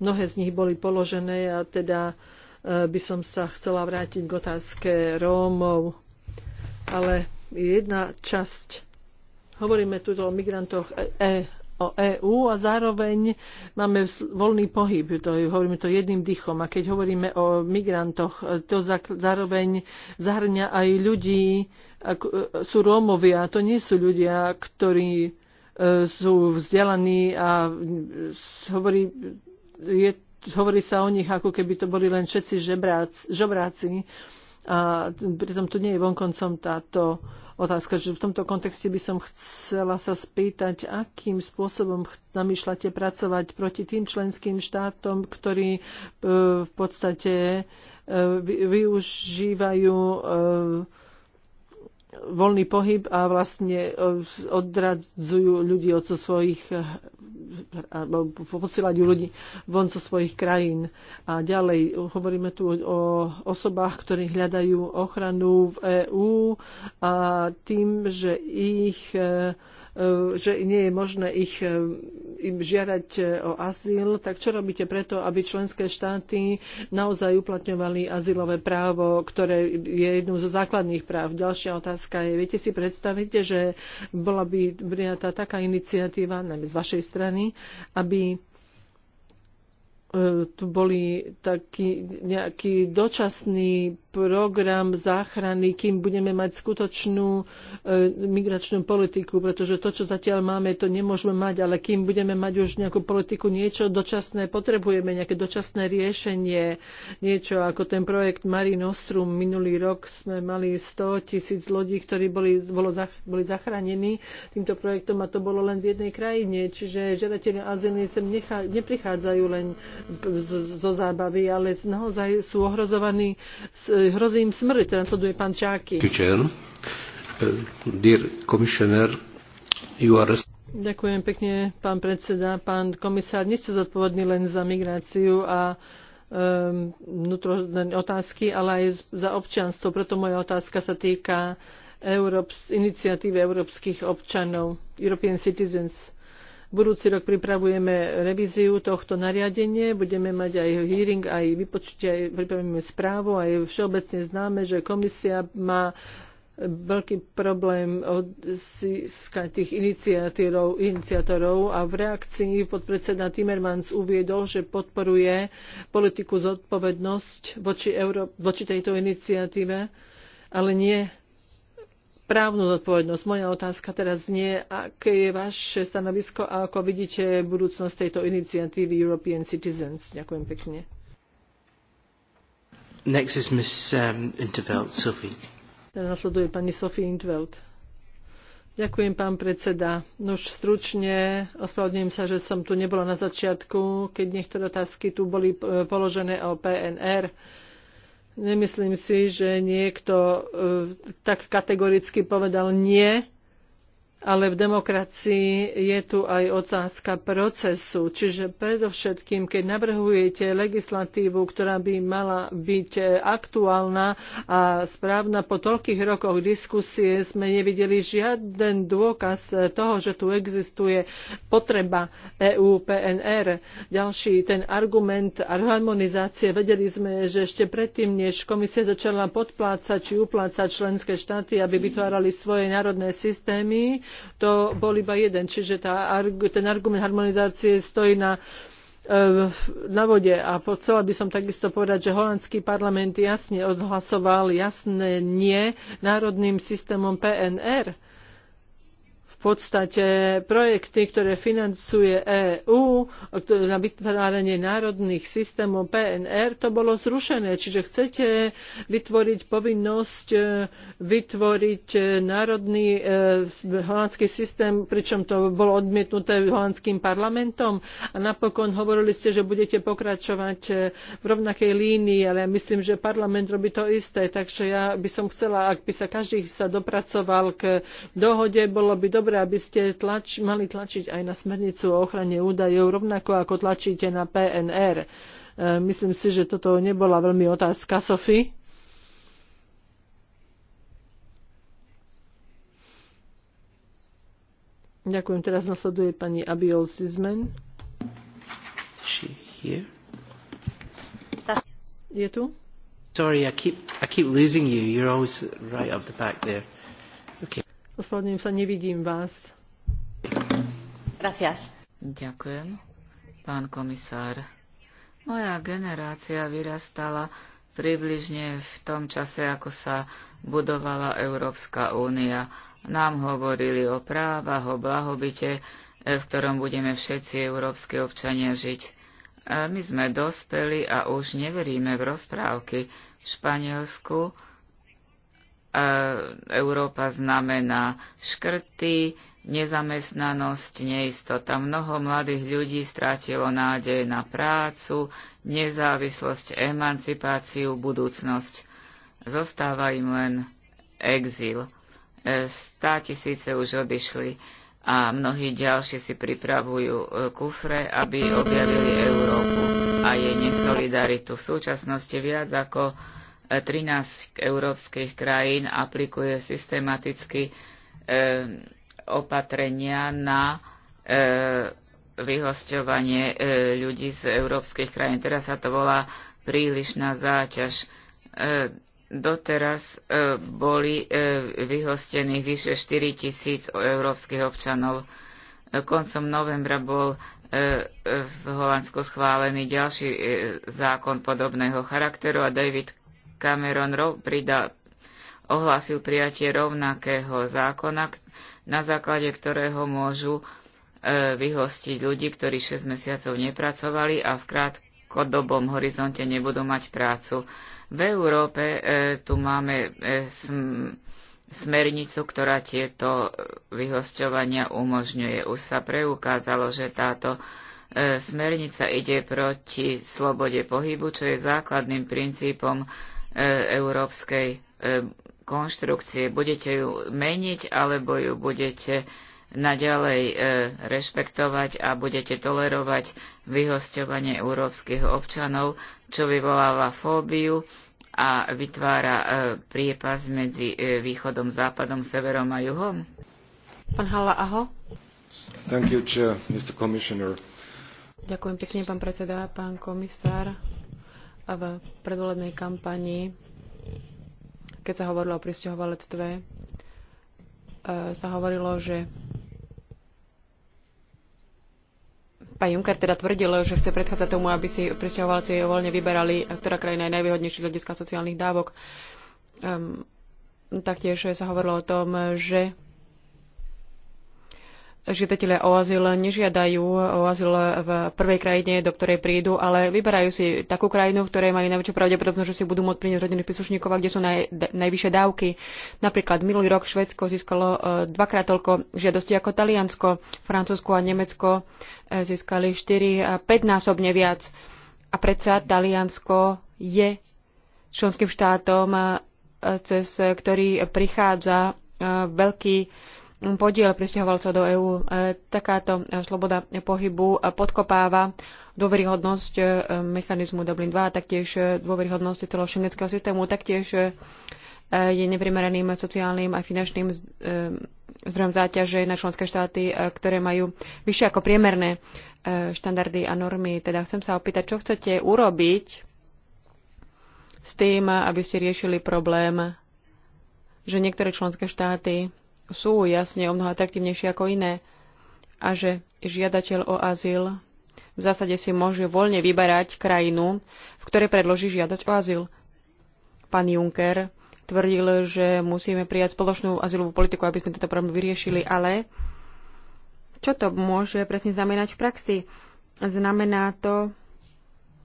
mnohé z nich boli položené a teda Eh, by som sa chcela vrátiť k otázke Rómov. Ale jedna časť, hovoríme tu o migrantoch e, o EÚ a zároveň máme voľný pohyb, to, hovoríme to jedným dychom. A keď hovoríme o migrantoch, eh, to zároveň zahrňa aj ľudí, eh, sú Rómovia, to nie sú ľudia, ktorí sú vzdelaní a mm, hovorí, je hovorí sa o nich, ako keby to boli len všetci žebráci, žobráci. A pritom tu nie je vonkoncom táto otázka, že v tomto kontexte by som chcela sa spýtať, akým spôsobom zamýšľate pracovať proti tým členským štátom, ktorí e, v podstate e, využívajú e, voľný pohyb a vlastne e, odradzujú ľudí od svojich e, alebo posielajú ľudí von zo svojich krajín. A ďalej hovoríme tu o osobách, ktorí hľadajú ochranu v EÚ a tým, že ich e, E, že nie je možné ich e, im žiadať e, o azyl, tak čo robíte preto, aby členské štáty naozaj uplatňovali azylové právo, ktoré je jednou zo základných práv? Ďalšia otázka je, viete si predstaviť, že bola by prijatá taká iniciatíva najmä z vašej strany, aby E, tu boli taký nejaký dočasný program záchrany, kým budeme mať skutočnú e, migračnú politiku, pretože to, čo zatiaľ máme, to nemôžeme mať, ale kým budeme mať už nejakú politiku, niečo dočasné, potrebujeme nejaké dočasné riešenie, niečo ako ten projekt Mari Nostrum. Minulý rok sme mali 100 tisíc lodí, ktorí boli, bolo, boli zachránení týmto projektom a to bolo len v jednej krajine, čiže žiadatelia azyly sem necha, neprichádzajú len zo zábavy, ale naozaj sú ohrozovaní, hrozí im smrť, teda to sleduje pán Čáky. Eh, Ďakujem pekne, pán predseda, pán komisár. Nie ste zodpovední len za migráciu a ehm, vnútorné otázky, ale aj za občianstvo. Preto moja otázka sa týka Európs- iniciatív európskych občanov, European Citizens Budúci rok pripravujeme revíziu tohto nariadenie, budeme mať aj hearing, aj vypočutie, aj pripravíme správu a je všeobecne známe, že komisia má veľký problém získať tých iniciátorov iniciatorov a v reakcii podpredseda Timmermans uviedol, že podporuje politiku zodpovednosť voči, Euró- voči tejto iniciatíve, ale nie právnu zodpovednosť. Moja otázka teraz znie, aké je vaše stanovisko a ako vidíte budúcnosť tejto iniciatívy European Citizens. Ďakujem pekne. Next is Miss um, Interveld, Sophie. Nasleduje pani Sophie Intveld. Ďakujem, pán predseda. No už stručne, ospravedlňujem sa, že som tu nebola na začiatku, keď niektoré otázky tu boli e, položené o PNR. Nemyslím si, že niekto e, tak kategoricky povedal nie ale v demokracii je tu aj otázka procesu. Čiže predovšetkým, keď navrhujete legislatívu, ktorá by mala byť e, aktuálna a správna, po toľkých rokoch diskusie sme nevideli žiaden dôkaz e, toho, že tu existuje potreba EU PNR. Ďalší ten argument harmonizácie, vedeli sme, že ešte predtým, než komisia začala podplácať či uplácať členské štáty, aby vytvárali svoje národné systémy, to bol iba jeden. Čiže tá, ten argument harmonizácie stojí na eh, na vode. A chcela by som takisto povedať, že holandský parlament jasne odhlasoval jasné nie národným systémom PNR v podstate projekty, ktoré financuje EÚ na vytváranie národných systémov PNR, to bolo zrušené. Čiže chcete vytvoriť povinnosť e, vytvoriť e, národný e, holandský systém, pričom to bolo odmietnuté holandským parlamentom. A napokon hovorili ste, že budete pokračovať v rovnakej línii, ale ja myslím, že parlament robí to isté. Takže ja by som chcela, ak by sa každý sa dopracoval k dohode, bolo by dobré, dobré, aby ste tlač, mali tlačiť aj na smernicu o ochrane údajov, rovnako ako tlačíte na PNR. E, myslím si, že toto nebola veľmi otázka Sofy. Ďakujem. Teraz nasleduje pani Abiol Sizmen. Je tu? Sorry, I keep, I keep losing you. You're always right up the back there. Ospravedlňujem sa, nevidím vás. Gracias. Ďakujem. Pán komisár, moja generácia vyrastala približne v tom čase, ako sa budovala Európska únia. Nám hovorili o právach, o blahobite, e, v ktorom budeme všetci európske občania žiť. E, my sme dospeli a už neveríme v rozprávky. V Španielsku Európa znamená škrty, nezamestnanosť, neistota. Mnoho mladých ľudí strátilo nádej na prácu, nezávislosť, emancipáciu, budúcnosť. Zostáva im len exil. E, Stá tisíce už odišli a mnohí ďalší si pripravujú e, kufre, aby objavili Európu a jej nesolidaritu. V súčasnosti viac ako 13 európskych krajín aplikuje systematicky e, opatrenia na e, vyhosťovanie e, ľudí z európskych krajín. Teraz sa to volá prílišná záťaž. E, doteraz e, boli e, vyhostených vyše 4 tisíc európskych občanov. E, koncom novembra bol e, v Holandsku schválený ďalší e, zákon podobného charakteru a David Cameron prida, ohlásil prijatie rovnakého zákona, na základe ktorého môžu e, vyhostiť ľudí, ktorí 6 mesiacov nepracovali a v krátkodobom horizonte nebudú mať prácu. V Európe e, tu máme e, sm, smernicu, ktorá tieto vyhosťovania umožňuje. Už sa preukázalo, že táto e, smernica ide proti slobode pohybu, čo je základným princípom E, európskej e, konštrukcie. Budete ju meniť alebo ju budete naďalej e, rešpektovať a budete tolerovať vyhosťovanie európskych občanov, čo vyvoláva fóbiu a vytvára priepas medzi východom, západom, severom a juhom? Pán Halla, aho. Thank you, Chair, Mr. Commissioner. Ďakujem pekne, pán predseda, pán komisár v predvolebnej kampani, keď sa hovorilo o pristahovalectve, e, sa hovorilo, že Pán Juncker teda tvrdil, že chce predchádzať tomu, aby si pristahovalci voľne vyberali, ktorá krajina je najvýhodnejšia hľadiska sociálnych dávok. Um, taktiež sa hovorilo o tom, že žiadatelia o azyl nežiadajú o azyl v prvej krajine, do ktorej prídu, ale vyberajú si takú krajinu, v ktorej majú najväčšiu pravdepodobnosť, že si budú môcť priniesť rodinných príslušníkov, kde sú naj, najvyššie dávky. Napríklad minulý rok Švedsko získalo e, dvakrát toľko žiadostí ako Taliansko, Francúzsko a Nemecko e, získali 4 a 5 násobne viac. A predsa Taliansko je členským štátom, e, cez ktorý prichádza veľký podiel prisťahovalcov do EÚ. E, takáto e, sloboda pohybu e, podkopáva dôveryhodnosť mechanizmu Dublin 2 a taktiež dôveryhodnosť celého šengenského systému, taktiež je neprimeraným sociálnym a finančným zdrojom záťaže na členské štáty, ktoré majú vyššie ako priemerné štandardy a normy. Teda chcem sa opýtať, čo chcete urobiť s tým, aby ste riešili problém, že niektoré členské štáty sú jasne o mnoho atraktívnejšie ako iné a že žiadateľ o azyl v zásade si môže voľne vyberať krajinu, v ktorej predloží žiadať o azyl. Pán Juncker tvrdil, že musíme prijať spoločnú azylovú politiku, aby sme tento problém vyriešili, ale čo to môže presne znamenať v praxi? Znamená to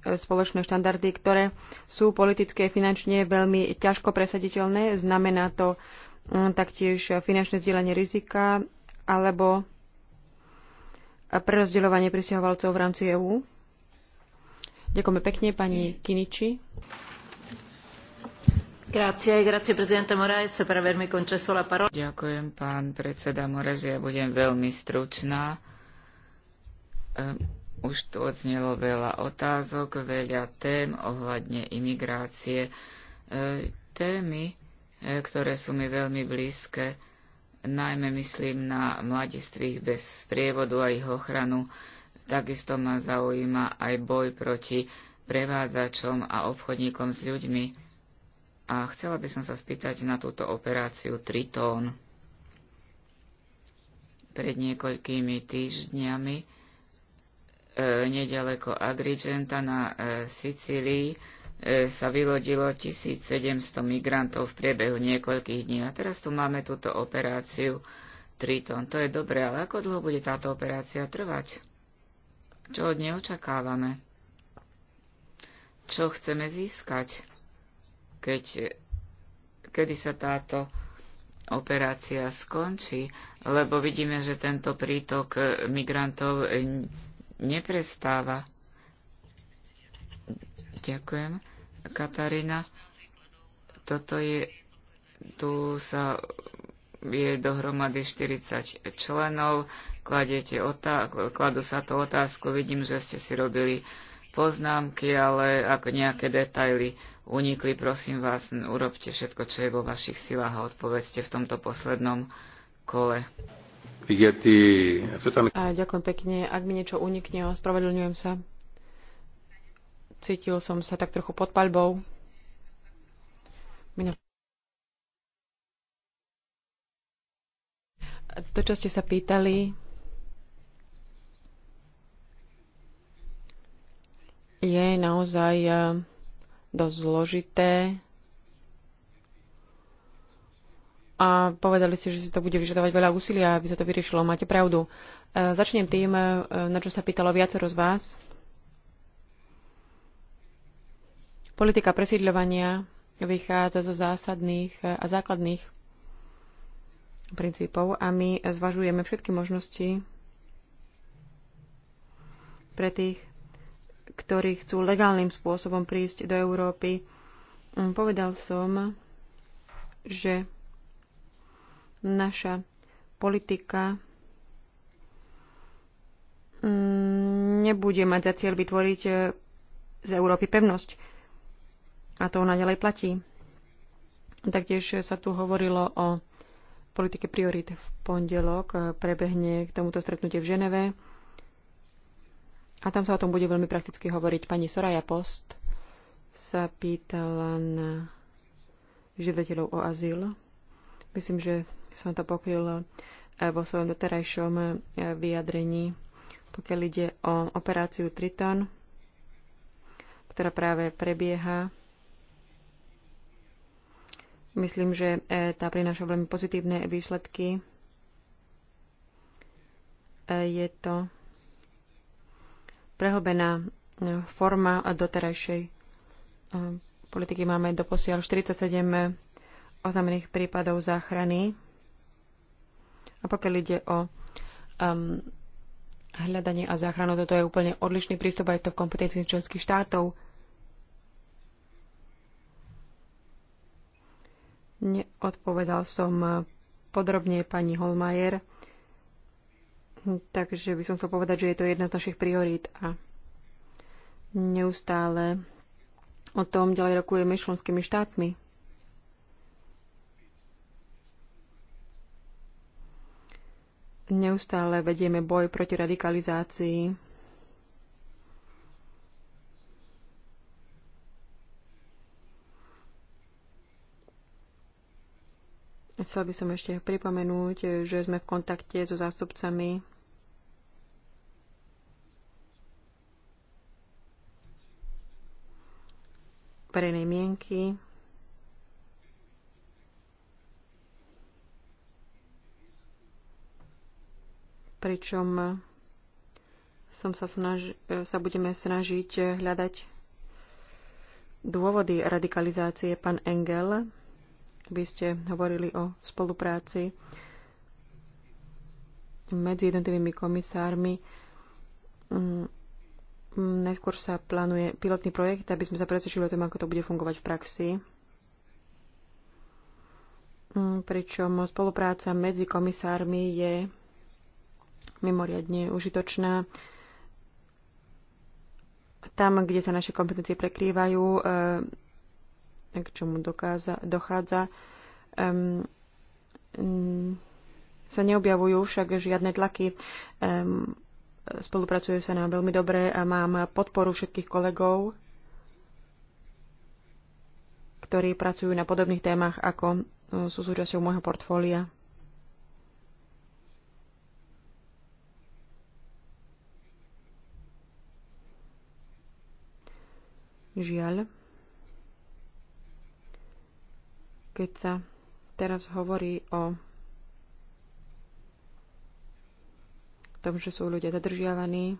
e, spoločné štandardy, ktoré sú politické a finančne veľmi ťažko presaditeľné. Znamená to Mm, taktiež finančné zdieľanie rizika alebo prerozdeľovanie prisťahovalcov v rámci EÚ. Ďakujeme pekne pani Kiniči. Ďakujem pán predseda Morez, ja budem veľmi stručná. Ehm, už tu odznelo veľa otázok, veľa tém ohľadne imigrácie. Ehm, témy, E, ktoré sú mi veľmi blízke, najmä myslím na mladistvých bez sprievodu a ich ochranu. Takisto ma zaujíma aj boj proti prevádzačom a obchodníkom s ľuďmi. A chcela by som sa spýtať na túto operáciu Tritón. Pred niekoľkými týždňami e, nedaleko Agrigenta na e, Sicílii E, sa vylodilo 1700 migrantov v priebehu niekoľkých dní. A teraz tu máme túto operáciu Triton. To je dobré, ale ako dlho bude táto operácia trvať? Čo od nej očakávame? Čo chceme získať, keď, kedy sa táto operácia skončí, lebo vidíme, že tento prítok migrantov neprestáva. Ďakujem. Katarina. Toto je, tu sa je dohromady 40 členov, kladiete otázku, kladú sa to otázku, vidím, že ste si robili poznámky, ale ako nejaké detaily unikli, prosím vás, urobte všetko, čo je vo vašich silách a odpovedzte v tomto poslednom kole. A ďakujem pekne. Ak mi niečo unikne, ospravedlňujem sa. Cítil som sa tak trochu pod paľbou. To, čo ste sa pýtali, je naozaj eh, dosť zložité. A povedali si, že si to bude vyžadovať veľa úsilia, aby sa to vyriešilo. Máte pravdu. Eh, začnem tým, eh, na čo sa pýtalo viacero z vás. Politika presídľovania vychádza zo zásadných a základných princípov a my zvažujeme všetky možnosti pre tých, ktorí chcú legálnym spôsobom prísť do Európy. Mm, povedal som, že naša politika mm, nebude mať za cieľ vytvoriť eh, z Európy pevnosť a to naďalej platí. Taktiež sa tu hovorilo o politike priorit. V pondelok prebehne k tomuto stretnutie v Ženeve. A tam sa o tom bude veľmi prakticky hovoriť. Pani Soraya Post sa pýtala na žiadateľov o azyl. Myslím, že som to pokryl eh, vo svojom doterajšom eh, vyjadrení, pokiaľ ide o operáciu Triton, ktorá práve prebieha Myslím, že e, tá prináša veľmi pozitívne výsledky. E, je to prehlbená e, forma doterajšej politiky. Máme doposiaľ 47 oznámených prípadov záchrany. A pokiaľ ide o um, hľadanie a záchranu, toto je úplne odlišný prístup, aj to v kompetencii členských štátov. Neodpovedal som podrobne pani Holmajer, takže by som chcel povedať, že je to jedna z našich priorít a neustále o tom ďalej rokujeme členskými štátmi. Neustále vedieme boj proti radikalizácii Chcel by som ešte pripomenúť, že sme v kontakte so zástupcami verejnej mienky, pričom som sa, snaž, sa budeme snažiť hľadať dôvody radikalizácie. Pán Engel by ste hovorili o spolupráci medzi jednotlivými komisármi. Mm, najskôr sa plánuje pilotný projekt, aby sme sa presvedčili o tom, ako to bude fungovať v praxi. Mm, pričom spolupráca medzi komisármi je mimoriadne užitočná. Tam, kde sa naše kompetencie prekrývajú, eh, k čomu dokáza, dochádza. Um, um, sa neobjavujú však žiadne tlaky. Um, spolupracuje sa nám veľmi dobre a mám podporu všetkých kolegov, ktorí pracujú na podobných témach, ako e, sú súčasťou môjho portfólia. Žiaľ. keď sa teraz hovorí o tom, že sú ľudia zadržiavaní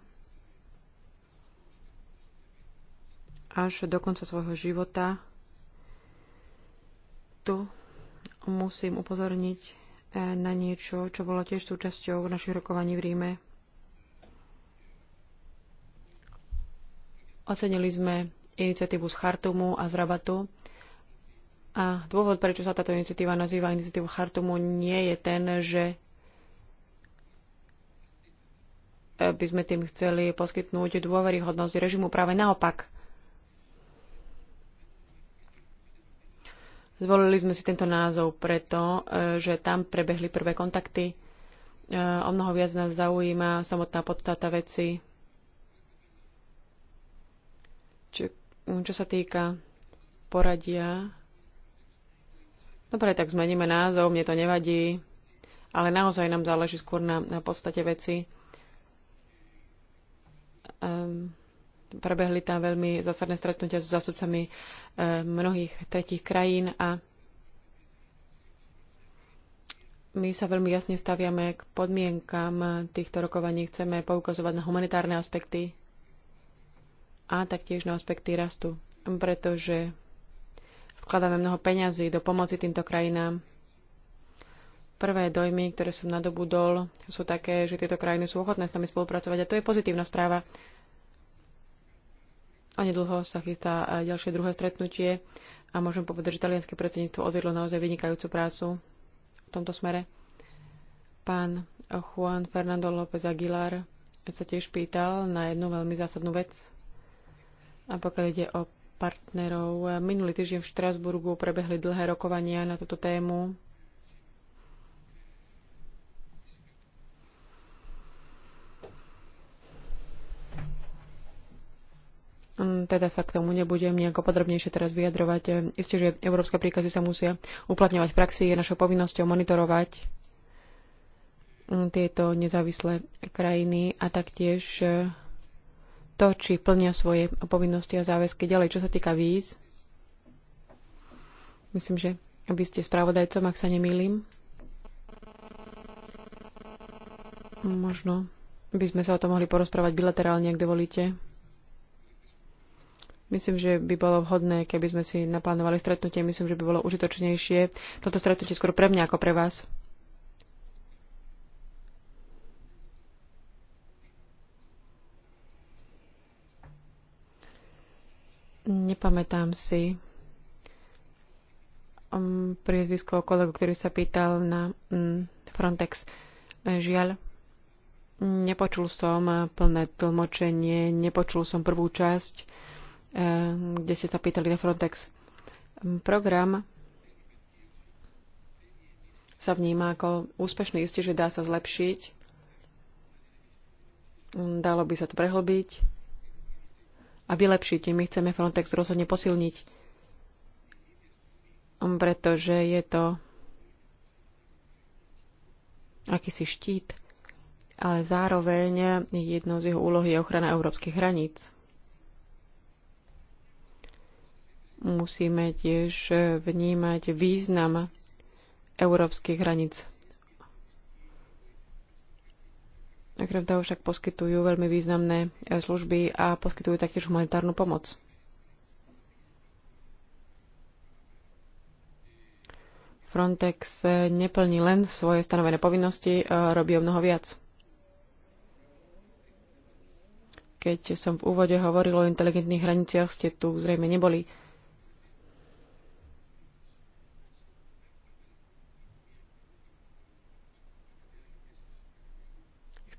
až do konca svojho života, tu musím upozorniť eh, na niečo, čo bolo tiež súčasťou našich rokovaní v Ríme. Ocenili sme iniciatívu z Chartumu a z Rabatu, a dôvod, prečo sa táto iniciatíva nazýva iniciatívou Chartumu, nie je ten, že by sme tým chceli poskytnúť dôveryhodnosť režimu. Práve naopak. Zvolili sme si tento názov preto, že tam prebehli prvé kontakty. O mnoho viac nás zaujíma samotná podstata veci. Čo, čo sa týka poradia Dobre, tak zmeníme názov, mne to nevadí, ale naozaj nám záleží skôr na, na podstate veci. Um, prebehli tam veľmi zásadné stretnutia s zástupcami um, mnohých tretích krajín a my sa veľmi jasne staviame k podmienkam týchto rokovaní. Chceme poukazovať na humanitárne aspekty a taktiež na aspekty rastu, pretože vkladáme mnoho peňazí do pomoci týmto krajinám. Prvé dojmy, ktoré som nadobudol, sú také, že tieto krajiny sú ochotné s nami spolupracovať a to je pozitívna správa. Onedlho sa chystá ďalšie druhé stretnutie a môžem povedať, že talianské predsedníctvo odvedlo naozaj vynikajúcu prácu v tomto smere. Pán Juan Fernando López Aguilar sa tiež pýtal na jednu veľmi zásadnú vec. A pokiaľ ide o partnerov. Minulý týždeň v Štrasburgu prebehli dlhé rokovania na túto tému. Teda sa k tomu nebudem nejako podrobnejšie teraz vyjadrovať. Isté, že európske príkazy sa musia uplatňovať v praxi. Je našou povinnosťou monitorovať tieto nezávislé krajiny a taktiež to, či plnia svoje povinnosti a záväzky ďalej. Čo sa týka víz, myslím, že vy ste spravodajcom, ak sa nemýlim. Možno by sme sa o tom mohli porozprávať bilaterálne, ak dovolíte. Myslím, že by bolo vhodné, keby sme si naplánovali stretnutie. Myslím, že by bolo užitočnejšie toto stretnutie skôr pre mňa ako pre vás. Nepamätám si um, priezvisko kolegu, ktorý sa pýtal na um, Frontex. Žiaľ, nepočul som plné tlmočenie, nepočul som prvú časť, um, kde ste sa pýtali na Frontex. Um, program sa vníma ako úspešný, isté, že dá sa zlepšiť. Mm, dalo by sa to prehlbiť a vylepšiť. My chceme Frontex rozhodne posilniť, pretože je to akýsi štít, ale zároveň jednou z jeho úloh je ochrana európskych hraníc. Musíme tiež vnímať význam európskych hraníc Okrem toho však poskytujú veľmi významné e, služby a poskytujú taktiež humanitárnu pomoc. Frontex e, neplní len svoje stanovené povinnosti, e, robí o mnoho viac. Keď som v úvode hovoril o inteligentných hraniciach, ste tu zrejme neboli.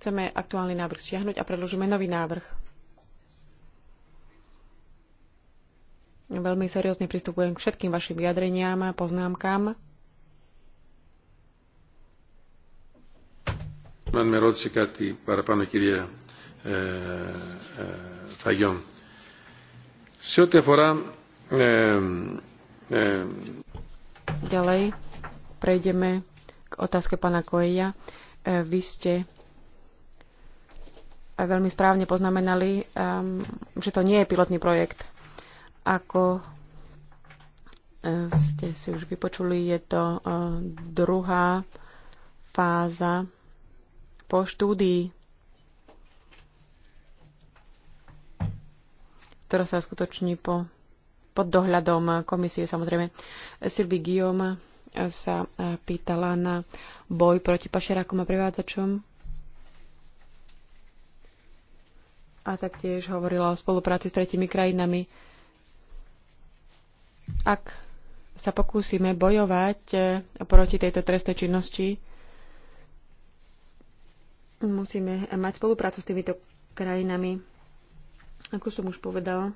Chceme aktuálny návrh stiahnuť a predložíme nový návrh. Veľmi seriózne pristupujem k všetkým vašim vyjadreniam a poznámkam. Man me κάτι kati κυρία ε, Φαγιόν. Σε ό,τι αφορά... Ďalej prejdeme k otázke pána Koeja. Eh, vy ste veľmi správne poznamenali, ehm, že to nie je pilotný projekt. Ako e, ste si už vypočuli, je to e, druhá fáza po štúdii, ktorá sa skutoční po, pod dohľadom komisie samozrejme. Sylvie Guillaume sa e, pýtala na boj proti pašerákom a privádzačom. a taktiež hovorila o spolupráci s tretimi krajinami. Ak sa pokúsime bojovať e, proti tejto trestnej činnosti, musíme mať spoluprácu s týmito krajinami. Ako som už povedala,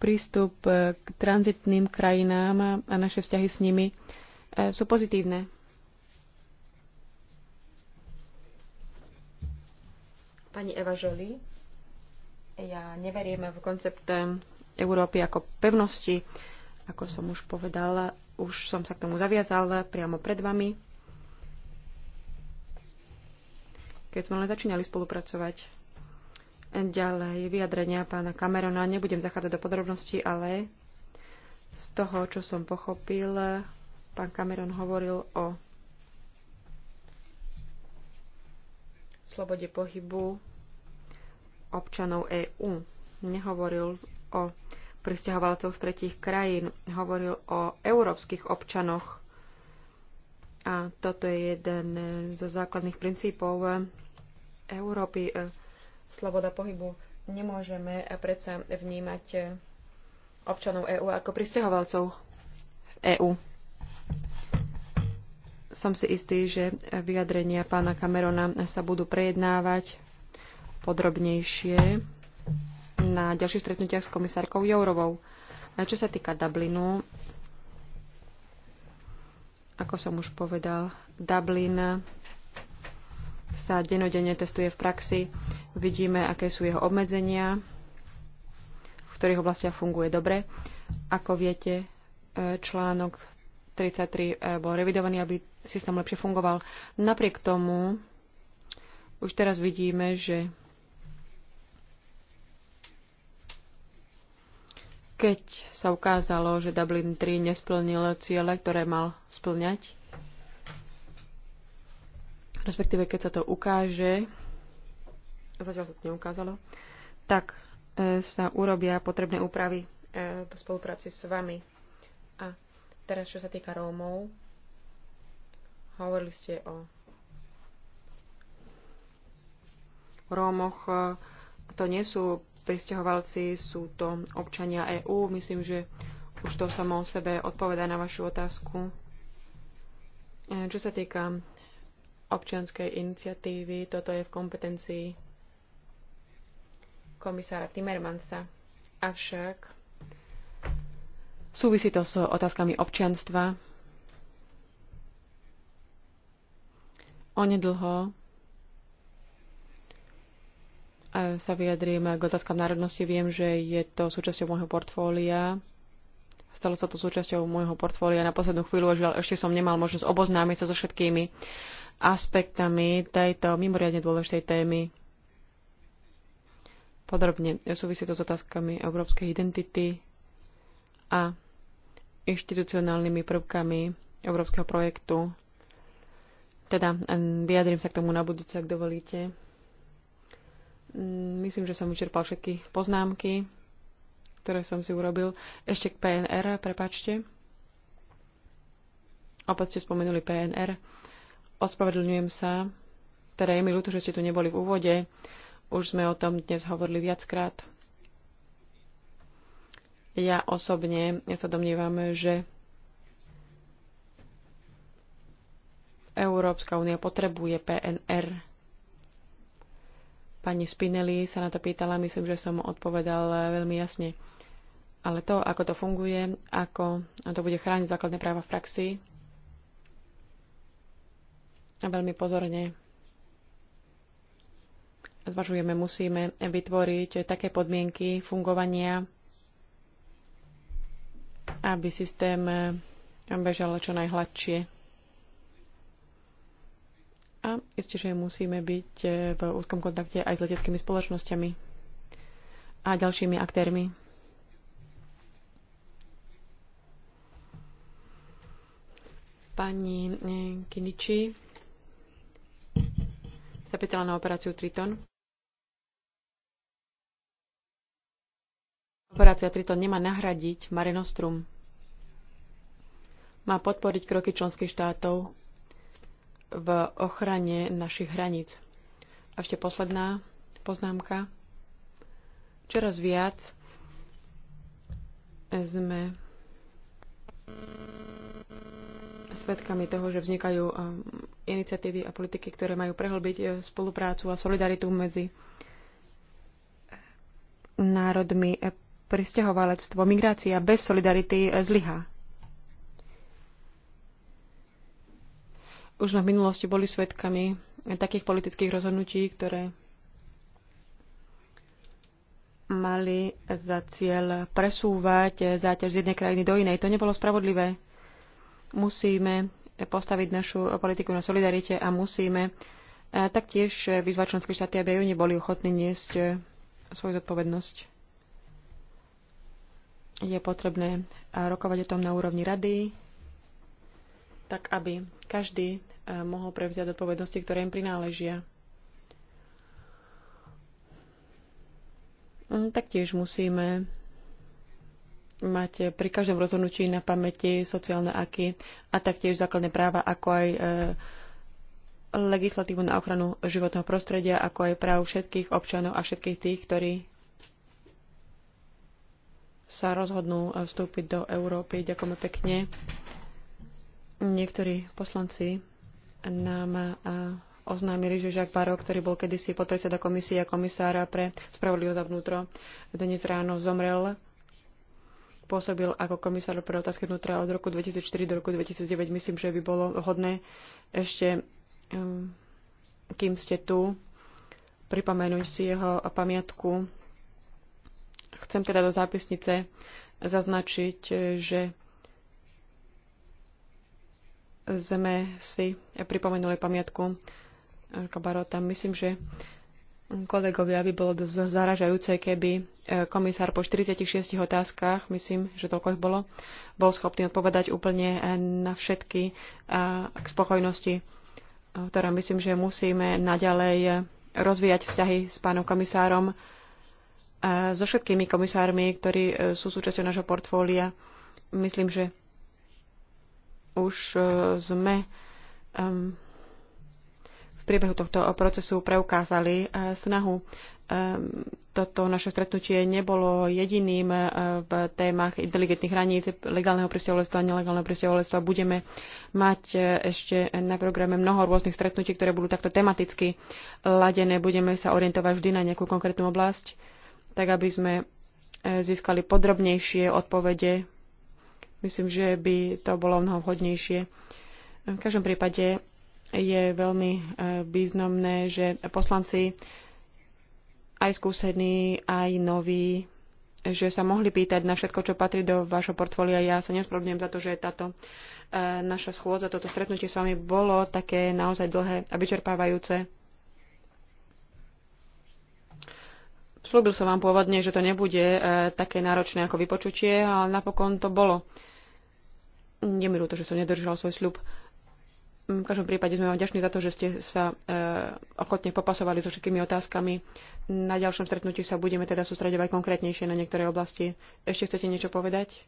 prístup e, k tranzitným krajinám a naše vzťahy s nimi e, sú pozitívne. Pani Eva Žoli, ja neveríme v koncept Európy ako pevnosti. Ako som už povedala, už som sa k tomu zaviazala priamo pred vami. Keď sme len začínali spolupracovať, ďalej vyjadrenia pána Camerona. Nebudem zachádzať do podrobností, ale z toho, čo som pochopil, pán Cameron hovoril o slobode pohybu občanov EÚ. Nehovoril o pristahovalcov z tretích krajín, hovoril o európskych občanoch. A toto je jeden zo základných princípov Európy. E, sloboda pohybu nemôžeme predsa vnímať občanov EÚ ako pristahovalcov EÚ som si istý, že vyjadrenia pána Camerona sa budú prejednávať podrobnejšie na ďalších stretnutiach s komisárkou Jourovou. A čo sa týka Dublinu, ako som už povedal, Dublin sa denodene testuje v praxi. Vidíme, aké sú jeho obmedzenia, v ktorých oblastiach funguje dobre. Ako viete, eh, článok 33 eh, bol revidovaný, aby systém lepšie fungoval. Napriek tomu už teraz vidíme, že keď sa ukázalo, že Dublin 3 nesplnil ciele, ktoré mal splňať, respektíve keď sa to ukáže, zatiaľ sa to neukázalo, tak e, sa urobia potrebné úpravy e, v spolupráci s vami. A teraz, čo sa týka Rómov, Hovorili ste o Rómoch. To nie sú pristahovalci, sú to občania EÚ. Myslím, že už to samo o sebe odpoveda na vašu otázku. E, čo sa týka občianskej iniciatívy, toto je v kompetencii komisára Timmermansa. Avšak súvisí to s otázkami občianstva Onedlho e, sa vyjadrím k otázkam národnosti. Viem, že je to súčasťou môjho portfólia. Stalo sa to súčasťou môjho portfólia na poslednú chvíľu, až ešte som nemal možnosť oboznámiť sa so všetkými aspektami tejto mimoriadne dôležitej témy. Podrobne súvisí to s otázkami európskej identity a inštitucionálnymi prvkami európskeho projektu teda vyjadrím sa k tomu na budúce, ak dovolíte. Mm, myslím, že som učerpal všetky poznámky, ktoré som si urobil. Ešte k PNR, prepačte. Opäť ste spomenuli PNR. Ospravedlňujem sa. Teda je mi ľúto, že ste tu neboli v úvode. Už sme o tom dnes hovorili viackrát. Ja osobne ja sa domnievam, že Európska únia potrebuje PNR. Pani Spinelli sa na to pýtala, myslím, že som odpovedal veľmi jasne. Ale to, ako to funguje, ako to bude chrániť základné práva v praxi, a veľmi pozorne zvažujeme, musíme vytvoriť také podmienky fungovania, aby systém bežal čo najhladšie. A isté, že musíme byť e, v úzkom kontakte aj s leteckými spoločnosťami a ďalšími aktérmi. Pani e, Kiniči sa pýtala na operáciu Triton. Operácia Triton nemá nahradiť Mare Nostrum. Má podporiť kroky členských štátov v ochrane našich hraníc. A ešte posledná poznámka. Čoraz viac sme svedkami toho, že vznikajú um, iniciatívy a politiky, ktoré majú prehlbiť e, spoluprácu a solidaritu medzi národmi. E, pristahovalectvo, migrácia bez solidarity e, zlyhá. Už sme v minulosti boli svedkami takých politických rozhodnutí, ktoré mali za cieľ presúvať záťaž z jednej krajiny do inej. To nebolo spravodlivé. Musíme postaviť našu politiku na solidarite a musíme eh, taktiež vyzvať členské štáty, aby oni boli ochotní niesť eh, svoju zodpovednosť. Je potrebné eh, rokovať o tom na úrovni rady, tak aby každý e, mohol prevziať odpovednosti, ktoré im prináležia. Mm, taktiež musíme mať pri každom rozhodnutí na pamäti sociálne aky a taktiež základné práva, ako aj e, legislatívu na ochranu životného prostredia, ako aj práv všetkých občanov a všetkých tých, ktorí sa rozhodnú e, vstúpiť do Európy. Ďakujeme pekne. Niektorí poslanci nám oznámili, že Jacques Barrot, ktorý bol kedysi podpredseda komisie a komisára pre spravodlivosť a vnútro, dnes ráno zomrel. Pôsobil ako komisár pre otázky vnútra od roku 2004 do roku 2009. Myslím, že by bolo hodné ešte, um, kým ste tu, pripomenúť si jeho pamiatku. Chcem teda do zápisnice zaznačiť, že sme si pripomenuli pamiatku Kabarota. Myslím, že mm, kolegovia by bolo dosť zaražajúce, keby e, komisár po 46 otázkach, myslím, že toľko ich bolo, bol schopný odpovedať úplne e, na všetky e, k spokojnosti, ktorá myslím, že musíme naďalej rozvíjať vzťahy s pánom komisárom, so všetkými komisármi, ktorí sú súčasťou nášho portfólia. Myslím, že už e, sme v priebehu tohto procesu preukázali e, snahu. Toto naše stretnutie nebolo jediným e, v témach inteligentných hraníc, legálneho pristahovalectva a nelegálneho pristahovalectva. Budeme mať ešte na programe mnoho rôznych stretnutí, ktoré budú takto tematicky ladené. Budeme sa orientovať vždy na nejakú konkrétnu oblasť, tak aby sme získali podrobnejšie odpovede Myslím, že by to bolo mnoho vhodnejšie. V každom prípade je veľmi e, významné, že poslanci aj skúsení, aj noví, že sa mohli pýtať na všetko, čo patrí do vášho portfólia. Ja sa nespravedlňujem za to, že táto e, naša schôdza, toto stretnutie s vami bolo také naozaj dlhé a vyčerpávajúce. Slúbil som vám pôvodne, že to nebude e, také náročné ako vypočutie, ale napokon to bolo. Je mi ľúto, že som nedržal svoj sľub. V každom prípade sme vám ďační za to, že ste sa e, ochotne popasovali so všetkými otázkami. Na ďalšom stretnutí sa budeme teda sústredovať konkrétnejšie na niektoré oblasti. Ešte chcete niečo povedať?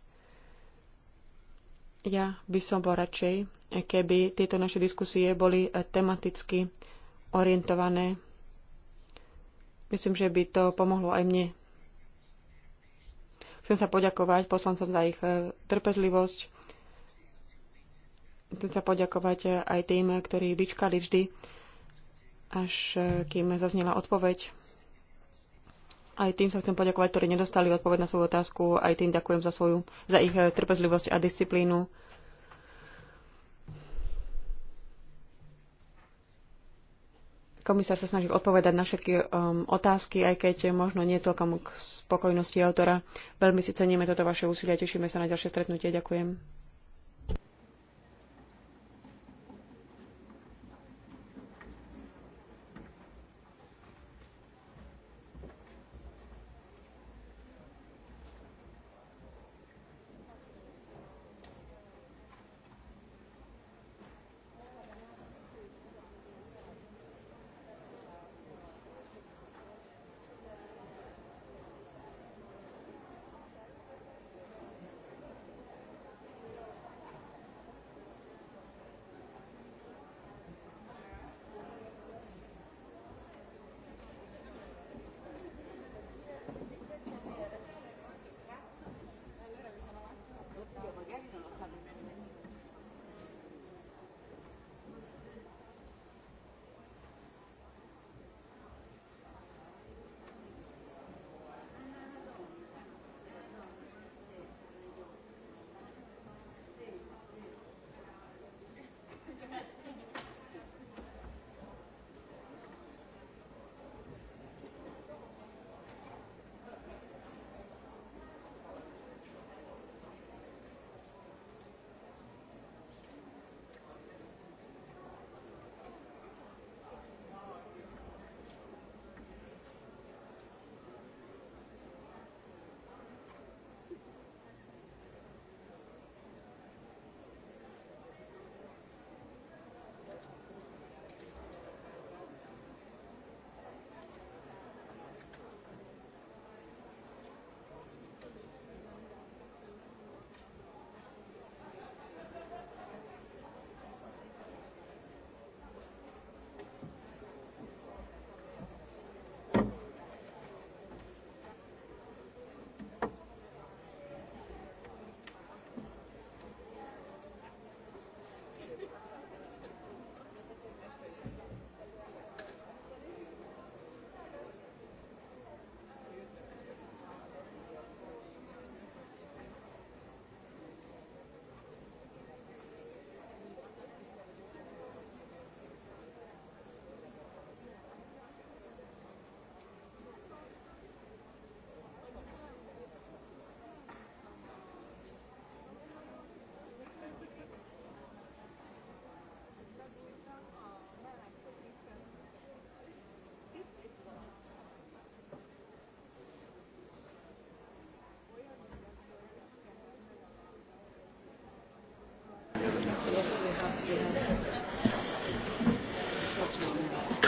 Ja by som bol radšej, keby tieto naše diskusie boli e, tematicky orientované. Myslím, že by to pomohlo aj mne. Chcem sa poďakovať poslancom za ich e, trpezlivosť Chcem sa poďakovať e, aj tým, ktorí vyčkali vždy, až e, kým zaznela odpoveď. Aj tým sa chcem poďakovať, ktorí nedostali odpoveď na svoju otázku. Aj tým ďakujem za, svoju, za ich e, trpezlivosť a disciplínu. Komisár sa snaží odpovedať na všetky um, otázky, aj keď možno nie celkom k spokojnosti autora. Veľmi si ceníme toto vaše úsilie, tešíme sa na ďalšie stretnutie. Ďakujem.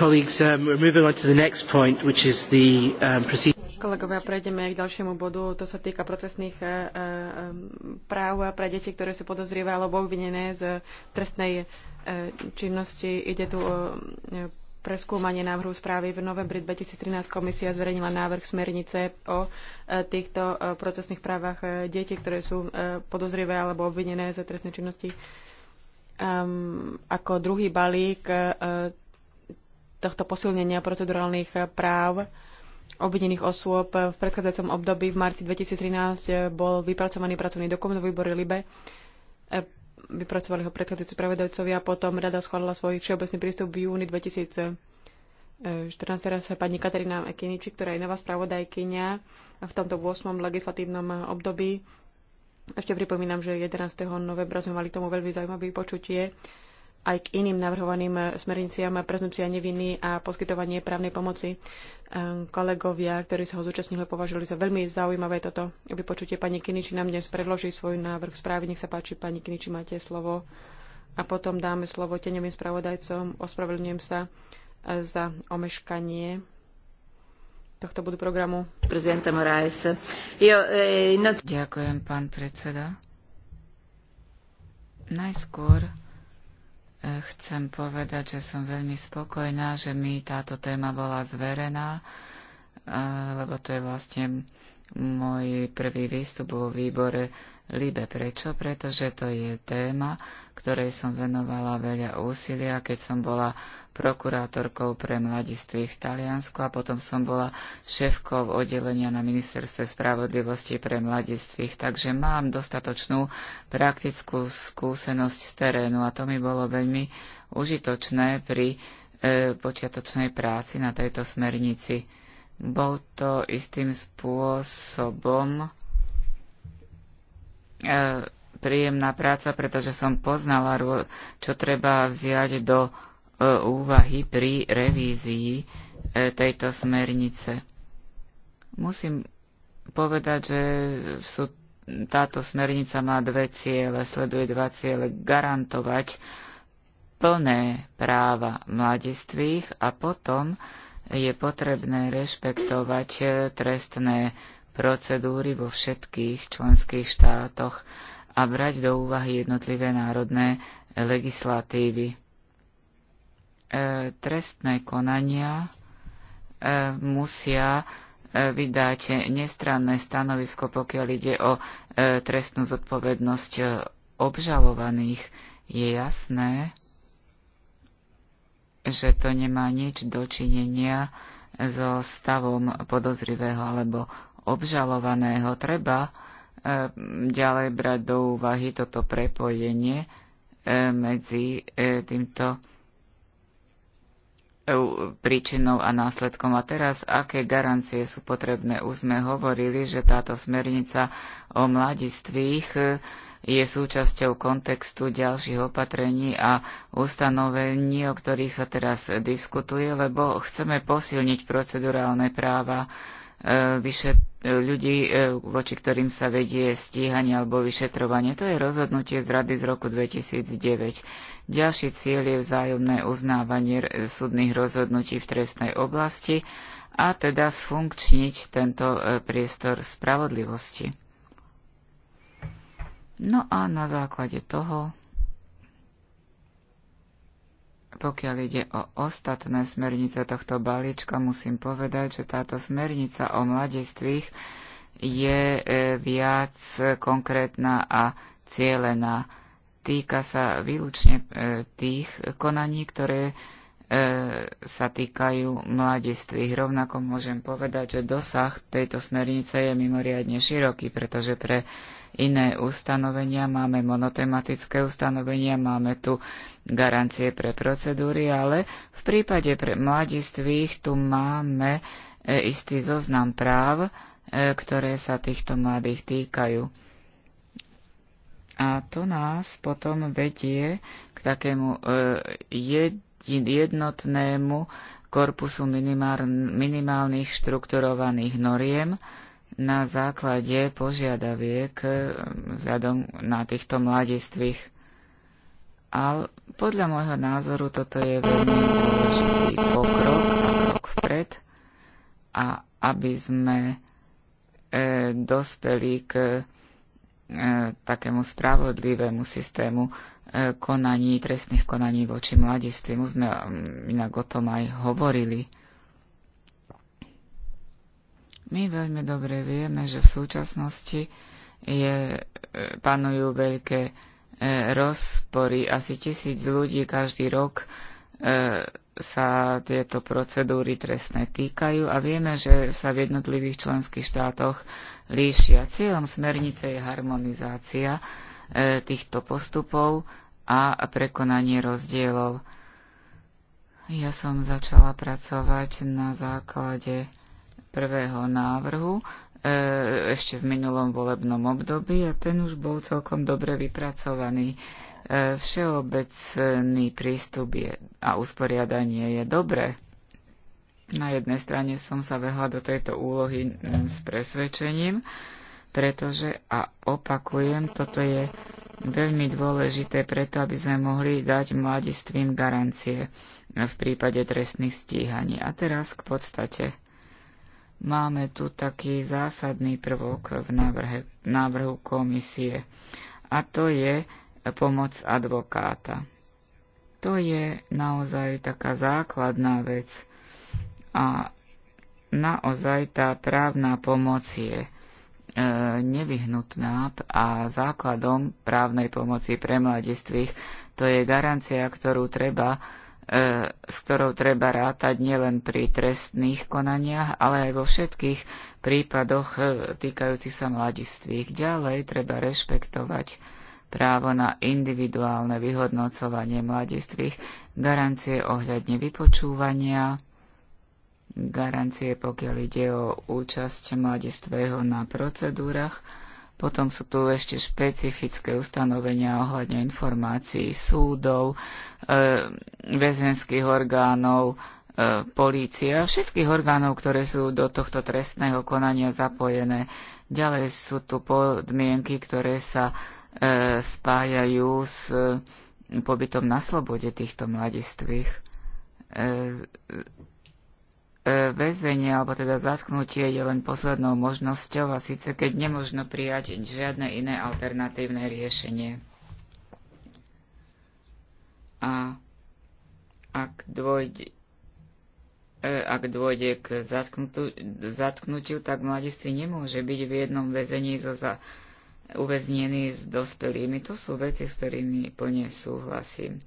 Um, um, Kolegovia, prejdeme k ďalšiemu bodu. To sa týka procesných e, e, práv pre deti, ktoré sú podozrivé alebo obvinené z trestnej e, činnosti. Ide tu o preskúmanie návrhu správy. V novembri 2013 komisia zverejnila návrh smernice o týchto procesných právach detí, ktoré sú podozrivé alebo obvinené z trestnej činnosti um, ako druhý balík uh, tohto posilnenia procedurálnych e, práv obvinených osôb v predchádzajúcom období v marci 2013 e, bol vypracovaný pracovný dokument v výbore LIBE. Vypracovali ho predchádzajúci a potom rada schválila svoj všeobecný prístup v júni 2014. Teraz pani Katarína Ekiniči, ktorá je nová spravodajkynia v tomto 8. legislatívnom období, ešte pripomínam, že 11. novembra sme mali tomu veľmi zaujímavé počutie aj k iným navrhovaným smerniciam prezumcia neviny a poskytovanie právnej pomoci. Ehm, kolegovia, ktorí sa ho zúčastnili, považovali za veľmi zaujímavé toto vypočutie. Pani Kiniči nám dnes predloží svoj návrh správy. Nech sa páči, pani Kiniči, máte slovo. A potom dáme slovo teňovým spravodajcom. Ospravedlňujem sa e, za omeškanie tohto bodu programu. Prezidenta Moraes. E, no- Ďakujem, pán predseda. Najskôr e, chcem povedať, že som veľmi spokojná, že mi táto téma bola zverená, e, lebo to je vlastne môj prvý výstup vo výbore Libe. Prečo? Pretože to je téma, ktorej som venovala veľa úsilia, keď som bola prokurátorkou pre mladistvých v Taliansku a potom som bola šéfkou oddelenia na Ministerstve spravodlivosti pre mladistvých. Takže mám dostatočnú praktickú skúsenosť z terénu a to mi bolo veľmi užitočné pri e, počiatočnej práci na tejto smernici bol to istým spôsobom e, príjemná práca, pretože som poznala, čo treba vziať do e, úvahy pri revízii e, tejto smernice. Musím povedať, že sú, táto smernica má dve ciele, sleduje dva ciele, garantovať plné práva mladistvých a potom je potrebné rešpektovať eh, trestné procedúry vo všetkých členských štátoch a brať do úvahy jednotlivé národné legislatívy. E, trestné konania e, musia vydať nestranné stanovisko, pokiaľ ide o e, trestnú zodpovednosť obžalovaných. Je jasné, že to nemá nič dočinenia so stavom podozrivého alebo obžalovaného. Treba e, ďalej brať do úvahy toto prepojenie e, medzi e, týmto príčinou a následkom. A teraz, aké garancie sú potrebné? Už sme hovorili, že táto smernica o mladistvých je súčasťou kontextu ďalších opatrení a ustanovení, o ktorých sa teraz diskutuje, lebo chceme posilniť procedurálne práva e, vyše, ľudí, e, voči ktorým sa vedie stíhanie alebo vyšetrovanie. To je rozhodnutie z rady z roku 2009. Ďalší cieľ je vzájomné uznávanie súdnych rozhodnutí v trestnej oblasti a teda sfunkčniť tento e, priestor spravodlivosti. No a na základe toho, pokiaľ ide o ostatné smernice tohto balíčka, musím povedať, že táto smernica o mladistvých je e, viac konkrétna a cieľená. Týka sa výlučne e, tých konaní, ktoré e, sa týkajú mladistvých. Rovnako môžem povedať, že dosah tejto smernice je mimoriadne široký, pretože pre iné ustanovenia, máme monotematické ustanovenia, máme tu garancie pre procedúry, ale v prípade pre mladistvých tu máme e, istý zoznam práv, e, ktoré sa týchto mladých týkajú. A to nás potom vedie k takému e, jednotnému korpusu minimálnych štrukturovaných noriem, na základe požiadaviek e, vzhľadom na týchto mladistvých. Ale podľa môjho názoru toto je veľmi dôležitý pokrok a krok vpred a aby sme e, dospeli k e, takému spravodlivému systému e, konaní, trestných konaní voči mladistvým. sme inak o tom aj hovorili. My veľmi dobre vieme, že v súčasnosti je, e, panujú veľké e, rozpory. Asi tisíc ľudí každý rok e, sa tieto procedúry trestné týkajú a vieme, že sa v jednotlivých členských štátoch líšia. Cieľom smernice je harmonizácia týchto postupov a prekonanie rozdielov. Ja som začala pracovať na základe prvého návrhu e, ešte v minulom volebnom období a ten už bol celkom dobre vypracovaný. E, všeobecný prístup je, a usporiadanie je dobré. Na jednej strane som sa vehla do tejto úlohy s presvedčením, pretože, a opakujem, toto je veľmi dôležité preto, aby sme mohli dať mladistvím garancie v prípade trestných stíhaní. A teraz k podstate. Máme tu taký zásadný prvok v návrhe, návrhu komisie a to je pomoc advokáta. To je naozaj taká základná vec a naozaj tá právna pomoc je e, nevyhnutná a základom právnej pomoci pre mladistvých. To je garancia, ktorú treba E, s ktorou treba rátať nielen pri trestných konaniach, ale aj vo všetkých prípadoch e, týkajúcich sa mladistvých. Ďalej treba rešpektovať právo na individuálne vyhodnocovanie mladistvých, garancie ohľadne vypočúvania, garancie pokiaľ ide o účasť mladistvého na procedúrach, potom sú tu ešte špecifické ustanovenia ohľadne informácií súdov, e, väzenských orgánov, e, polície a všetkých orgánov, ktoré sú do tohto trestného konania zapojené. Ďalej sú tu podmienky, ktoré sa e, spájajú s e, pobytom na slobode týchto mladistvých. E, e väzenie alebo teda zatknutie je len poslednou možnosťou a síce keď nemožno prijať žiadne iné alternatívne riešenie. A ak dôjde, e, ak dôjde k zatknutu, zatknutiu, tak mladiství nemôže byť v jednom väzení so za, uväznený s dospelými. To sú veci, s ktorými plne súhlasím.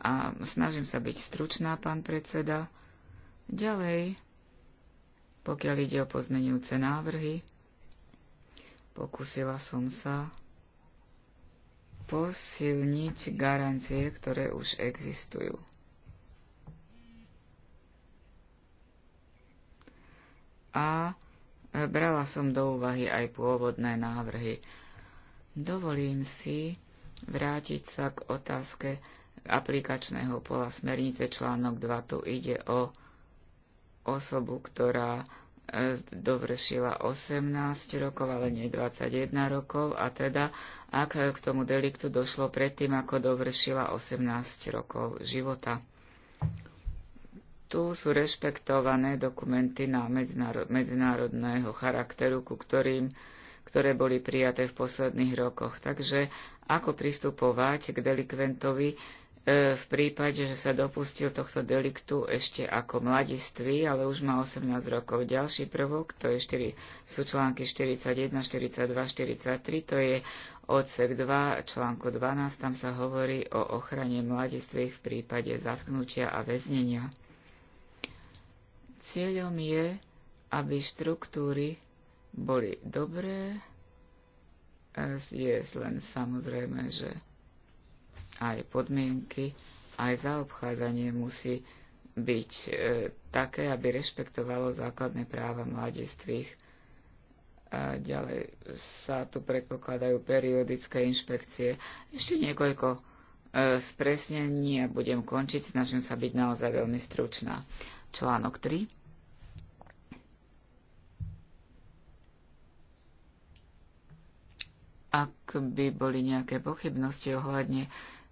A snažím sa byť stručná, pán predseda. Ďalej, pokiaľ ide o pozmenujúce návrhy, pokúsila som sa posilniť garancie, ktoré už existujú. A brala som do úvahy aj pôvodné návrhy. Dovolím si vrátiť sa k otázke aplikačného pola smernice článok 2. Tu ide o osobu, ktorá e, dovršila 18 rokov, ale nie 21 rokov, a teda ak k tomu deliktu došlo predtým, ako dovršila 18 rokov života. Tu sú rešpektované dokumenty na medzinárodného charakteru, ku ktorým, ktoré boli prijaté v posledných rokoch. Takže ako pristupovať k delikventovi, E, v prípade, že sa dopustil tohto deliktu ešte ako mladistvý, ale už má 18 rokov. Ďalší prvok, to je 4, sú články 41, 42, 43, to je odsek 2, článku 12, tam sa hovorí o ochrane mladistvých v prípade zatknutia a väznenia. Cieľom je, aby štruktúry boli dobré, e, je len samozrejme, že aj podmienky, aj zaobchádzanie musí byť e, také, aby rešpektovalo základné práva mladistvých. A ďalej sa tu predpokladajú periodické inšpekcie. Ešte niekoľko e, spresnení a budem končiť, snažím sa byť naozaj veľmi stručná. Článok 3. Ak by boli nejaké pochybnosti ohľadne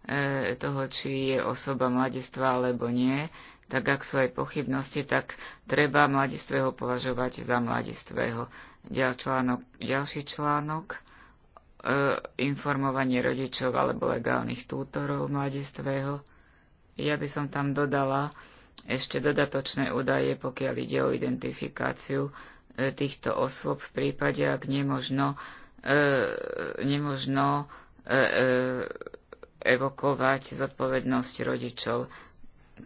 E, toho, či je osoba mladistva alebo nie, tak ak sú aj pochybnosti, tak treba mladistvého považovať za mladistvého. Ďal článok, ďalší článok, e, informovanie rodičov alebo legálnych tútorov mladistvého. Ja by som tam dodala ešte dodatočné údaje, pokiaľ ide o identifikáciu e, týchto osôb v prípade, ak nemožno, e, nemožno e, e, evokovať zodpovednosť rodičov.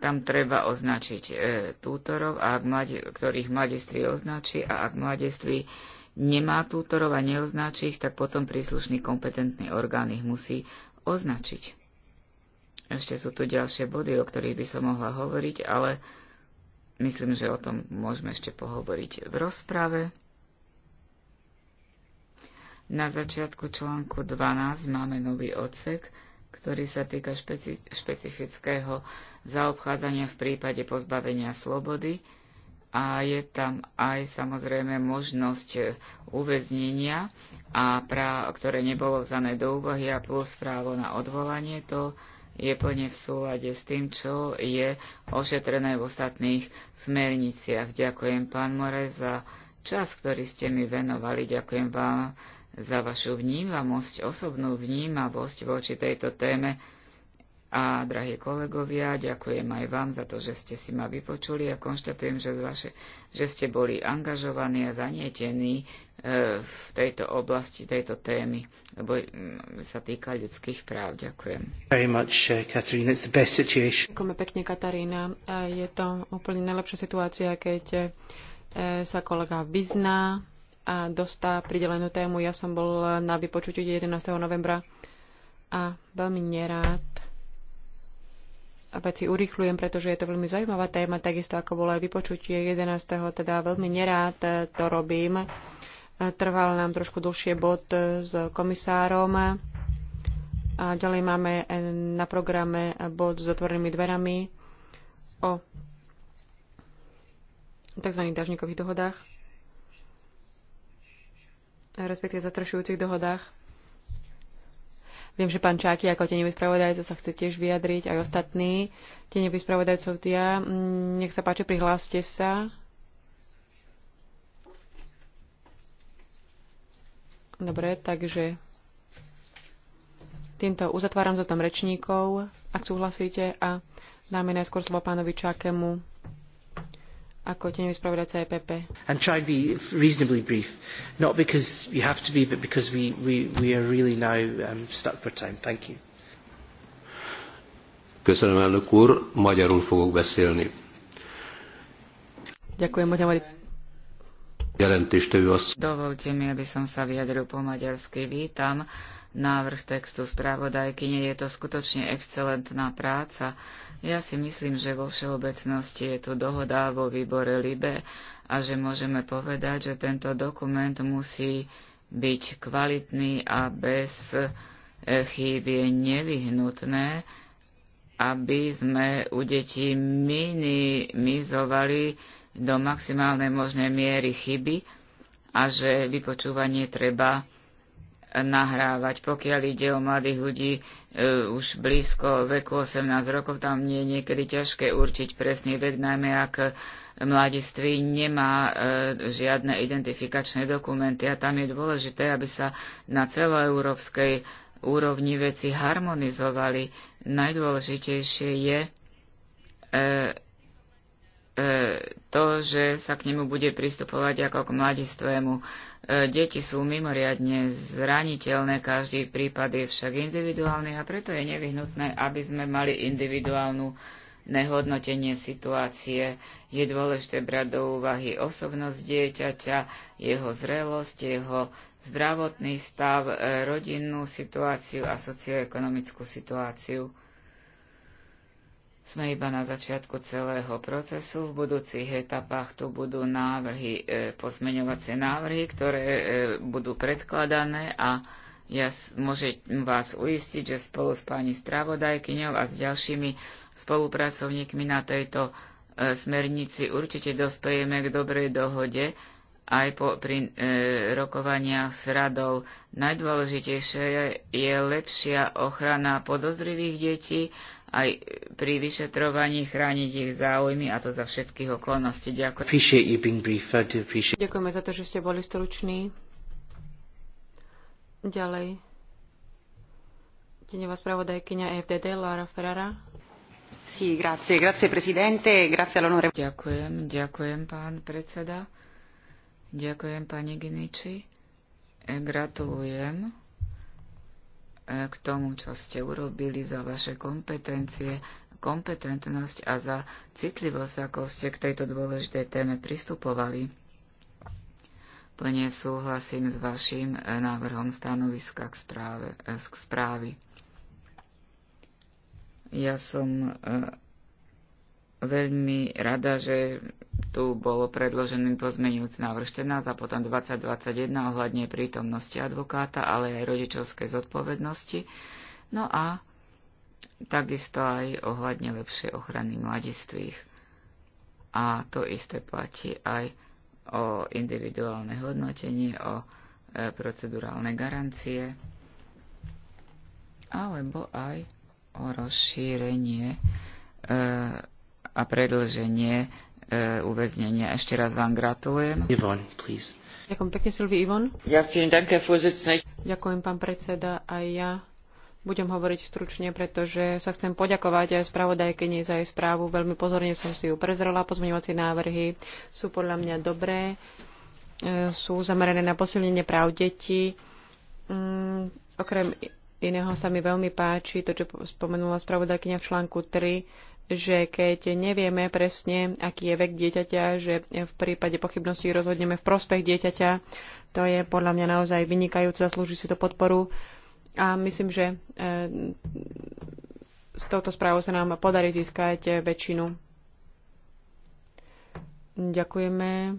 Tam treba označiť e, tútorov, a ak mladí, ktorých mladiství označí a ak mladiství nemá tútorov a neoznačí ich, tak potom príslušný kompetentný orgán ich musí označiť. Ešte sú tu ďalšie body, o ktorých by som mohla hovoriť, ale myslím, že o tom môžeme ešte pohovoriť v rozprave. Na začiatku článku 12 máme nový odsek, ktorý sa týka špeci- špecifického zaobchádzania v prípade pozbavenia slobody a je tam aj samozrejme možnosť uväznenia, a pra- ktoré nebolo vzané do úvahy a plus právo na odvolanie. To je plne v súlade s tým, čo je ošetrené v ostatných smerniciach. Ďakujem, pán More, za čas, ktorý ste mi venovali. Ďakujem vám za vašu vnímavosť, osobnú vnímavosť voči tejto téme. A, drahí kolegovia, ďakujem aj vám za to, že ste si ma vypočuli a konštatujem, že, vaše, že ste boli angažovaní a zanietení e, v tejto oblasti, tejto témy, lebo sa týka ľudských práv. Ďakujem. Uh, Ďakujeme pekne, Katarína. Je to úplne najlepšia situácia, keď e, sa kolega vyzná a dostá pridelenú tému. Ja som bol na vypočutí 11. novembra a veľmi nerád a veci urýchľujem, pretože je to veľmi zaujímavá téma, takisto ako bolo aj vypočutie 11. teda veľmi nerád to robím. Trval nám trošku dlhšie bod s komisárom. A ďalej máme na programe bod s otvorenými dverami o tzv. dažníkových dohodách respektíve zastrašujúcich dohodách. Viem, že pán Čáky ako tie spravodajca sa chce tiež vyjadriť, aj ostatní teneví tia mm, Nech sa páči, prihláste sa. Dobre, takže týmto uzatváram zoznam rečníkov, ak súhlasíte, a dáme najskôr slovo pánovi Čakemu ako tenevý spravodajca EPP. And try and be reasonably brief, not because you have to be, but because we, we, we are really now um, stuck for time. Thank you. Köszönöm, elnök úr. Magyarul fogok beszélni. Ďakujem, hogy hovoriť. Jelentéstevő asszony. Dovolte mi, aby som sa vyjadril po maďarsky. Vítam návrh textu spravodajkyne. Je to skutočne excelentná práca. Ja si myslím, že vo všeobecnosti je tu dohoda vo výbore LIBE a že môžeme povedať, že tento dokument musí byť kvalitný a bez e, chýb je nevyhnutné, aby sme u detí minimizovali do maximálnej možnej miery chyby a že vypočúvanie treba nahrávať. Pokiaľ ide o mladých ľudí e, už blízko veku 18 rokov, tam nie je niekedy ťažké určiť presný vek, najmä ak mladiství nemá e, žiadne identifikačné dokumenty. A tam je dôležité, aby sa na celoeurópskej úrovni veci harmonizovali. Najdôležitejšie je e, E, to, že sa k nemu bude pristupovať ako k mladistvému. E, deti sú mimoriadne zraniteľné, každý prípad je však individuálny a preto je nevyhnutné, aby sme mali individuálnu nehodnotenie situácie. Je dôležité brať do úvahy osobnosť dieťaťa, jeho zrelosť, jeho zdravotný stav, e, rodinnú situáciu a socioekonomickú situáciu. Sme iba na začiatku celého procesu. V budúcich etapách tu budú návrhy, e, pozmeňovacie návrhy, ktoré e, budú predkladané a ja môžem vás uistiť, že spolu s pani stravodajkyňou a s ďalšími spolupracovníkmi na tejto e, smernici určite dospejeme k dobrej dohode aj po, pri e, rokovaniach s radou. Najdôležitejšia je, je lepšia ochrana podozrivých detí aj pri vyšetrovaní chrániť ich záujmy a to za všetkých okolností. Ďakujem. Ďakujeme za to, že ste boli struční. Ďalej. Tenevá spravodajkynia e FDD Lara Ferrara. Sí, grazie, grazie presidente, grazie all'onore. Ďakujem, ďakujem pán predseda. Ďakujem pani Giniči. E, gratulujem k tomu, čo ste urobili, za vaše kompetencie, kompetentnosť a za citlivosť, ako ste k tejto dôležitej téme pristupovali. Plne súhlasím s vašim eh, návrhom stanoviska k správe. Eh, k správy. Ja som eh, veľmi rada, že tu bolo predložený pozmeňujúci návrh 14 a potom 2021 ohľadne prítomnosti advokáta, ale aj rodičovskej zodpovednosti. No a takisto aj ohľadne lepšej ochrany mladistvých. A to isté platí aj o individuálne hodnotenie, o e, procedurálne garancie, alebo aj o rozšírenie e, a predlženie e, uväznenia. Ešte raz vám gratulujem. Yvonne, please. Ďakujem pekne, Silvi Ivon. Ja, Dank, Herr Ďakujem, pán predseda, aj ja budem hovoriť stručne, pretože sa chcem poďakovať aj spravodajkyni za jej správu. Veľmi pozorne som si ju prezrela. Pozmeňovacie návrhy sú podľa mňa dobré. E, sú zamerané na posilnenie práv detí. Mm, okrem iného sa mi veľmi páči to, čo spomenula spravodajkyňa v článku 3, že keď nevieme presne, aký je vek dieťaťa, že v prípade pochybností rozhodneme v prospech dieťaťa, to je podľa mňa naozaj vynikajúce, slúži si to podporu a myslím, že eh, s touto správou sa nám podarí získať väčšinu. Ďakujeme.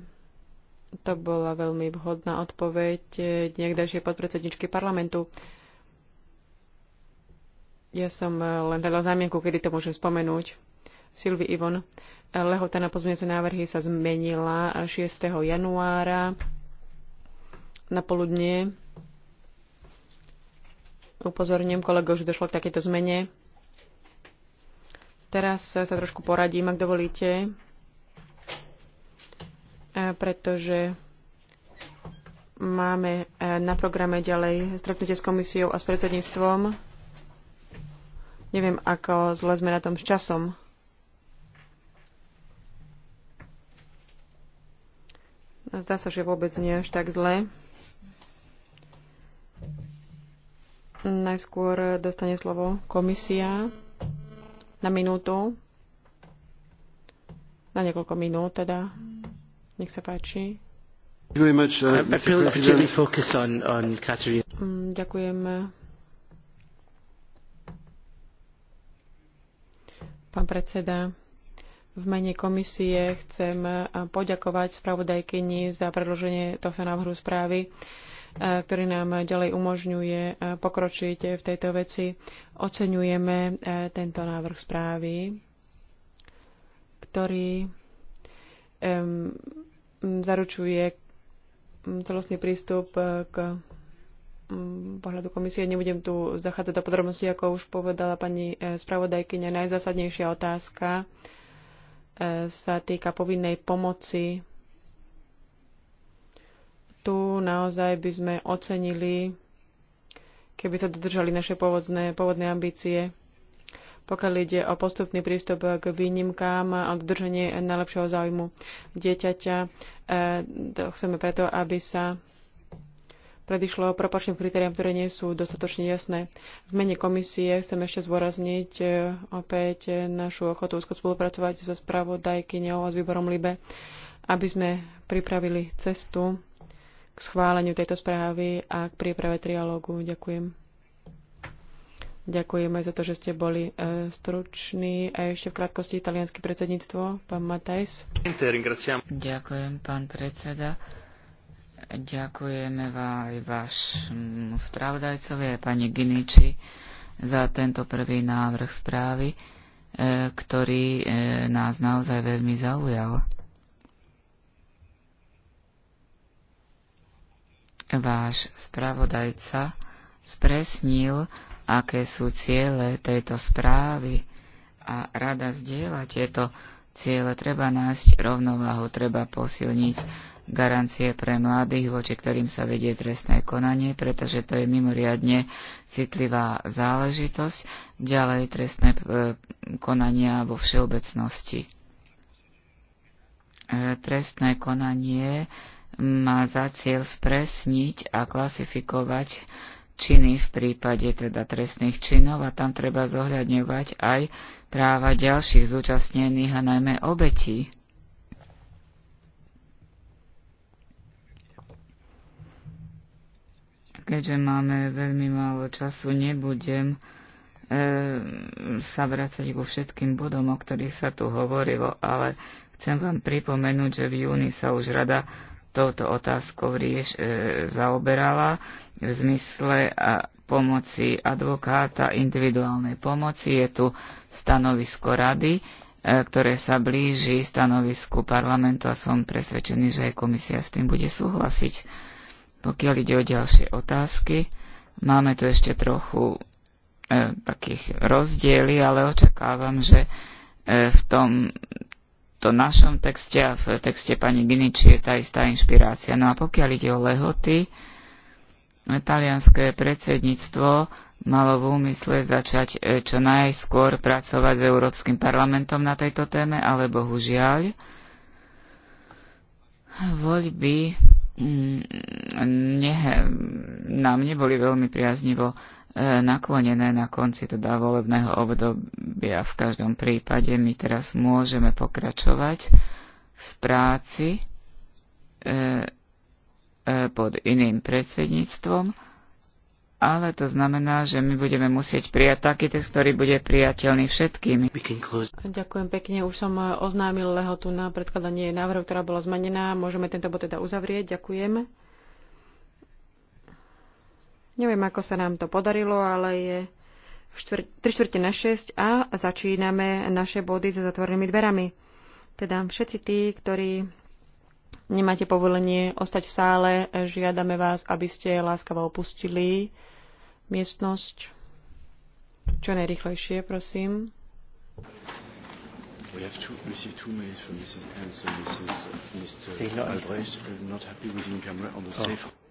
To bola veľmi vhodná odpoveď eh, niekdajšej podpredsedničky parlamentu. Ja som eh, len dala zámienku, kedy to môžem spomenúť. Silvi Ivon, eh, lehota na pozmeňujúce návrhy sa zmenila 6. januára na poludnie. Upozorním kolegov, že došlo k takéto zmene. Teraz sa trošku poradím, ak dovolíte, eh, pretože máme na programe ďalej stretnutie s komisiou a s predsedníctvom Neviem, ako zle sme na tom s časom. No, zdá sa, že vôbec nie až tak zle. Najskôr dostane slovo komisia na minútu. Na niekoľko minút teda. Nech sa páči. Uh, uh, mm, ďakujem Pán predseda, v mene komisie chcem e, poďakovať spravodajkyni za predloženie tohto návrhu správy, e, ktorý nám ďalej umožňuje e, pokročiť v tejto veci. Oceňujeme tento návrh správy, ktorý zaručuje celostný prístup k Mm, pohľadu komisie. Nebudem tu zachádzať do podrobností, ako už povedala pani e, spravodajkyňa. Najzásadnejšia otázka e, sa týka povinnej pomoci. Tu naozaj by sme ocenili, keby sa dodržali naše pôvodné, pôvodné ambície. Pokiaľ ide o postupný prístup k výnimkám a dodržanie najlepšieho záujmu dieťaťa, e, to chceme preto, aby sa predišlo teda proporčným kritériám, ktoré nie sú dostatočne jasné. V mene komisie chcem ešte zvorazniť e, opäť e, našu ochotu úzko spolupracovať so spravodajkyňou a s výborom LIBE, aby sme pripravili cestu k schváleniu tejto správy a k príprave trialógu. Ďakujem. Ďakujeme za to, že ste boli e, struční. A ešte v krátkosti italianské predsedníctvo, pán Matajs. Ďakujem, pán predseda. Ďakujeme aj vášmu spravodajcovi, aj pani Giniči, za tento prvý návrh správy, e, ktorý e, nás naozaj veľmi zaujal. Váš spravodajca spresnil, aké sú ciele tejto správy a rada zdieľa tieto ciele. Treba nájsť rovnováhu, treba posilniť garancie pre mladých, voči ktorým sa vedie trestné konanie, pretože to je mimoriadne citlivá záležitosť, ďalej trestné e, konania vo všeobecnosti. E, trestné konanie má za cieľ spresniť a klasifikovať činy v prípade teda trestných činov a tam treba zohľadňovať aj práva ďalších zúčastnených a najmä obetí. Keďže máme veľmi málo času, nebudem e, sa vrácať ku všetkým bodom, o ktorých sa tu hovorilo, ale chcem vám pripomenúť, že v júni sa už rada touto otázkou rieš, e, zaoberala v zmysle a pomoci advokáta, individuálnej pomoci. Je tu stanovisko rady, e, ktoré sa blíži stanovisku parlamentu a som presvedčený, že aj komisia s tým bude súhlasiť. Pokiaľ ide o ďalšie otázky, máme tu ešte trochu e, takých rozdiely, ale očakávam, že e, v tom to našom texte a v texte pani Giniči je tá istá inšpirácia. No a pokiaľ ide o lehoty, talianské predsedníctvo malo v úmysle začať e, čo najskôr pracovať s Európskym parlamentom na tejto téme, ale bohužiaľ voľby Mm, ne, nám boli veľmi priaznivo e, naklonené na konci teda volebného obdobia. V každom prípade my teraz môžeme pokračovať v práci e, e, pod iným predsedníctvom ale to znamená, že my budeme musieť prijať taký text, ktorý bude priateľný všetkými. Ďakujem pekne. Už som eh, oznámil lehotu na predkladanie návrhu, ktorá bola zmenená. Môžeme tento bod teda uzavrieť. Ďakujem. Neviem, ako sa nám to podarilo, ale je 3 čtvrte na 6 a začíname naše body za zatvorenými dverami. Teda všetci tí, ktorí nemáte povolenie ostať v sále, eh, žiadame vás, aby ste láskavo opustili miestnosť čo najrychlejšie, prosím. We have two, received two mails from Mrs. Anson, Mrs. Mr. Albrecht, uh, not happy with in camera on the oh. safe.